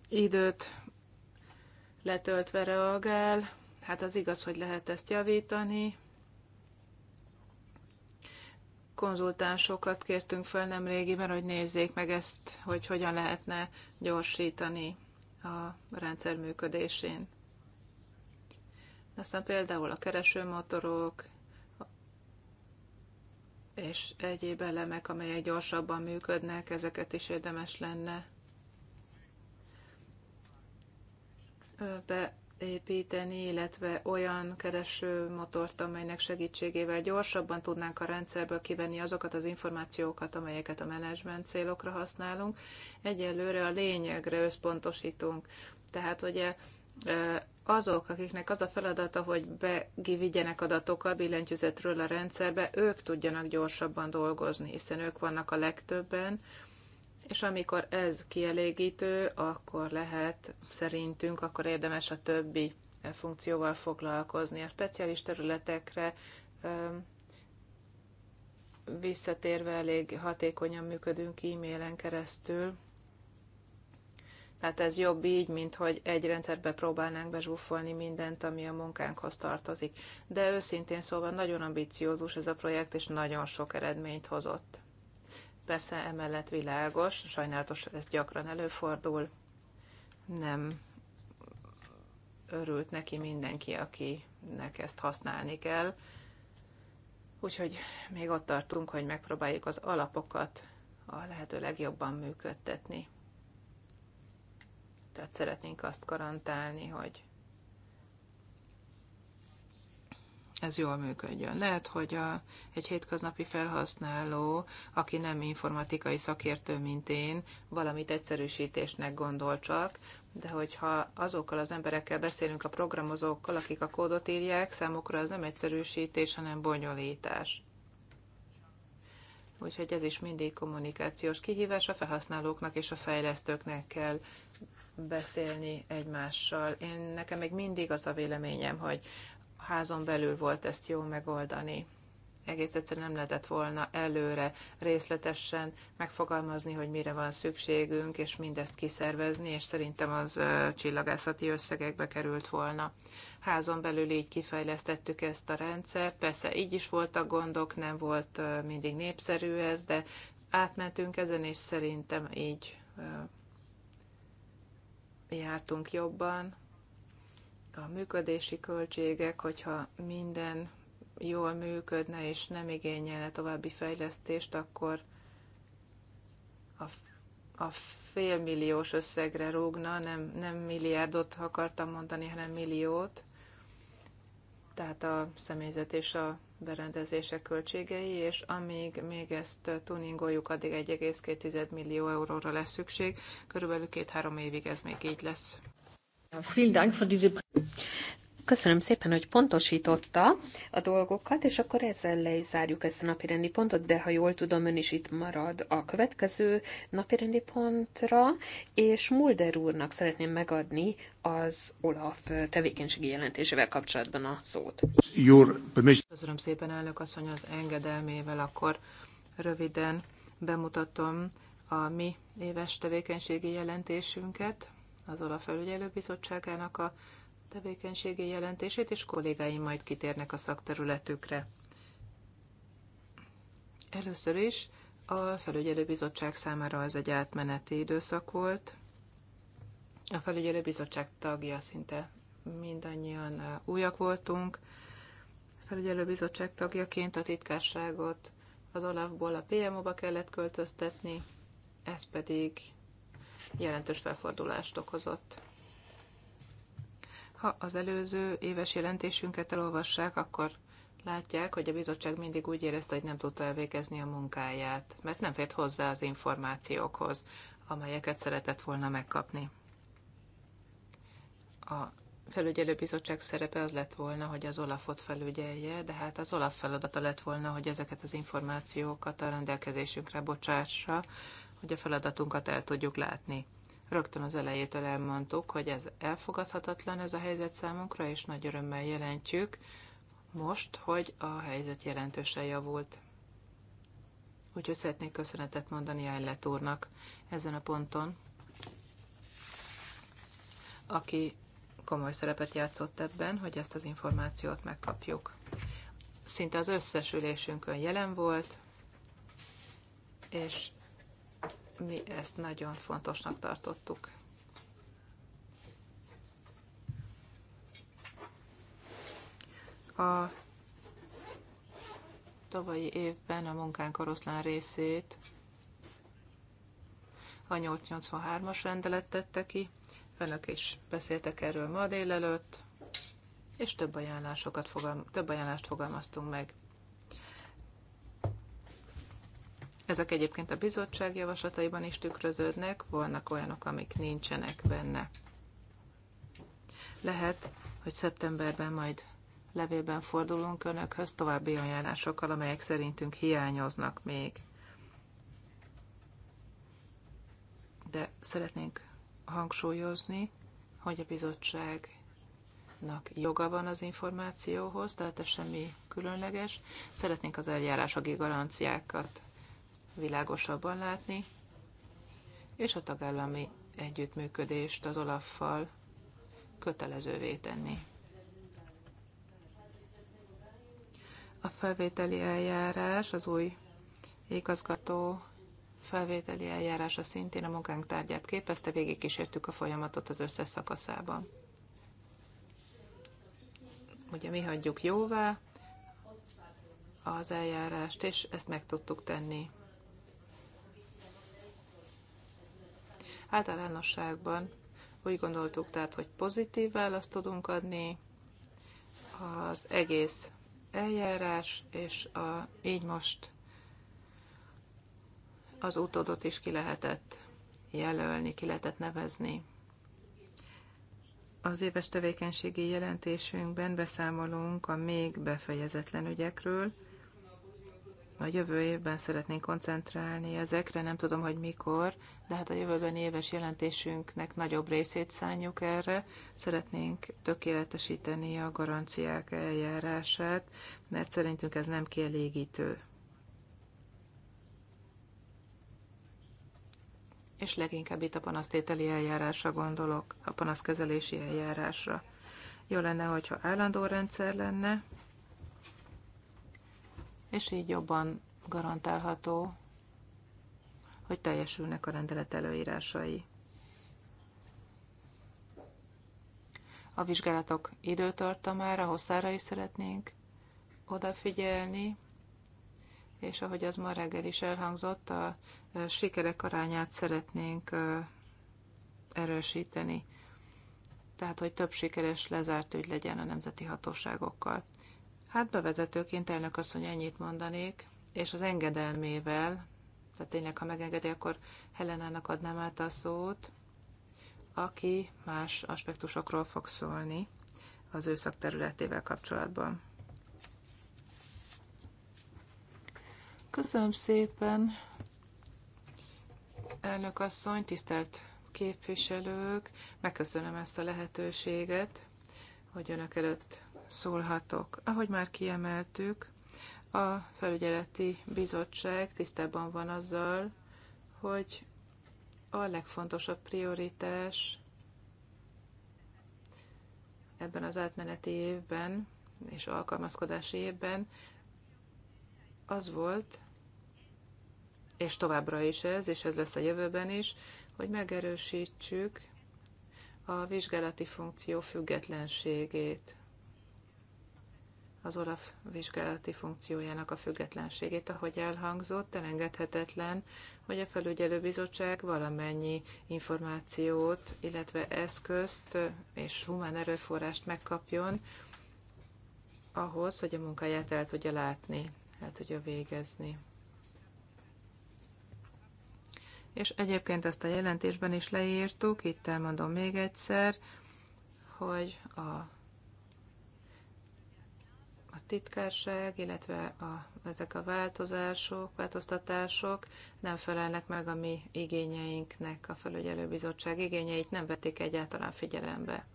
időt letöltve reagál, Hát az igaz, hogy lehet ezt javítani. Konzultánsokat kértünk fel nem régiben, hogy nézzék meg ezt, hogy hogyan lehetne gyorsítani a rendszer működésén. Aztán például a keresőmotorok és egyéb elemek, amelyek gyorsabban működnek, ezeket is érdemes lenne be építeni, illetve olyan keresőmotort, amelynek segítségével gyorsabban tudnánk a rendszerből kivenni azokat az információkat, amelyeket a menedzsment célokra használunk. Egyelőre a lényegre összpontosítunk. Tehát ugye eh, azok, akiknek az a feladata, hogy begivigyenek adatokat billentyűzetről a rendszerbe, ők tudjanak gyorsabban dolgozni, hiszen ők vannak a legtöbben, és amikor ez kielégítő, akkor lehet szerintünk, akkor érdemes a többi e, funkcióval foglalkozni. A speciális területekre e, visszatérve elég hatékonyan működünk e-mailen keresztül. Tehát ez jobb így, mint hogy egy rendszerbe próbálnánk bezsúfolni mindent, ami a munkánkhoz tartozik. De őszintén szóval nagyon ambiciózus ez a projekt, és nagyon sok eredményt hozott. Persze emellett világos, sajnálatos ez gyakran előfordul, nem örült neki mindenki, akinek ezt használni kell. Úgyhogy még ott tartunk, hogy megpróbáljuk az alapokat a lehető legjobban működtetni. Tehát szeretnénk azt garantálni, hogy ez jól működjön. Lehet, hogy a, egy hétköznapi felhasználó, aki nem informatikai szakértő, mint én, valamit egyszerűsítésnek gondol csak, de hogyha azokkal az emberekkel beszélünk, a programozókkal, akik a kódot írják, számukra az nem egyszerűsítés, hanem bonyolítás. Úgyhogy ez is mindig kommunikációs kihívás, a felhasználóknak és a fejlesztőknek kell beszélni egymással. Én nekem még mindig az a véleményem, hogy házon belül volt ezt jó megoldani. Egész egyszerűen nem lehetett volna előre részletesen megfogalmazni, hogy mire van szükségünk, és mindezt kiszervezni, és szerintem az csillagászati összegekbe került volna. Házon belül így kifejlesztettük ezt a rendszert. Persze így is voltak gondok, nem volt mindig népszerű ez, de átmentünk ezen, és szerintem így jártunk jobban a működési költségek, hogyha minden jól működne és nem igényelne további fejlesztést, akkor a, a félmilliós összegre rúgna, nem, nem milliárdot akartam mondani, hanem milliót, tehát a személyzet és a berendezések költségei, és amíg még ezt tuningoljuk, addig 1,2 millió euróra lesz szükség. Körülbelül két-három évig ez még így lesz. Köszönöm szépen, hogy pontosította a dolgokat, és akkor ezzel le is zárjuk ezt a napirendi pontot, de ha jól tudom, ön is itt marad a következő napirendi pontra, és Mulder úrnak szeretném megadni az Olaf tevékenységi jelentésével kapcsolatban a szót. Köszönöm szépen, elnök asszony, az engedelmével akkor röviden bemutatom a mi éves tevékenységi jelentésünket az OLAF felügyelőbizottságának a tevékenységi jelentését, és kollégáim majd kitérnek a szakterületükre. Először is a felügyelőbizottság számára ez egy átmeneti időszak volt. A felügyelőbizottság tagja szinte mindannyian újak voltunk. A felügyelőbizottság tagjaként a titkárságot az Olafból a PMO-ba kellett költöztetni, ez pedig jelentős felfordulást okozott. Ha az előző éves jelentésünket elolvassák, akkor látják, hogy a bizottság mindig úgy érezte, hogy nem tudta elvégezni a munkáját, mert nem fért hozzá az információkhoz, amelyeket szeretett volna megkapni. A felügyelőbizottság szerepe az lett volna, hogy az Olafot felügyelje, de hát az Olaf feladata lett volna, hogy ezeket az információkat a rendelkezésünkre bocsássa, hogy a feladatunkat el tudjuk látni. Rögtön az elejétől elmondtuk, hogy ez elfogadhatatlan ez a helyzet számunkra, és nagy örömmel jelentjük most, hogy a helyzet jelentősen javult. Úgyhogy szeretnék köszönetet mondani a úrnak ezen a ponton, aki komoly szerepet játszott ebben, hogy ezt az információt megkapjuk. Szinte az összes ülésünkön jelen volt, és mi ezt nagyon fontosnak tartottuk. A tavalyi évben a munkánk oroszlán részét a 883-as rendelet tette ki, önök is beszéltek erről ma délelőtt, és több, ajánlásokat fogal, több ajánlást fogalmaztunk meg. Ezek egyébként a bizottság javaslataiban is tükröződnek, vannak olyanok, amik nincsenek benne. Lehet, hogy szeptemberben majd levélben fordulunk Önökhöz további ajánlásokkal, amelyek szerintünk hiányoznak még. De szeretnénk hangsúlyozni, hogy a bizottságnak joga van az információhoz, tehát ez semmi különleges. Szeretnénk az eljárásagi garanciákat világosabban látni, és a tagállami együttműködést az Olaffal kötelezővé tenni. A felvételi eljárás, az új igazgató felvételi eljárása szintén a munkánk tárgyát képezte, kísértük a folyamatot az összes szakaszában. Ugye mi hagyjuk jóvá az eljárást, és ezt meg tudtuk tenni Általánosságban úgy gondoltuk tehát, hogy pozitív választ tudunk adni az egész eljárás, és a, így most az utódot is ki lehetett jelölni, ki lehetett nevezni. Az éves tevékenységi jelentésünkben beszámolunk a még befejezetlen ügyekről, a jövő évben szeretnénk koncentrálni ezekre, nem tudom, hogy mikor, de hát a jövőben éves jelentésünknek nagyobb részét szánjuk erre. Szeretnénk tökéletesíteni a garanciák eljárását, mert szerintünk ez nem kielégítő. és leginkább itt a panasztételi eljárásra gondolok, a panaszkezelési eljárásra. Jó lenne, hogyha állandó rendszer lenne, és így jobban garantálható, hogy teljesülnek a rendelet előírásai. A vizsgálatok időtartamára, hosszára is szeretnénk odafigyelni, és ahogy az ma reggel is elhangzott, a sikerek arányát szeretnénk erősíteni. Tehát, hogy több sikeres lezárt ügy legyen a nemzeti hatóságokkal. Hát bevezetőként elnök asszony ennyit mondanék, és az engedelmével, tehát tényleg, ha megengedi, akkor Helenának adnám át a szót, aki más aspektusokról fog szólni az ő szakterületével kapcsolatban. Köszönöm szépen, elnök asszony, tisztelt képviselők, megköszönöm ezt a lehetőséget, hogy önök előtt szólhatok. Ahogy már kiemeltük, a felügyeleti bizottság tisztában van azzal, hogy a legfontosabb prioritás ebben az átmeneti évben és alkalmazkodási évben az volt, és továbbra is ez, és ez lesz a jövőben is, hogy megerősítsük a vizsgálati funkció függetlenségét az Olaf vizsgálati funkciójának a függetlenségét, ahogy elhangzott, elengedhetetlen, hogy a felügyelőbizottság valamennyi információt, illetve eszközt és humán erőforrást megkapjon ahhoz, hogy a munkáját el tudja látni, el tudja végezni. És egyébként ezt a jelentésben is leírtuk, itt elmondom még egyszer, hogy a titkárság, illetve a, ezek a változások, változtatások nem felelnek meg a mi igényeinknek, a felügyelőbizottság igényeit nem vették egyáltalán figyelembe.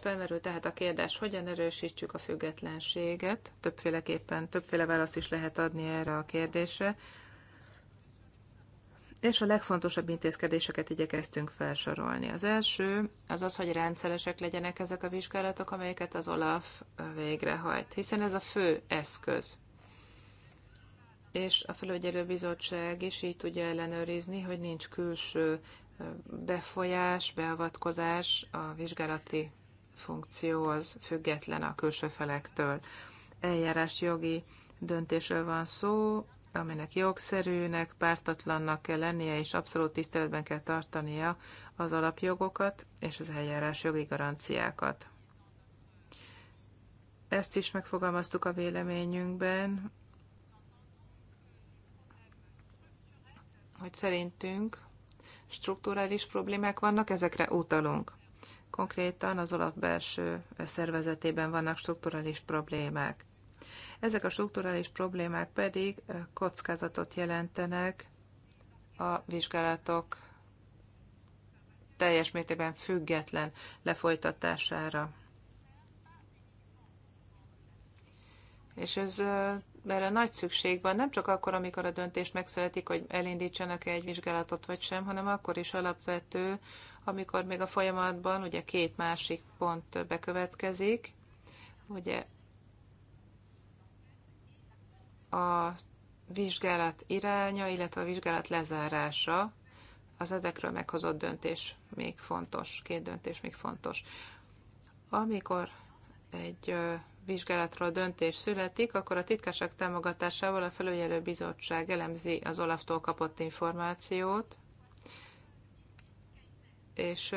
Felmerül tehát a kérdés, hogyan erősítsük a függetlenséget. Többféleképpen, többféle választ is lehet adni erre a kérdésre és a legfontosabb intézkedéseket igyekeztünk felsorolni. Az első az az, hogy rendszeresek legyenek ezek a vizsgálatok, amelyeket az OLAF végrehajt, hiszen ez a fő eszköz. És a felügyelőbizottság is így tudja ellenőrizni, hogy nincs külső befolyás, beavatkozás a vizsgálati funkció az független a külső felektől. Eljárás jogi döntésről van szó, aminek jogszerűnek, pártatlannak kell lennie, és abszolút tiszteletben kell tartania az alapjogokat és az eljárás jogi garanciákat. Ezt is megfogalmaztuk a véleményünkben, hogy szerintünk strukturális problémák vannak, ezekre utalunk. Konkrétan az olaf belső szervezetében vannak strukturális problémák. Ezek a strukturális problémák pedig kockázatot jelentenek a vizsgálatok teljes mértékben független lefolytatására. És ez erre nagy szükség van, nem csak akkor, amikor a döntést megszeretik, hogy elindítsanak-e egy vizsgálatot vagy sem, hanem akkor is alapvető, amikor még a folyamatban ugye két másik pont bekövetkezik, ugye a vizsgálat iránya, illetve a vizsgálat lezárása, az ezekről meghozott döntés még fontos, két döntés még fontos. Amikor egy vizsgálatról döntés születik, akkor a titkárság támogatásával a felügyelő bizottság elemzi az Olaftól kapott információt, és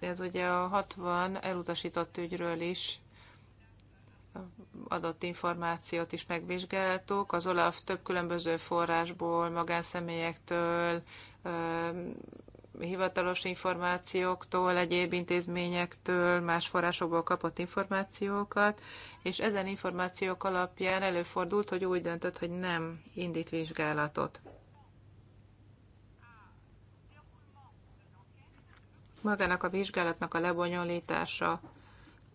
ez ugye a 60 elutasított ügyről is adott információt is megvizsgáltuk. Az OLAF több különböző forrásból, magánszemélyektől, hivatalos információktól, egyéb intézményektől, más forrásokból kapott információkat, és ezen információk alapján előfordult, hogy úgy döntött, hogy nem indít vizsgálatot. Magának a vizsgálatnak a lebonyolítása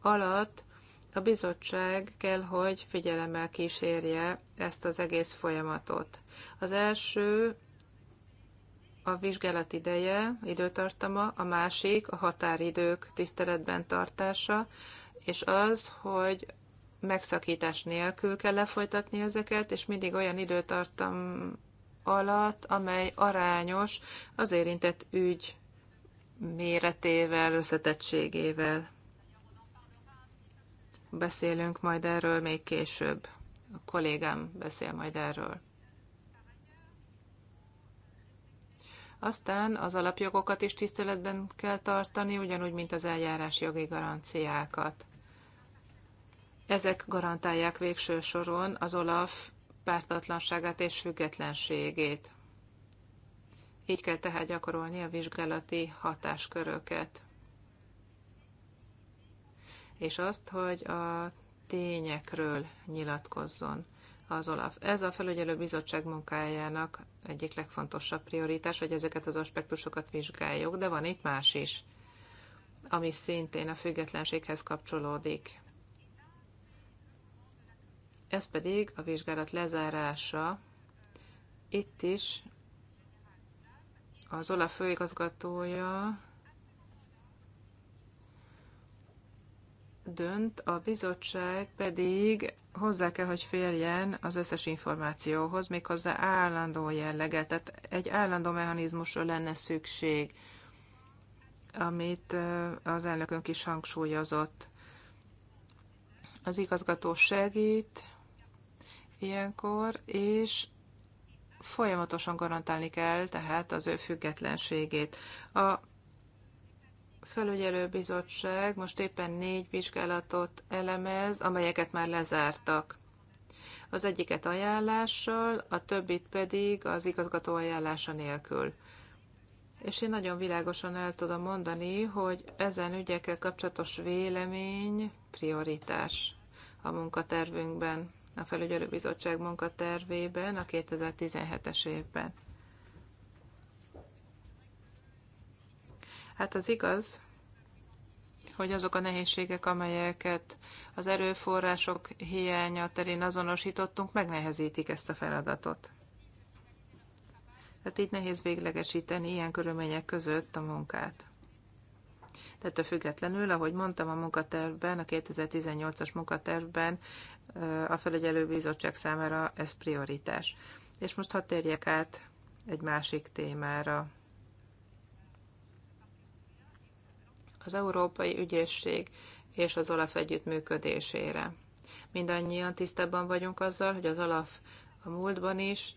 alatt a bizottság kell, hogy figyelemmel kísérje ezt az egész folyamatot. Az első a vizsgálat ideje, időtartama, a másik a határidők tiszteletben tartása, és az, hogy megszakítás nélkül kell lefolytatni ezeket, és mindig olyan időtartam alatt, amely arányos az érintett ügy méretével, összetettségével beszélünk majd erről még később. A kollégám beszél majd erről. Aztán az alapjogokat is tiszteletben kell tartani, ugyanúgy, mint az eljárás jogi garanciákat. Ezek garantálják végső soron az OLAF pártatlanságát és függetlenségét. Így kell tehát gyakorolni a vizsgálati hatásköröket és azt, hogy a tényekről nyilatkozzon az OLAF. Ez a felügyelő bizottság munkájának egyik legfontosabb prioritás, hogy ezeket az aspektusokat vizsgáljuk, de van itt más is, ami szintén a függetlenséghez kapcsolódik. Ez pedig a vizsgálat lezárása. Itt is az OLAF főigazgatója dönt, a bizottság pedig hozzá kell, hogy férjen az összes információhoz, méghozzá állandó jelleget, tehát egy állandó mechanizmusra lenne szükség, amit az elnökünk is hangsúlyozott. Az igazgató segít ilyenkor, és folyamatosan garantálni kell tehát az ő függetlenségét. A felügyelőbizottság most éppen négy vizsgálatot elemez, amelyeket már lezártak. Az egyiket ajánlással, a többit pedig az igazgató ajánlása nélkül. És én nagyon világosan el tudom mondani, hogy ezen ügyekkel kapcsolatos vélemény prioritás a munkatervünkben, a felügyelőbizottság munkatervében a 2017-es évben. Hát az igaz, hogy azok a nehézségek, amelyeket az erőforrások hiánya terén azonosítottunk, megnehezítik ezt a feladatot. Tehát így nehéz véglegesíteni ilyen körülmények között a munkát. De Tettől függetlenül, ahogy mondtam, a munkatervben, a 2018-as munkatervben a Bizottság számára ez prioritás. És most hadd térjek át egy másik témára, az Európai Ügyészség és az Olaf együttműködésére. Mindannyian tisztában vagyunk azzal, hogy az Olaf a múltban is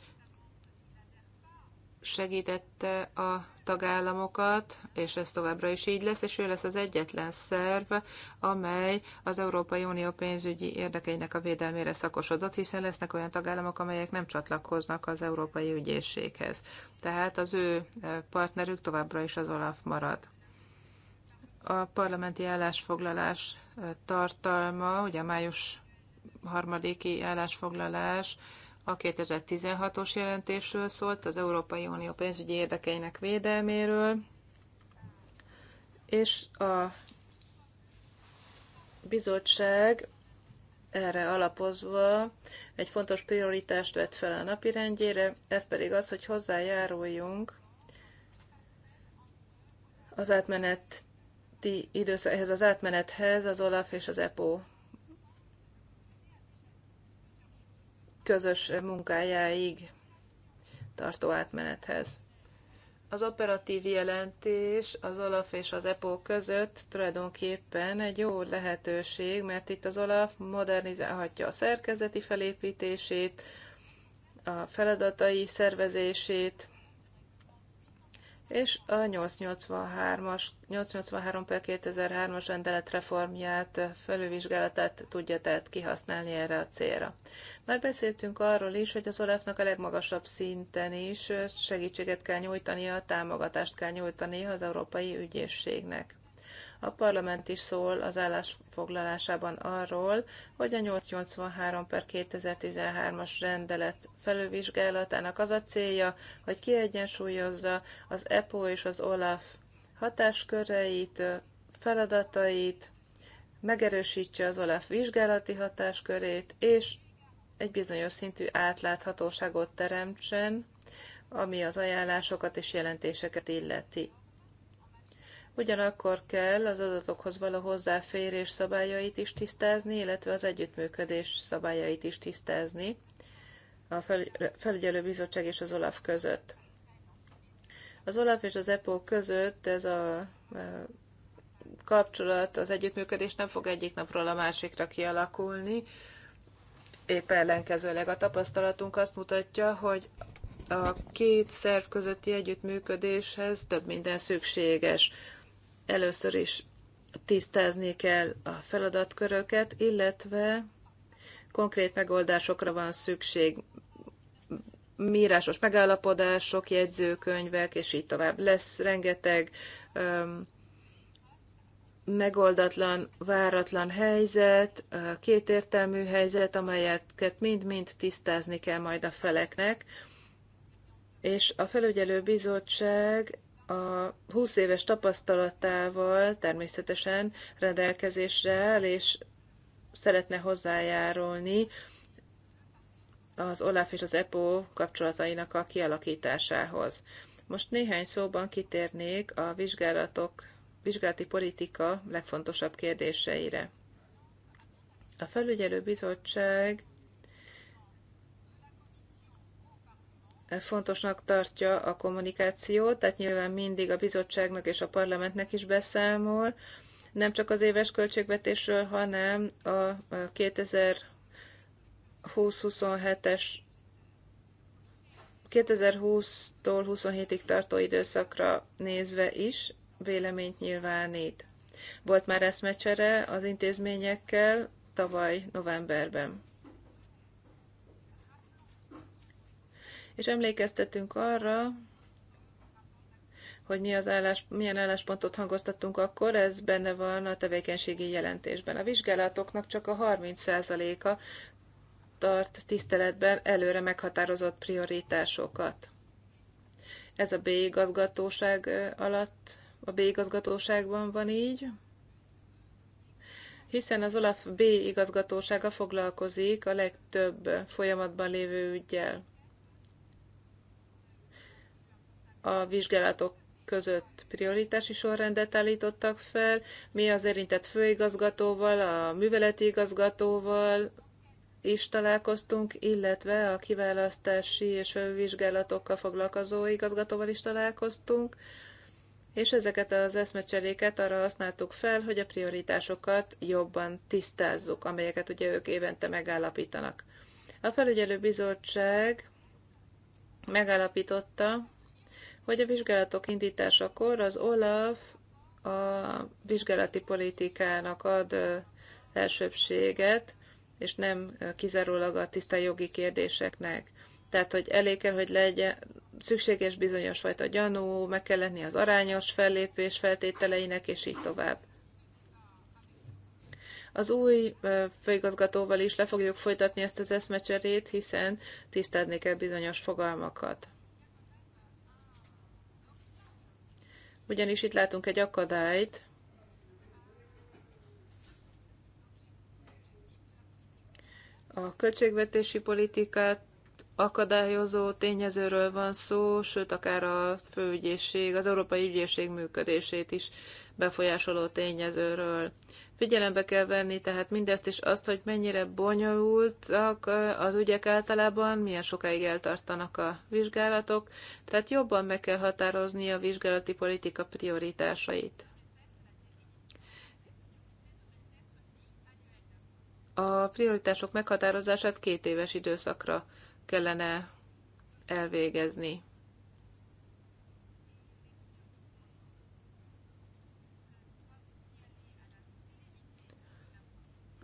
segítette a tagállamokat, és ez továbbra is így lesz, és ő lesz az egyetlen szerv, amely az Európai Unió pénzügyi érdekeinek a védelmére szakosodott, hiszen lesznek olyan tagállamok, amelyek nem csatlakoznak az Európai Ügyészséghez. Tehát az ő eh, partnerük továbbra is az Olaf marad a parlamenti állásfoglalás tartalma, ugye a május harmadiki állásfoglalás a 2016-os jelentésről szólt, az Európai Unió pénzügyi érdekeinek védelméről, és a bizottság erre alapozva egy fontos prioritást vett fel a napirendjére, ez pedig az, hogy hozzájáruljunk az átmenet előtti időszak, ehhez az átmenethez az OLAF és az EPO közös munkájáig tartó átmenethez. Az operatív jelentés az OLAF és az EPO között tulajdonképpen egy jó lehetőség, mert itt az OLAF modernizálhatja a szerkezeti felépítését, a feladatai szervezését, és a 883-as, 883 per 2003-as rendelet reformját, felülvizsgálatát tudja tehát kihasználni erre a célra. Már beszéltünk arról is, hogy az olaf a legmagasabb szinten is segítséget kell nyújtania, támogatást kell nyújtania az Európai Ügyészségnek. A parlament is szól az állásfoglalásában arról, hogy a 883 per 2013-as rendelet felülvizsgálatának az a célja, hogy kiegyensúlyozza az EPO és az OLAF hatásköreit, feladatait, megerősítse az OLAF vizsgálati hatáskörét, és egy bizonyos szintű átláthatóságot teremtsen, ami az ajánlásokat és jelentéseket illeti. Ugyanakkor kell az adatokhoz való hozzáférés szabályait is tisztázni, illetve az együttműködés szabályait is tisztázni a felügyelőbizottság és az OLAF között. Az OLAF és az EPO között ez a e, kapcsolat, az együttműködés nem fog egyik napról a másikra kialakulni. Épp ellenkezőleg a tapasztalatunk azt mutatja, hogy a két szerv közötti együttműködéshez több minden szükséges. Először is tisztázni kell a feladatköröket, illetve konkrét megoldásokra van szükség, mírásos megállapodások, jegyzőkönyvek, és így tovább. Lesz rengeteg um, megoldatlan, váratlan helyzet, kétértelmű helyzet, amelyeket mind-mind tisztázni kell majd a feleknek, és a felügyelő bizottság a 20 éves tapasztalatával természetesen rendelkezésre áll, és szeretne hozzájárulni az OLAF és az EPO kapcsolatainak a kialakításához. Most néhány szóban kitérnék a vizsgálatok, vizsgálati politika legfontosabb kérdéseire. A felügyelő bizottság fontosnak tartja a kommunikációt, tehát nyilván mindig a bizottságnak és a parlamentnek is beszámol, nem csak az éves költségvetésről, hanem a 2020-27-es 2020-tól 27-ig tartó időszakra nézve is véleményt nyilvánít. Volt már eszmecsere az intézményekkel tavaly novemberben. és emlékeztetünk arra, hogy mi az állás, milyen álláspontot hangoztattunk akkor, ez benne van a tevékenységi jelentésben. A vizsgálatoknak csak a 30%-a tart tiszteletben előre meghatározott prioritásokat. Ez a B-igazgatóság alatt, a B-igazgatóságban van így, hiszen az Olaf B igazgatósága foglalkozik a legtöbb folyamatban lévő ügyjel. a vizsgálatok között prioritási sorrendet állítottak fel, mi az érintett főigazgatóval, a műveleti igazgatóval is találkoztunk, illetve a kiválasztási és felvizsgálatokkal foglalkozó igazgatóval is találkoztunk, és ezeket az eszmecseréket arra használtuk fel, hogy a prioritásokat jobban tisztázzuk, amelyeket ugye ők évente megállapítanak. A felügyelő bizottság megállapította, hogy a vizsgálatok indításakor az OLAF a vizsgálati politikának ad elsőbséget, és nem kizárólag a tiszta jogi kérdéseknek. Tehát, hogy elég kell, hogy legyen szükséges bizonyos fajta gyanú, meg kell lenni az arányos fellépés feltételeinek, és így tovább. Az új főigazgatóval is le fogjuk folytatni ezt az eszmecserét, hiszen tisztázni kell bizonyos fogalmakat. ugyanis itt látunk egy akadályt, a költségvetési politikát akadályozó tényezőről van szó, sőt, akár a főügyészség, az Európai Ügyészség működését is befolyásoló tényezőről. Figyelembe kell venni tehát mindezt is azt, hogy mennyire bonyolultak az ügyek általában, milyen sokáig eltartanak a vizsgálatok, tehát jobban meg kell határozni a vizsgálati politika prioritásait. A prioritások meghatározását két éves időszakra kellene elvégezni.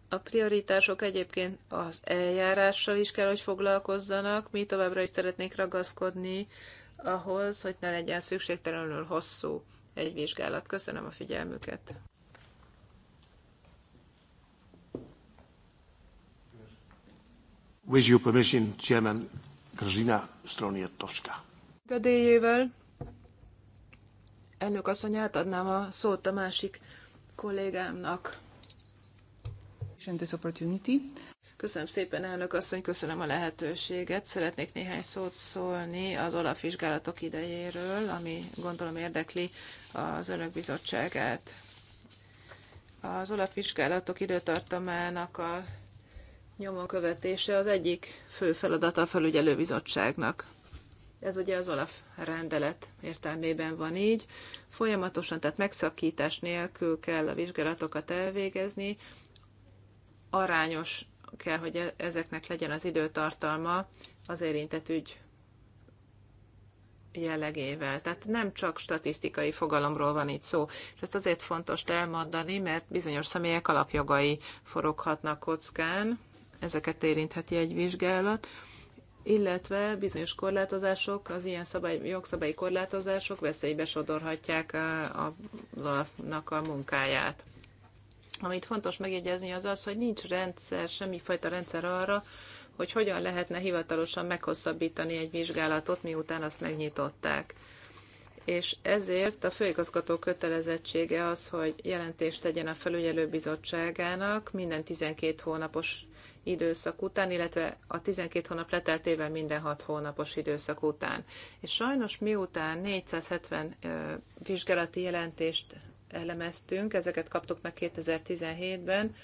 A prioritások egyébként az eljárással is kell, hogy foglalkozzanak. Mi továbbra is szeretnék ragaszkodni ahhoz, hogy ne legyen szükségtelenül hosszú egy vizsgálat. Köszönöm a figyelmüket. With your permission, Chairman Grzina Stroniatowska. Gadélyével elnök asszony, átadnám a szót a másik kollégámnak and this opportunity. Köszönöm szépen, elnök asszony, köszönöm a lehetőséget. Szeretnék néhány szót szólni az olaf vizsgálatok idejéről, ami gondolom érdekli az önök bizottságát. Az olaf vizsgálatok időtartamának a nyomon követése az egyik fő feladata a bizottságnak. Ez ugye az Olaf rendelet értelmében van így. Folyamatosan, tehát megszakítás nélkül kell a vizsgálatokat elvégezni, arányos kell, hogy e- ezeknek legyen az időtartalma az érintett ügy jellegével. Tehát nem csak statisztikai fogalomról van itt szó. És ezt azért fontos elmondani, mert bizonyos személyek alapjogai foroghatnak kockán, ezeket érintheti egy vizsgálat, illetve bizonyos korlátozások, az ilyen szabály, jogszabályi korlátozások veszélybe sodorhatják eh, az alapnak a munkáját. Amit fontos megjegyezni az az, hogy nincs rendszer, semmifajta rendszer arra, hogy hogyan lehetne hivatalosan meghosszabbítani egy vizsgálatot, miután azt megnyitották. És ezért a főigazgató kötelezettsége az, hogy jelentést tegyen a felügyelőbizottságának minden 12 hónapos időszak után, illetve a 12 hónap leteltével minden 6 hónapos időszak után. És sajnos miután 470 vizsgálati jelentést elemeztünk, ezeket kaptuk meg 2017-ben,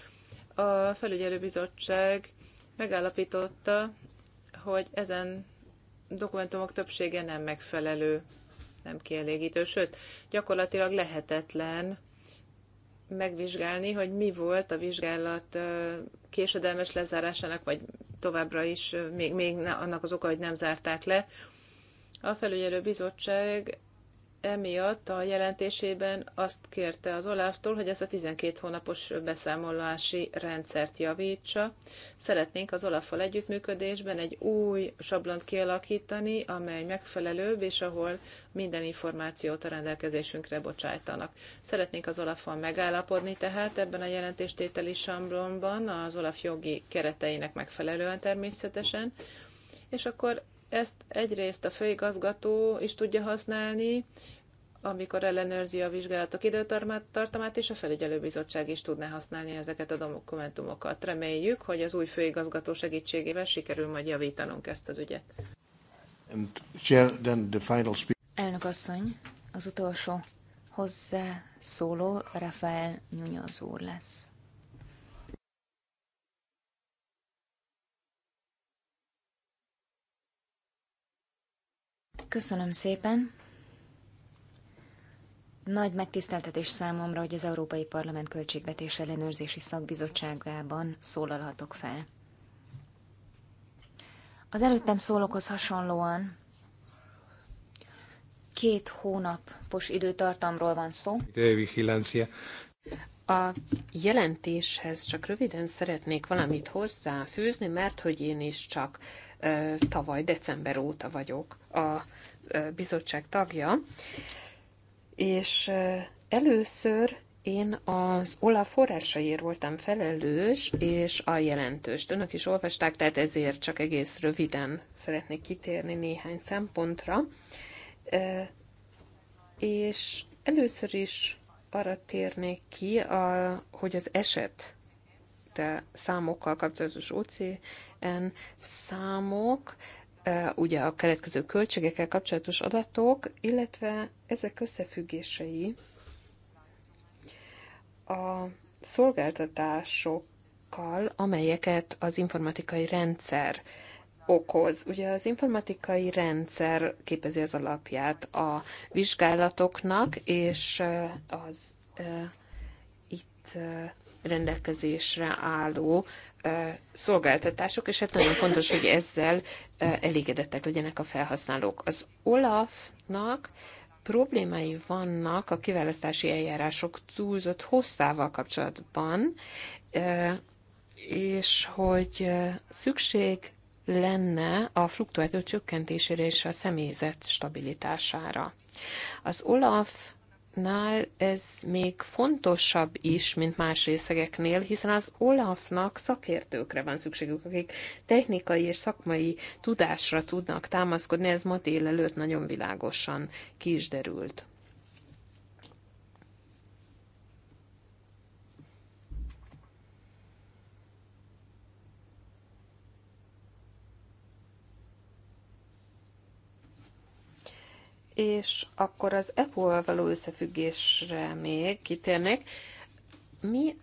a felügyelőbizottság megállapította, hogy ezen dokumentumok többsége nem megfelelő, nem kielégítő, sőt, gyakorlatilag lehetetlen megvizsgálni, hogy mi volt a vizsgálat késedelmes lezárásának, vagy továbbra is még, még annak az oka, hogy nem zárták le. A felügyelő bizottság emiatt a jelentésében azt kérte az Olaftól, hogy ezt a 12 hónapos beszámolási rendszert javítsa. Szeretnénk az Olaffal együttműködésben egy új sablont kialakítani, amely megfelelőbb, és ahol minden információt a rendelkezésünkre bocsájtanak. Szeretnénk az Olaffal megállapodni tehát ebben a jelentéstételi sablonban, az Olaf jogi kereteinek megfelelően természetesen, és akkor ezt egyrészt a főigazgató is tudja használni, amikor ellenőrzi a vizsgálatok időtartamát, és a felügyelőbizottság is tudná használni ezeket a dokumentumokat. Reméljük, hogy az új főigazgató segítségével sikerül majd javítanunk ezt az ügyet. Elnök asszony, az utolsó hozzászóló Rafael Nyúnyoz úr lesz. Köszönöm szépen. Nagy megtiszteltetés számomra, hogy az Európai Parlament Költségvetés Ellenőrzési Szakbizottságában szólalhatok fel. Az előttem szólókhoz hasonlóan két hónapos időtartamról van szó. A jelentéshez csak röviden szeretnék valamit hozzáfűzni, mert hogy én is csak tavaly december óta vagyok a bizottság tagja, és először én az OLAF forrásaiért voltam felelős, és a jelentős. Önök is olvasták, tehát ezért csak egész röviden szeretnék kitérni néhány szempontra. És először is arra térnék ki, a, hogy az eset de számokkal kapcsolatos OC PLN számok, ugye a keletkező költségekkel kapcsolatos adatok, illetve ezek összefüggései a szolgáltatásokkal, amelyeket az informatikai rendszer okoz. Ugye az informatikai rendszer képezi az alapját a vizsgálatoknak, és az itt rendelkezésre álló szolgáltatások, és hát nagyon fontos, hogy ezzel elégedettek legyenek a felhasználók. Az Olafnak problémái vannak a kiválasztási eljárások túlzott hosszával kapcsolatban, és hogy szükség lenne a fluktuáció csökkentésére és a személyzet stabilitására. Az Olaf nál ez még fontosabb is, mint más részegeknél, hiszen az Olafnak szakértőkre van szükségük, akik technikai és szakmai tudásra tudnak támaszkodni, ez ma délelőtt nagyon világosan ki is derült. És akkor az EPO-val való összefüggésre még kitérnék. Mi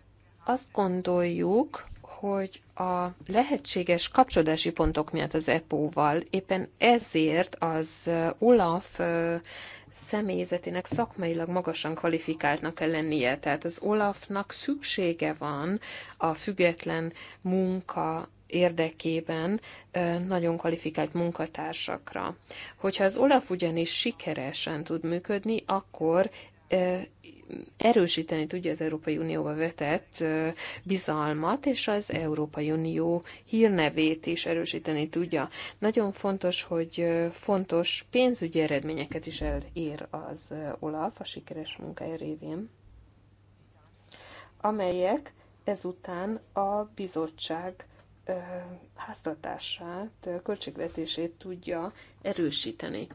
azt gondoljuk, hogy a lehetséges kapcsolódási pontok miatt az EPO-val éppen ezért az Olaf személyzetének szakmailag magasan kvalifikáltnak kell lennie. Tehát az Olafnak szüksége van a független munka érdekében nagyon kvalifikált munkatársakra. Hogyha az Olaf ugyanis sikeresen tud működni, akkor erősíteni tudja az Európai Unióba vetett bizalmat, és az Európai Unió hírnevét is erősíteni tudja. Nagyon fontos, hogy fontos pénzügyi eredményeket is elér az Olaf a sikeres munkája révén, amelyek ezután a bizottság háztartását, költségvetését tudja erősíteni.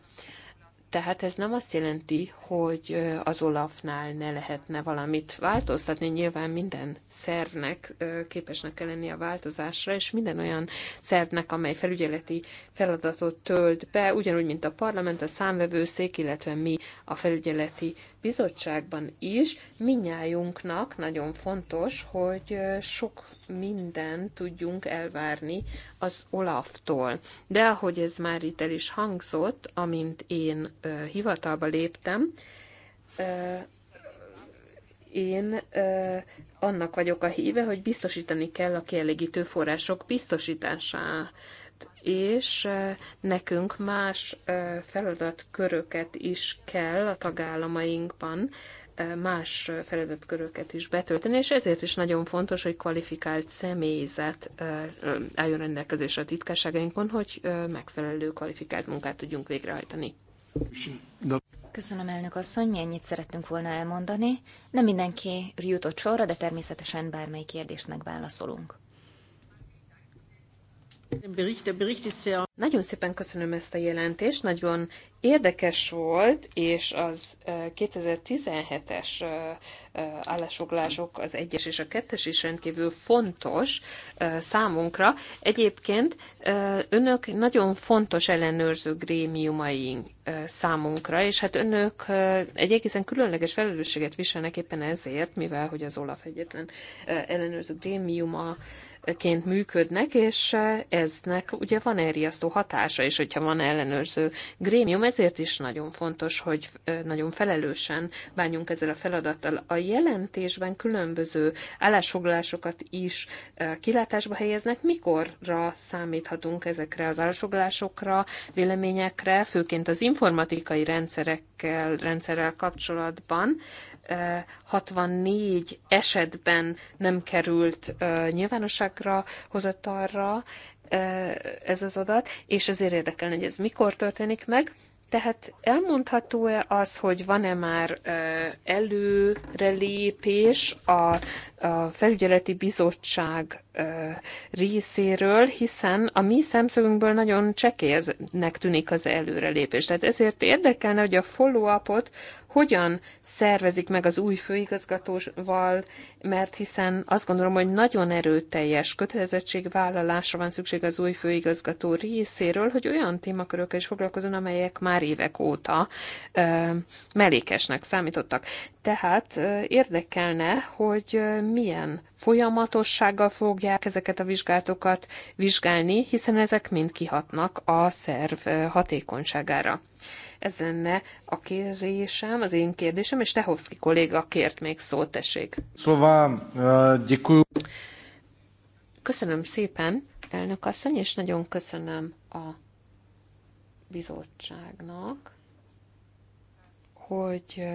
Tehát ez nem azt jelenti, hogy az Olafnál ne lehetne valamit változtatni. Nyilván minden szervnek képesnek kell lenni a változásra, és minden olyan szervnek, amely felügyeleti feladatot tölt be, ugyanúgy, mint a parlament, a számvevőszék, illetve mi a felügyeleti bizottságban is minnyájunknak nagyon fontos, hogy sok mindent tudjunk elvárni az Olaftól. De ahogy ez már itt el is hangzott, amint én hivatalba léptem, én annak vagyok a híve, hogy biztosítani kell a kielégítő források biztosítását és nekünk más feladatköröket is kell a tagállamainkban, más feladatköröket is betölteni, és ezért is nagyon fontos, hogy kvalifikált személyzet álljon rendelkezésre a titkárságainkon, hogy megfelelő kvalifikált munkát tudjunk végrehajtani. Köszönöm, elnök asszony, mi ennyit szerettünk volna elmondani. Nem mindenki jutott sorra, de természetesen bármely kérdést megválaszolunk. Nagyon szépen köszönöm ezt a jelentést, nagyon érdekes volt, és az 2017-es állásoglások az egyes és a kettes is rendkívül fontos számunkra. Egyébként önök nagyon fontos ellenőrző grémiumai számunkra, és hát önök egy egészen különleges felelősséget viselnek éppen ezért, mivel hogy az Olaf egyetlen ellenőrző grémiuma ként működnek, és e, eznek ugye van elriasztó hatása, és hogyha van ellenőrző grémium, ezért is nagyon fontos, hogy e, nagyon felelősen bánjunk ezzel a feladattal. A jelentésben különböző állásfoglalásokat is e, kilátásba helyeznek, mikorra számíthatunk ezekre az állásfoglalásokra, véleményekre, főként az informatikai rendszerekkel, rendszerrel kapcsolatban, 64 esetben nem került nyilvánosságra hozatalra ez az adat, és ezért érdekel, hogy ez mikor történik meg. Tehát elmondható-e az, hogy van-e már előrelépés a, felügyeleti bizottság részéről, hiszen a mi szemszögünkből nagyon csekélyeznek tűnik az előrelépés. Tehát ezért érdekelne, hogy a follow-upot hogyan szervezik meg az új főigazgatóval, mert hiszen azt gondolom, hogy nagyon erőteljes kötelezettségvállalásra van szükség az új főigazgató részéről, hogy olyan témakörökkel is foglalkozon, amelyek már évek óta ö, melékesnek számítottak. Tehát érdekelne, hogy milyen folyamatossággal fogják ezeket a vizsgálatokat vizsgálni, hiszen ezek mind kihatnak a szerv hatékonyságára. Ez lenne a kérésem, az én kérdésem, és Tehovszki kolléga kért még szót, tessék. Szóval, uh, Köszönöm szépen, elnök asszony, és nagyon köszönöm a bizottságnak, hogy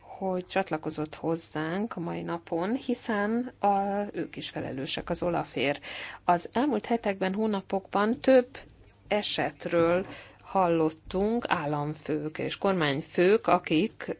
hogy csatlakozott hozzánk a mai napon, hiszen a, ők is felelősek az olafér. Az elmúlt hetekben, hónapokban több esetről hallottunk államfők és kormányfők, akik,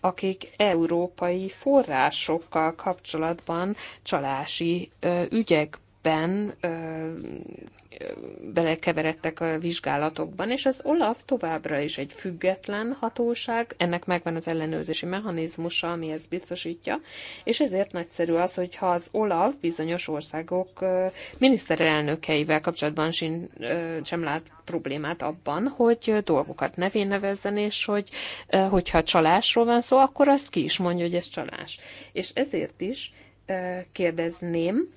akik európai forrásokkal kapcsolatban csalási ügyek ebben ö, ö, belekeveredtek a vizsgálatokban, és az OLAF továbbra is egy független hatóság, ennek megvan az ellenőrzési mechanizmusa, ami ezt biztosítja, és ezért nagyszerű az, hogyha az OLAF bizonyos országok ö, miniszterelnökeivel kapcsolatban sin, ö, sem lát problémát abban, hogy dolgokat nevén nevezzen, és hogy ö, hogyha csalásról van szó, akkor az ki is mondja, hogy ez csalás. És ezért is kérdezném,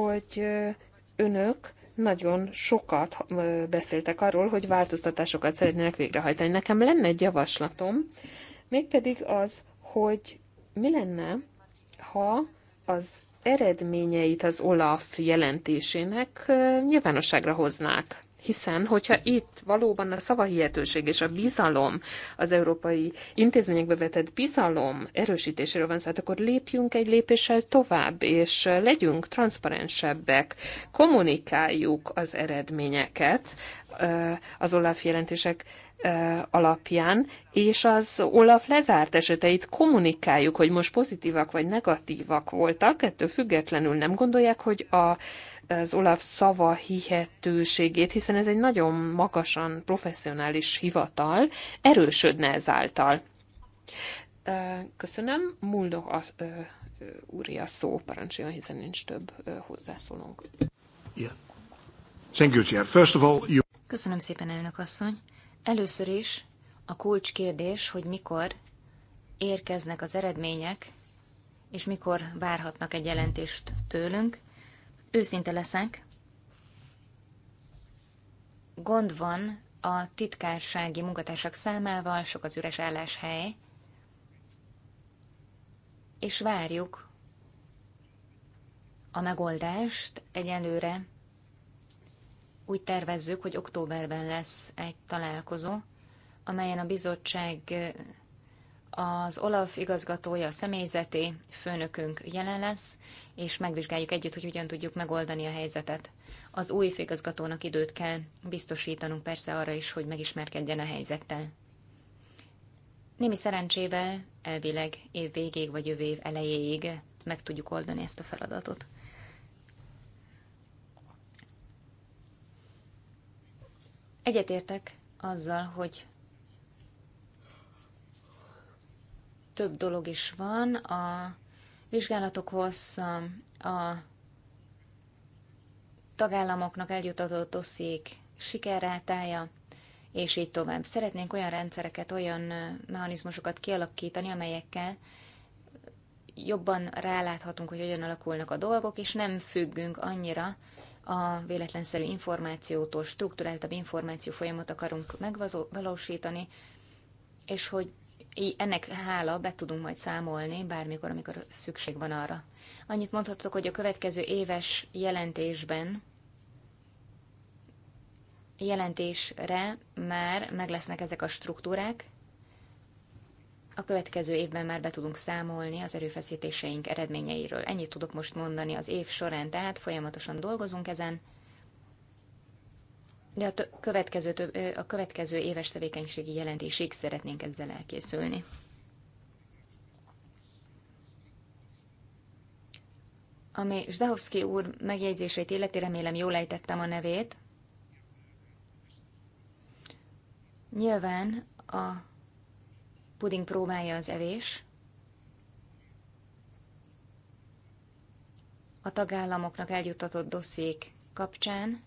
hogy önök nagyon sokat beszéltek arról, hogy változtatásokat szeretnének végrehajtani. Nekem lenne egy javaslatom, mégpedig az, hogy mi lenne, ha az eredményeit az OLAF jelentésének nyilvánosságra hoznák hiszen hogyha itt valóban a szavahihetőség és a bizalom, az európai intézményekbe vetett bizalom erősítéséről van szó, hát akkor lépjünk egy lépéssel tovább, és legyünk transzparensebbek, kommunikáljuk az eredményeket eh, az OLAF jelentések eh, alapján, és az Olaf lezárt eseteit kommunikáljuk, hogy most pozitívak vagy negatívak voltak, ettől függetlenül nem gondolják, hogy a az Olaf szava hihetőségét, hiszen ez egy nagyon magasan professzionális hivatal, erősödne ezáltal. Köszönöm. Muldó úri a szó, parancsoljon, hiszen nincs több hozzászólónk. Yeah. Thank you, Chair. First of all, you... Köszönöm szépen, elnök asszony. Először is a kulcs kérdés, hogy mikor érkeznek az eredmények, és mikor várhatnak egy jelentést tőlünk. Őszinte leszek. Gond van a titkársági munkatársak számával, sok az üres álláshely, és várjuk a megoldást egyenlőre. Úgy tervezzük, hogy októberben lesz egy találkozó, amelyen a bizottság az Olaf igazgatója, a személyzeti főnökünk jelen lesz, és megvizsgáljuk együtt, hogy hogyan tudjuk megoldani a helyzetet. Az új főigazgatónak időt kell biztosítanunk persze arra is, hogy megismerkedjen a helyzettel. Némi szerencsével elvileg év végéig vagy jövő év elejéig meg tudjuk oldani ezt a feladatot. Egyetértek azzal, hogy több dolog is van. A vizsgálatok hossza, a tagállamoknak eljutatott oszék sikerrátája, és így tovább. Szeretnénk olyan rendszereket, olyan mechanizmusokat kialakítani, amelyekkel jobban ráláthatunk, hogy hogyan alakulnak a dolgok, és nem függünk annyira a véletlenszerű információtól, struktúráltabb információ folyamat akarunk megvalósítani, és hogy ennek hála be tudunk majd számolni bármikor, amikor szükség van arra. Annyit mondhatok, hogy a következő éves jelentésben jelentésre már meg lesznek ezek a struktúrák, a következő évben már be tudunk számolni az erőfeszítéseink eredményeiről. Ennyit tudok most mondani az év során, tehát folyamatosan dolgozunk ezen, de a, következő, a következő éves tevékenységi jelentésig szeretnénk ezzel elkészülni. Ami Zdehovszki úr megjegyzését illeti, remélem jól ejtettem a nevét. Nyilván a puding próbálja az evés. A tagállamoknak eljuttatott dossziék kapcsán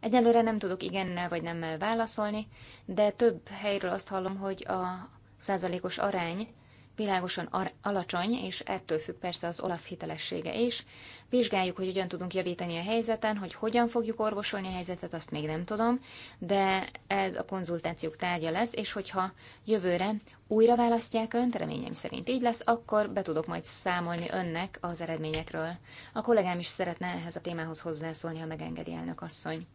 Egyelőre nem tudok igennel vagy nemmel válaszolni, de több helyről azt hallom, hogy a százalékos arány világosan ar- alacsony, és ettől függ persze az Olaf hitelessége is. Vizsgáljuk, hogy hogyan tudunk javítani a helyzeten, hogy hogyan fogjuk orvosolni a helyzetet, azt még nem tudom, de ez a konzultációk tárgya lesz, és hogyha jövőre újra választják önt, reményem szerint így lesz, akkor be tudok majd számolni önnek az eredményekről. A kollégám is szeretne ehhez a témához hozzászólni, ha megengedi elnök asszony.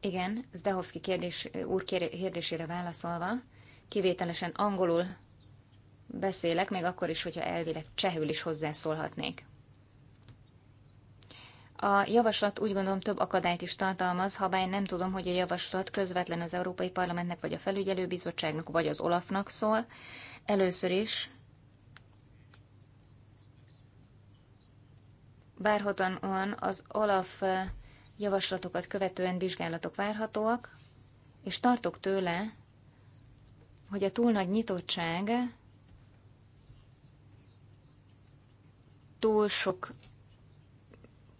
Igen, Zdehovszki kérdés, úr kérdésére válaszolva, kivételesen angolul beszélek, még akkor is, hogyha elvileg csehül is hozzászólhatnék. A javaslat úgy gondolom több akadályt is tartalmaz, ha bár nem tudom, hogy a javaslat közvetlen az Európai Parlamentnek, vagy a Felügyelőbizottságnak, vagy az Olafnak szól. Először is bárhotan van az Olaf javaslatokat követően vizsgálatok várhatóak, és tartok tőle, hogy a túl nagy nyitottság túl sok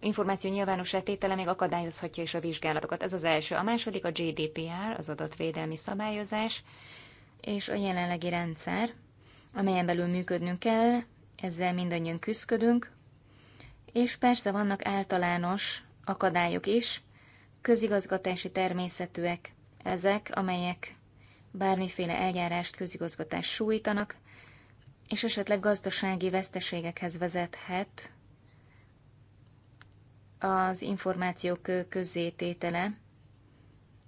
információ nyilvános tétele még akadályozhatja is a vizsgálatokat. Ez az első. A második a GDPR, az adatvédelmi szabályozás, és a jelenlegi rendszer, amelyen belül működnünk kell, ezzel mindannyian küzdködünk, és persze vannak általános akadályok is, közigazgatási természetűek ezek, amelyek bármiféle eljárást közigazgatás sújtanak, és esetleg gazdasági veszteségekhez vezethet az információk közzététele,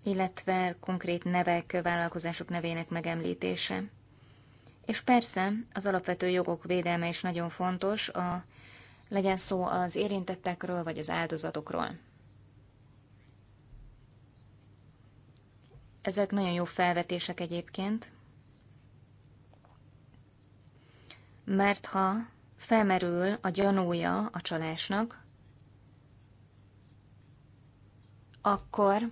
illetve konkrét nevek, vállalkozások nevének megemlítése. És persze az alapvető jogok védelme is nagyon fontos, a legyen szó az érintettekről vagy az áldozatokról. Ezek nagyon jó felvetések egyébként, mert ha felmerül a gyanúja a csalásnak, akkor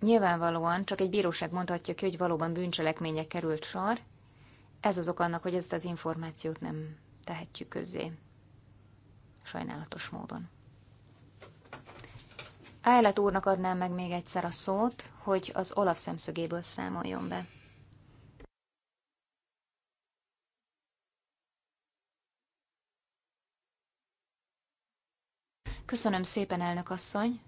nyilvánvalóan csak egy bíróság mondhatja ki, hogy valóban bűncselekmények került sor, ez az ok annak, hogy ezt az információt nem tehetjük közzé. Sajnálatos módon. Állat úrnak adnám meg még egyszer a szót, hogy az Olaf szemszögéből számoljon be. Köszönöm szépen, elnök asszony!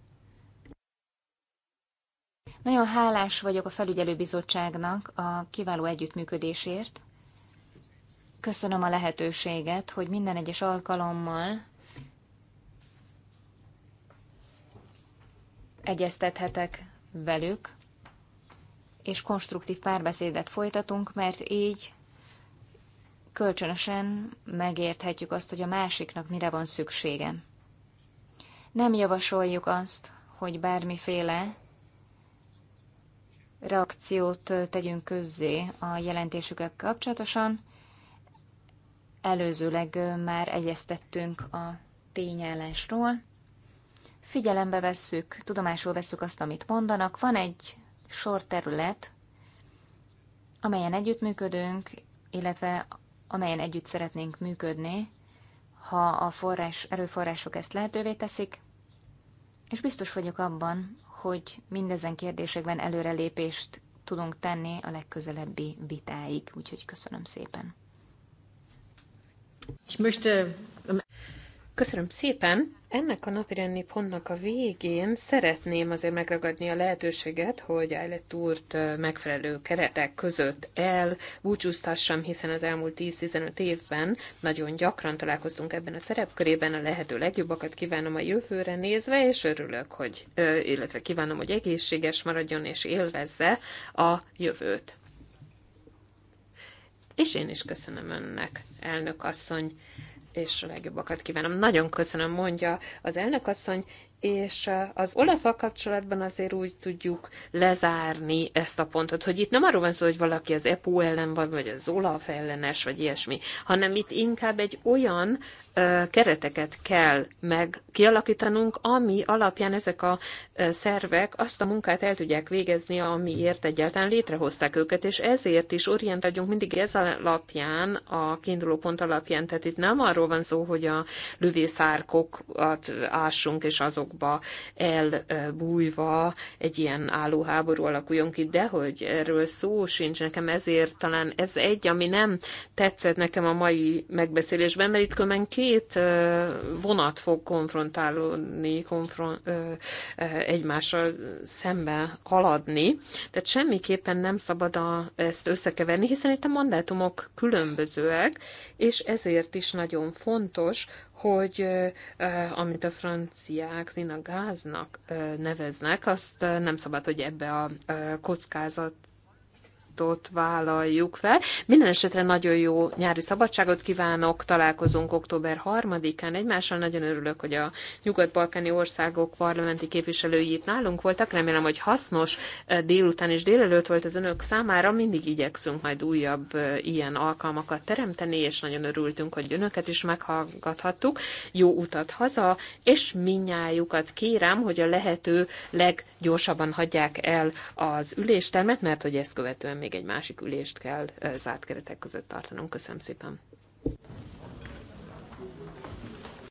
Nagyon hálás vagyok a felügyelőbizottságnak a kiváló együttműködésért, Köszönöm a lehetőséget, hogy minden egyes alkalommal egyeztethetek velük, és konstruktív párbeszédet folytatunk, mert így kölcsönösen megérthetjük azt, hogy a másiknak mire van szüksége. Nem javasoljuk azt, hogy bármiféle reakciót tegyünk közzé a jelentésükkel kapcsolatosan, előzőleg már egyeztettünk a tényállásról. Figyelembe vesszük, tudomásul vesszük azt, amit mondanak. Van egy sor terület, amelyen együttműködünk, illetve amelyen együtt szeretnénk működni, ha a forrás, erőforrások ezt lehetővé teszik, és biztos vagyok abban, hogy mindezen kérdésekben előrelépést tudunk tenni a legközelebbi vitáig, úgyhogy köszönöm szépen. Ähm, Köszönöm szépen! Ennek a napirendi pontnak a végén szeretném azért megragadni a lehetőséget, hogy Eilert úrt megfelelő keretek között el búcsúztassam, hiszen az elmúlt 10-15 évben nagyon gyakran találkoztunk ebben a szerepkörében, a lehető legjobbakat kívánom a jövőre nézve, és örülök, hogy, illetve kívánom, hogy egészséges maradjon és élvezze a jövőt. És én is köszönöm önnek, elnök asszony, és a legjobbakat kívánom. Nagyon köszönöm, mondja az elnök asszony, és az olaf kapcsolatban azért úgy tudjuk lezárni ezt a pontot, hogy itt nem arról van szó, hogy valaki az EPO ellen van, vagy az OLAF ellenes, vagy ilyesmi, hanem itt inkább egy olyan ö, kereteket kell meg kialakítanunk, ami alapján ezek a ö, szervek azt a munkát el tudják végezni, amiért egyáltalán létrehozták őket, és ezért is orientáljunk mindig ez alapján, a kiinduló pont alapján, tehát itt nem arról van szó, hogy a lövészárkokat ássunk, és azok sarokba elbújva egy ilyen álló háború alakuljon ki, de hogy erről szó sincs nekem, ezért talán ez egy, ami nem tetszett nekem a mai megbeszélésben, mert itt különben két vonat fog konfrontálódni, konfron, egymással szembe haladni, tehát semmiképpen nem szabad a, ezt összekeverni, hiszen itt a mandátumok különbözőek, és ezért is nagyon fontos, hogy amit a franciák zinagáznak neveznek, azt nem szabad, hogy ebbe a kockázat feladatot vállaljuk fel. Minden esetre nagyon jó nyári szabadságot kívánok, találkozunk október 3-án egymással. Nagyon örülök, hogy a nyugat-balkáni országok parlamenti képviselői itt nálunk voltak. Remélem, hogy hasznos eh, délután és délelőtt volt az önök számára. Mindig igyekszünk majd újabb eh, ilyen alkalmakat teremteni, és nagyon örültünk, hogy önöket is meghallgathattuk. Jó utat haza, és minnyájukat kérem, hogy a lehető leggyorsabban hagyják el az üléstermet, mert hogy ezt követően még egy másik ülést kell zárt keretek között tartanunk. Köszönöm szépen!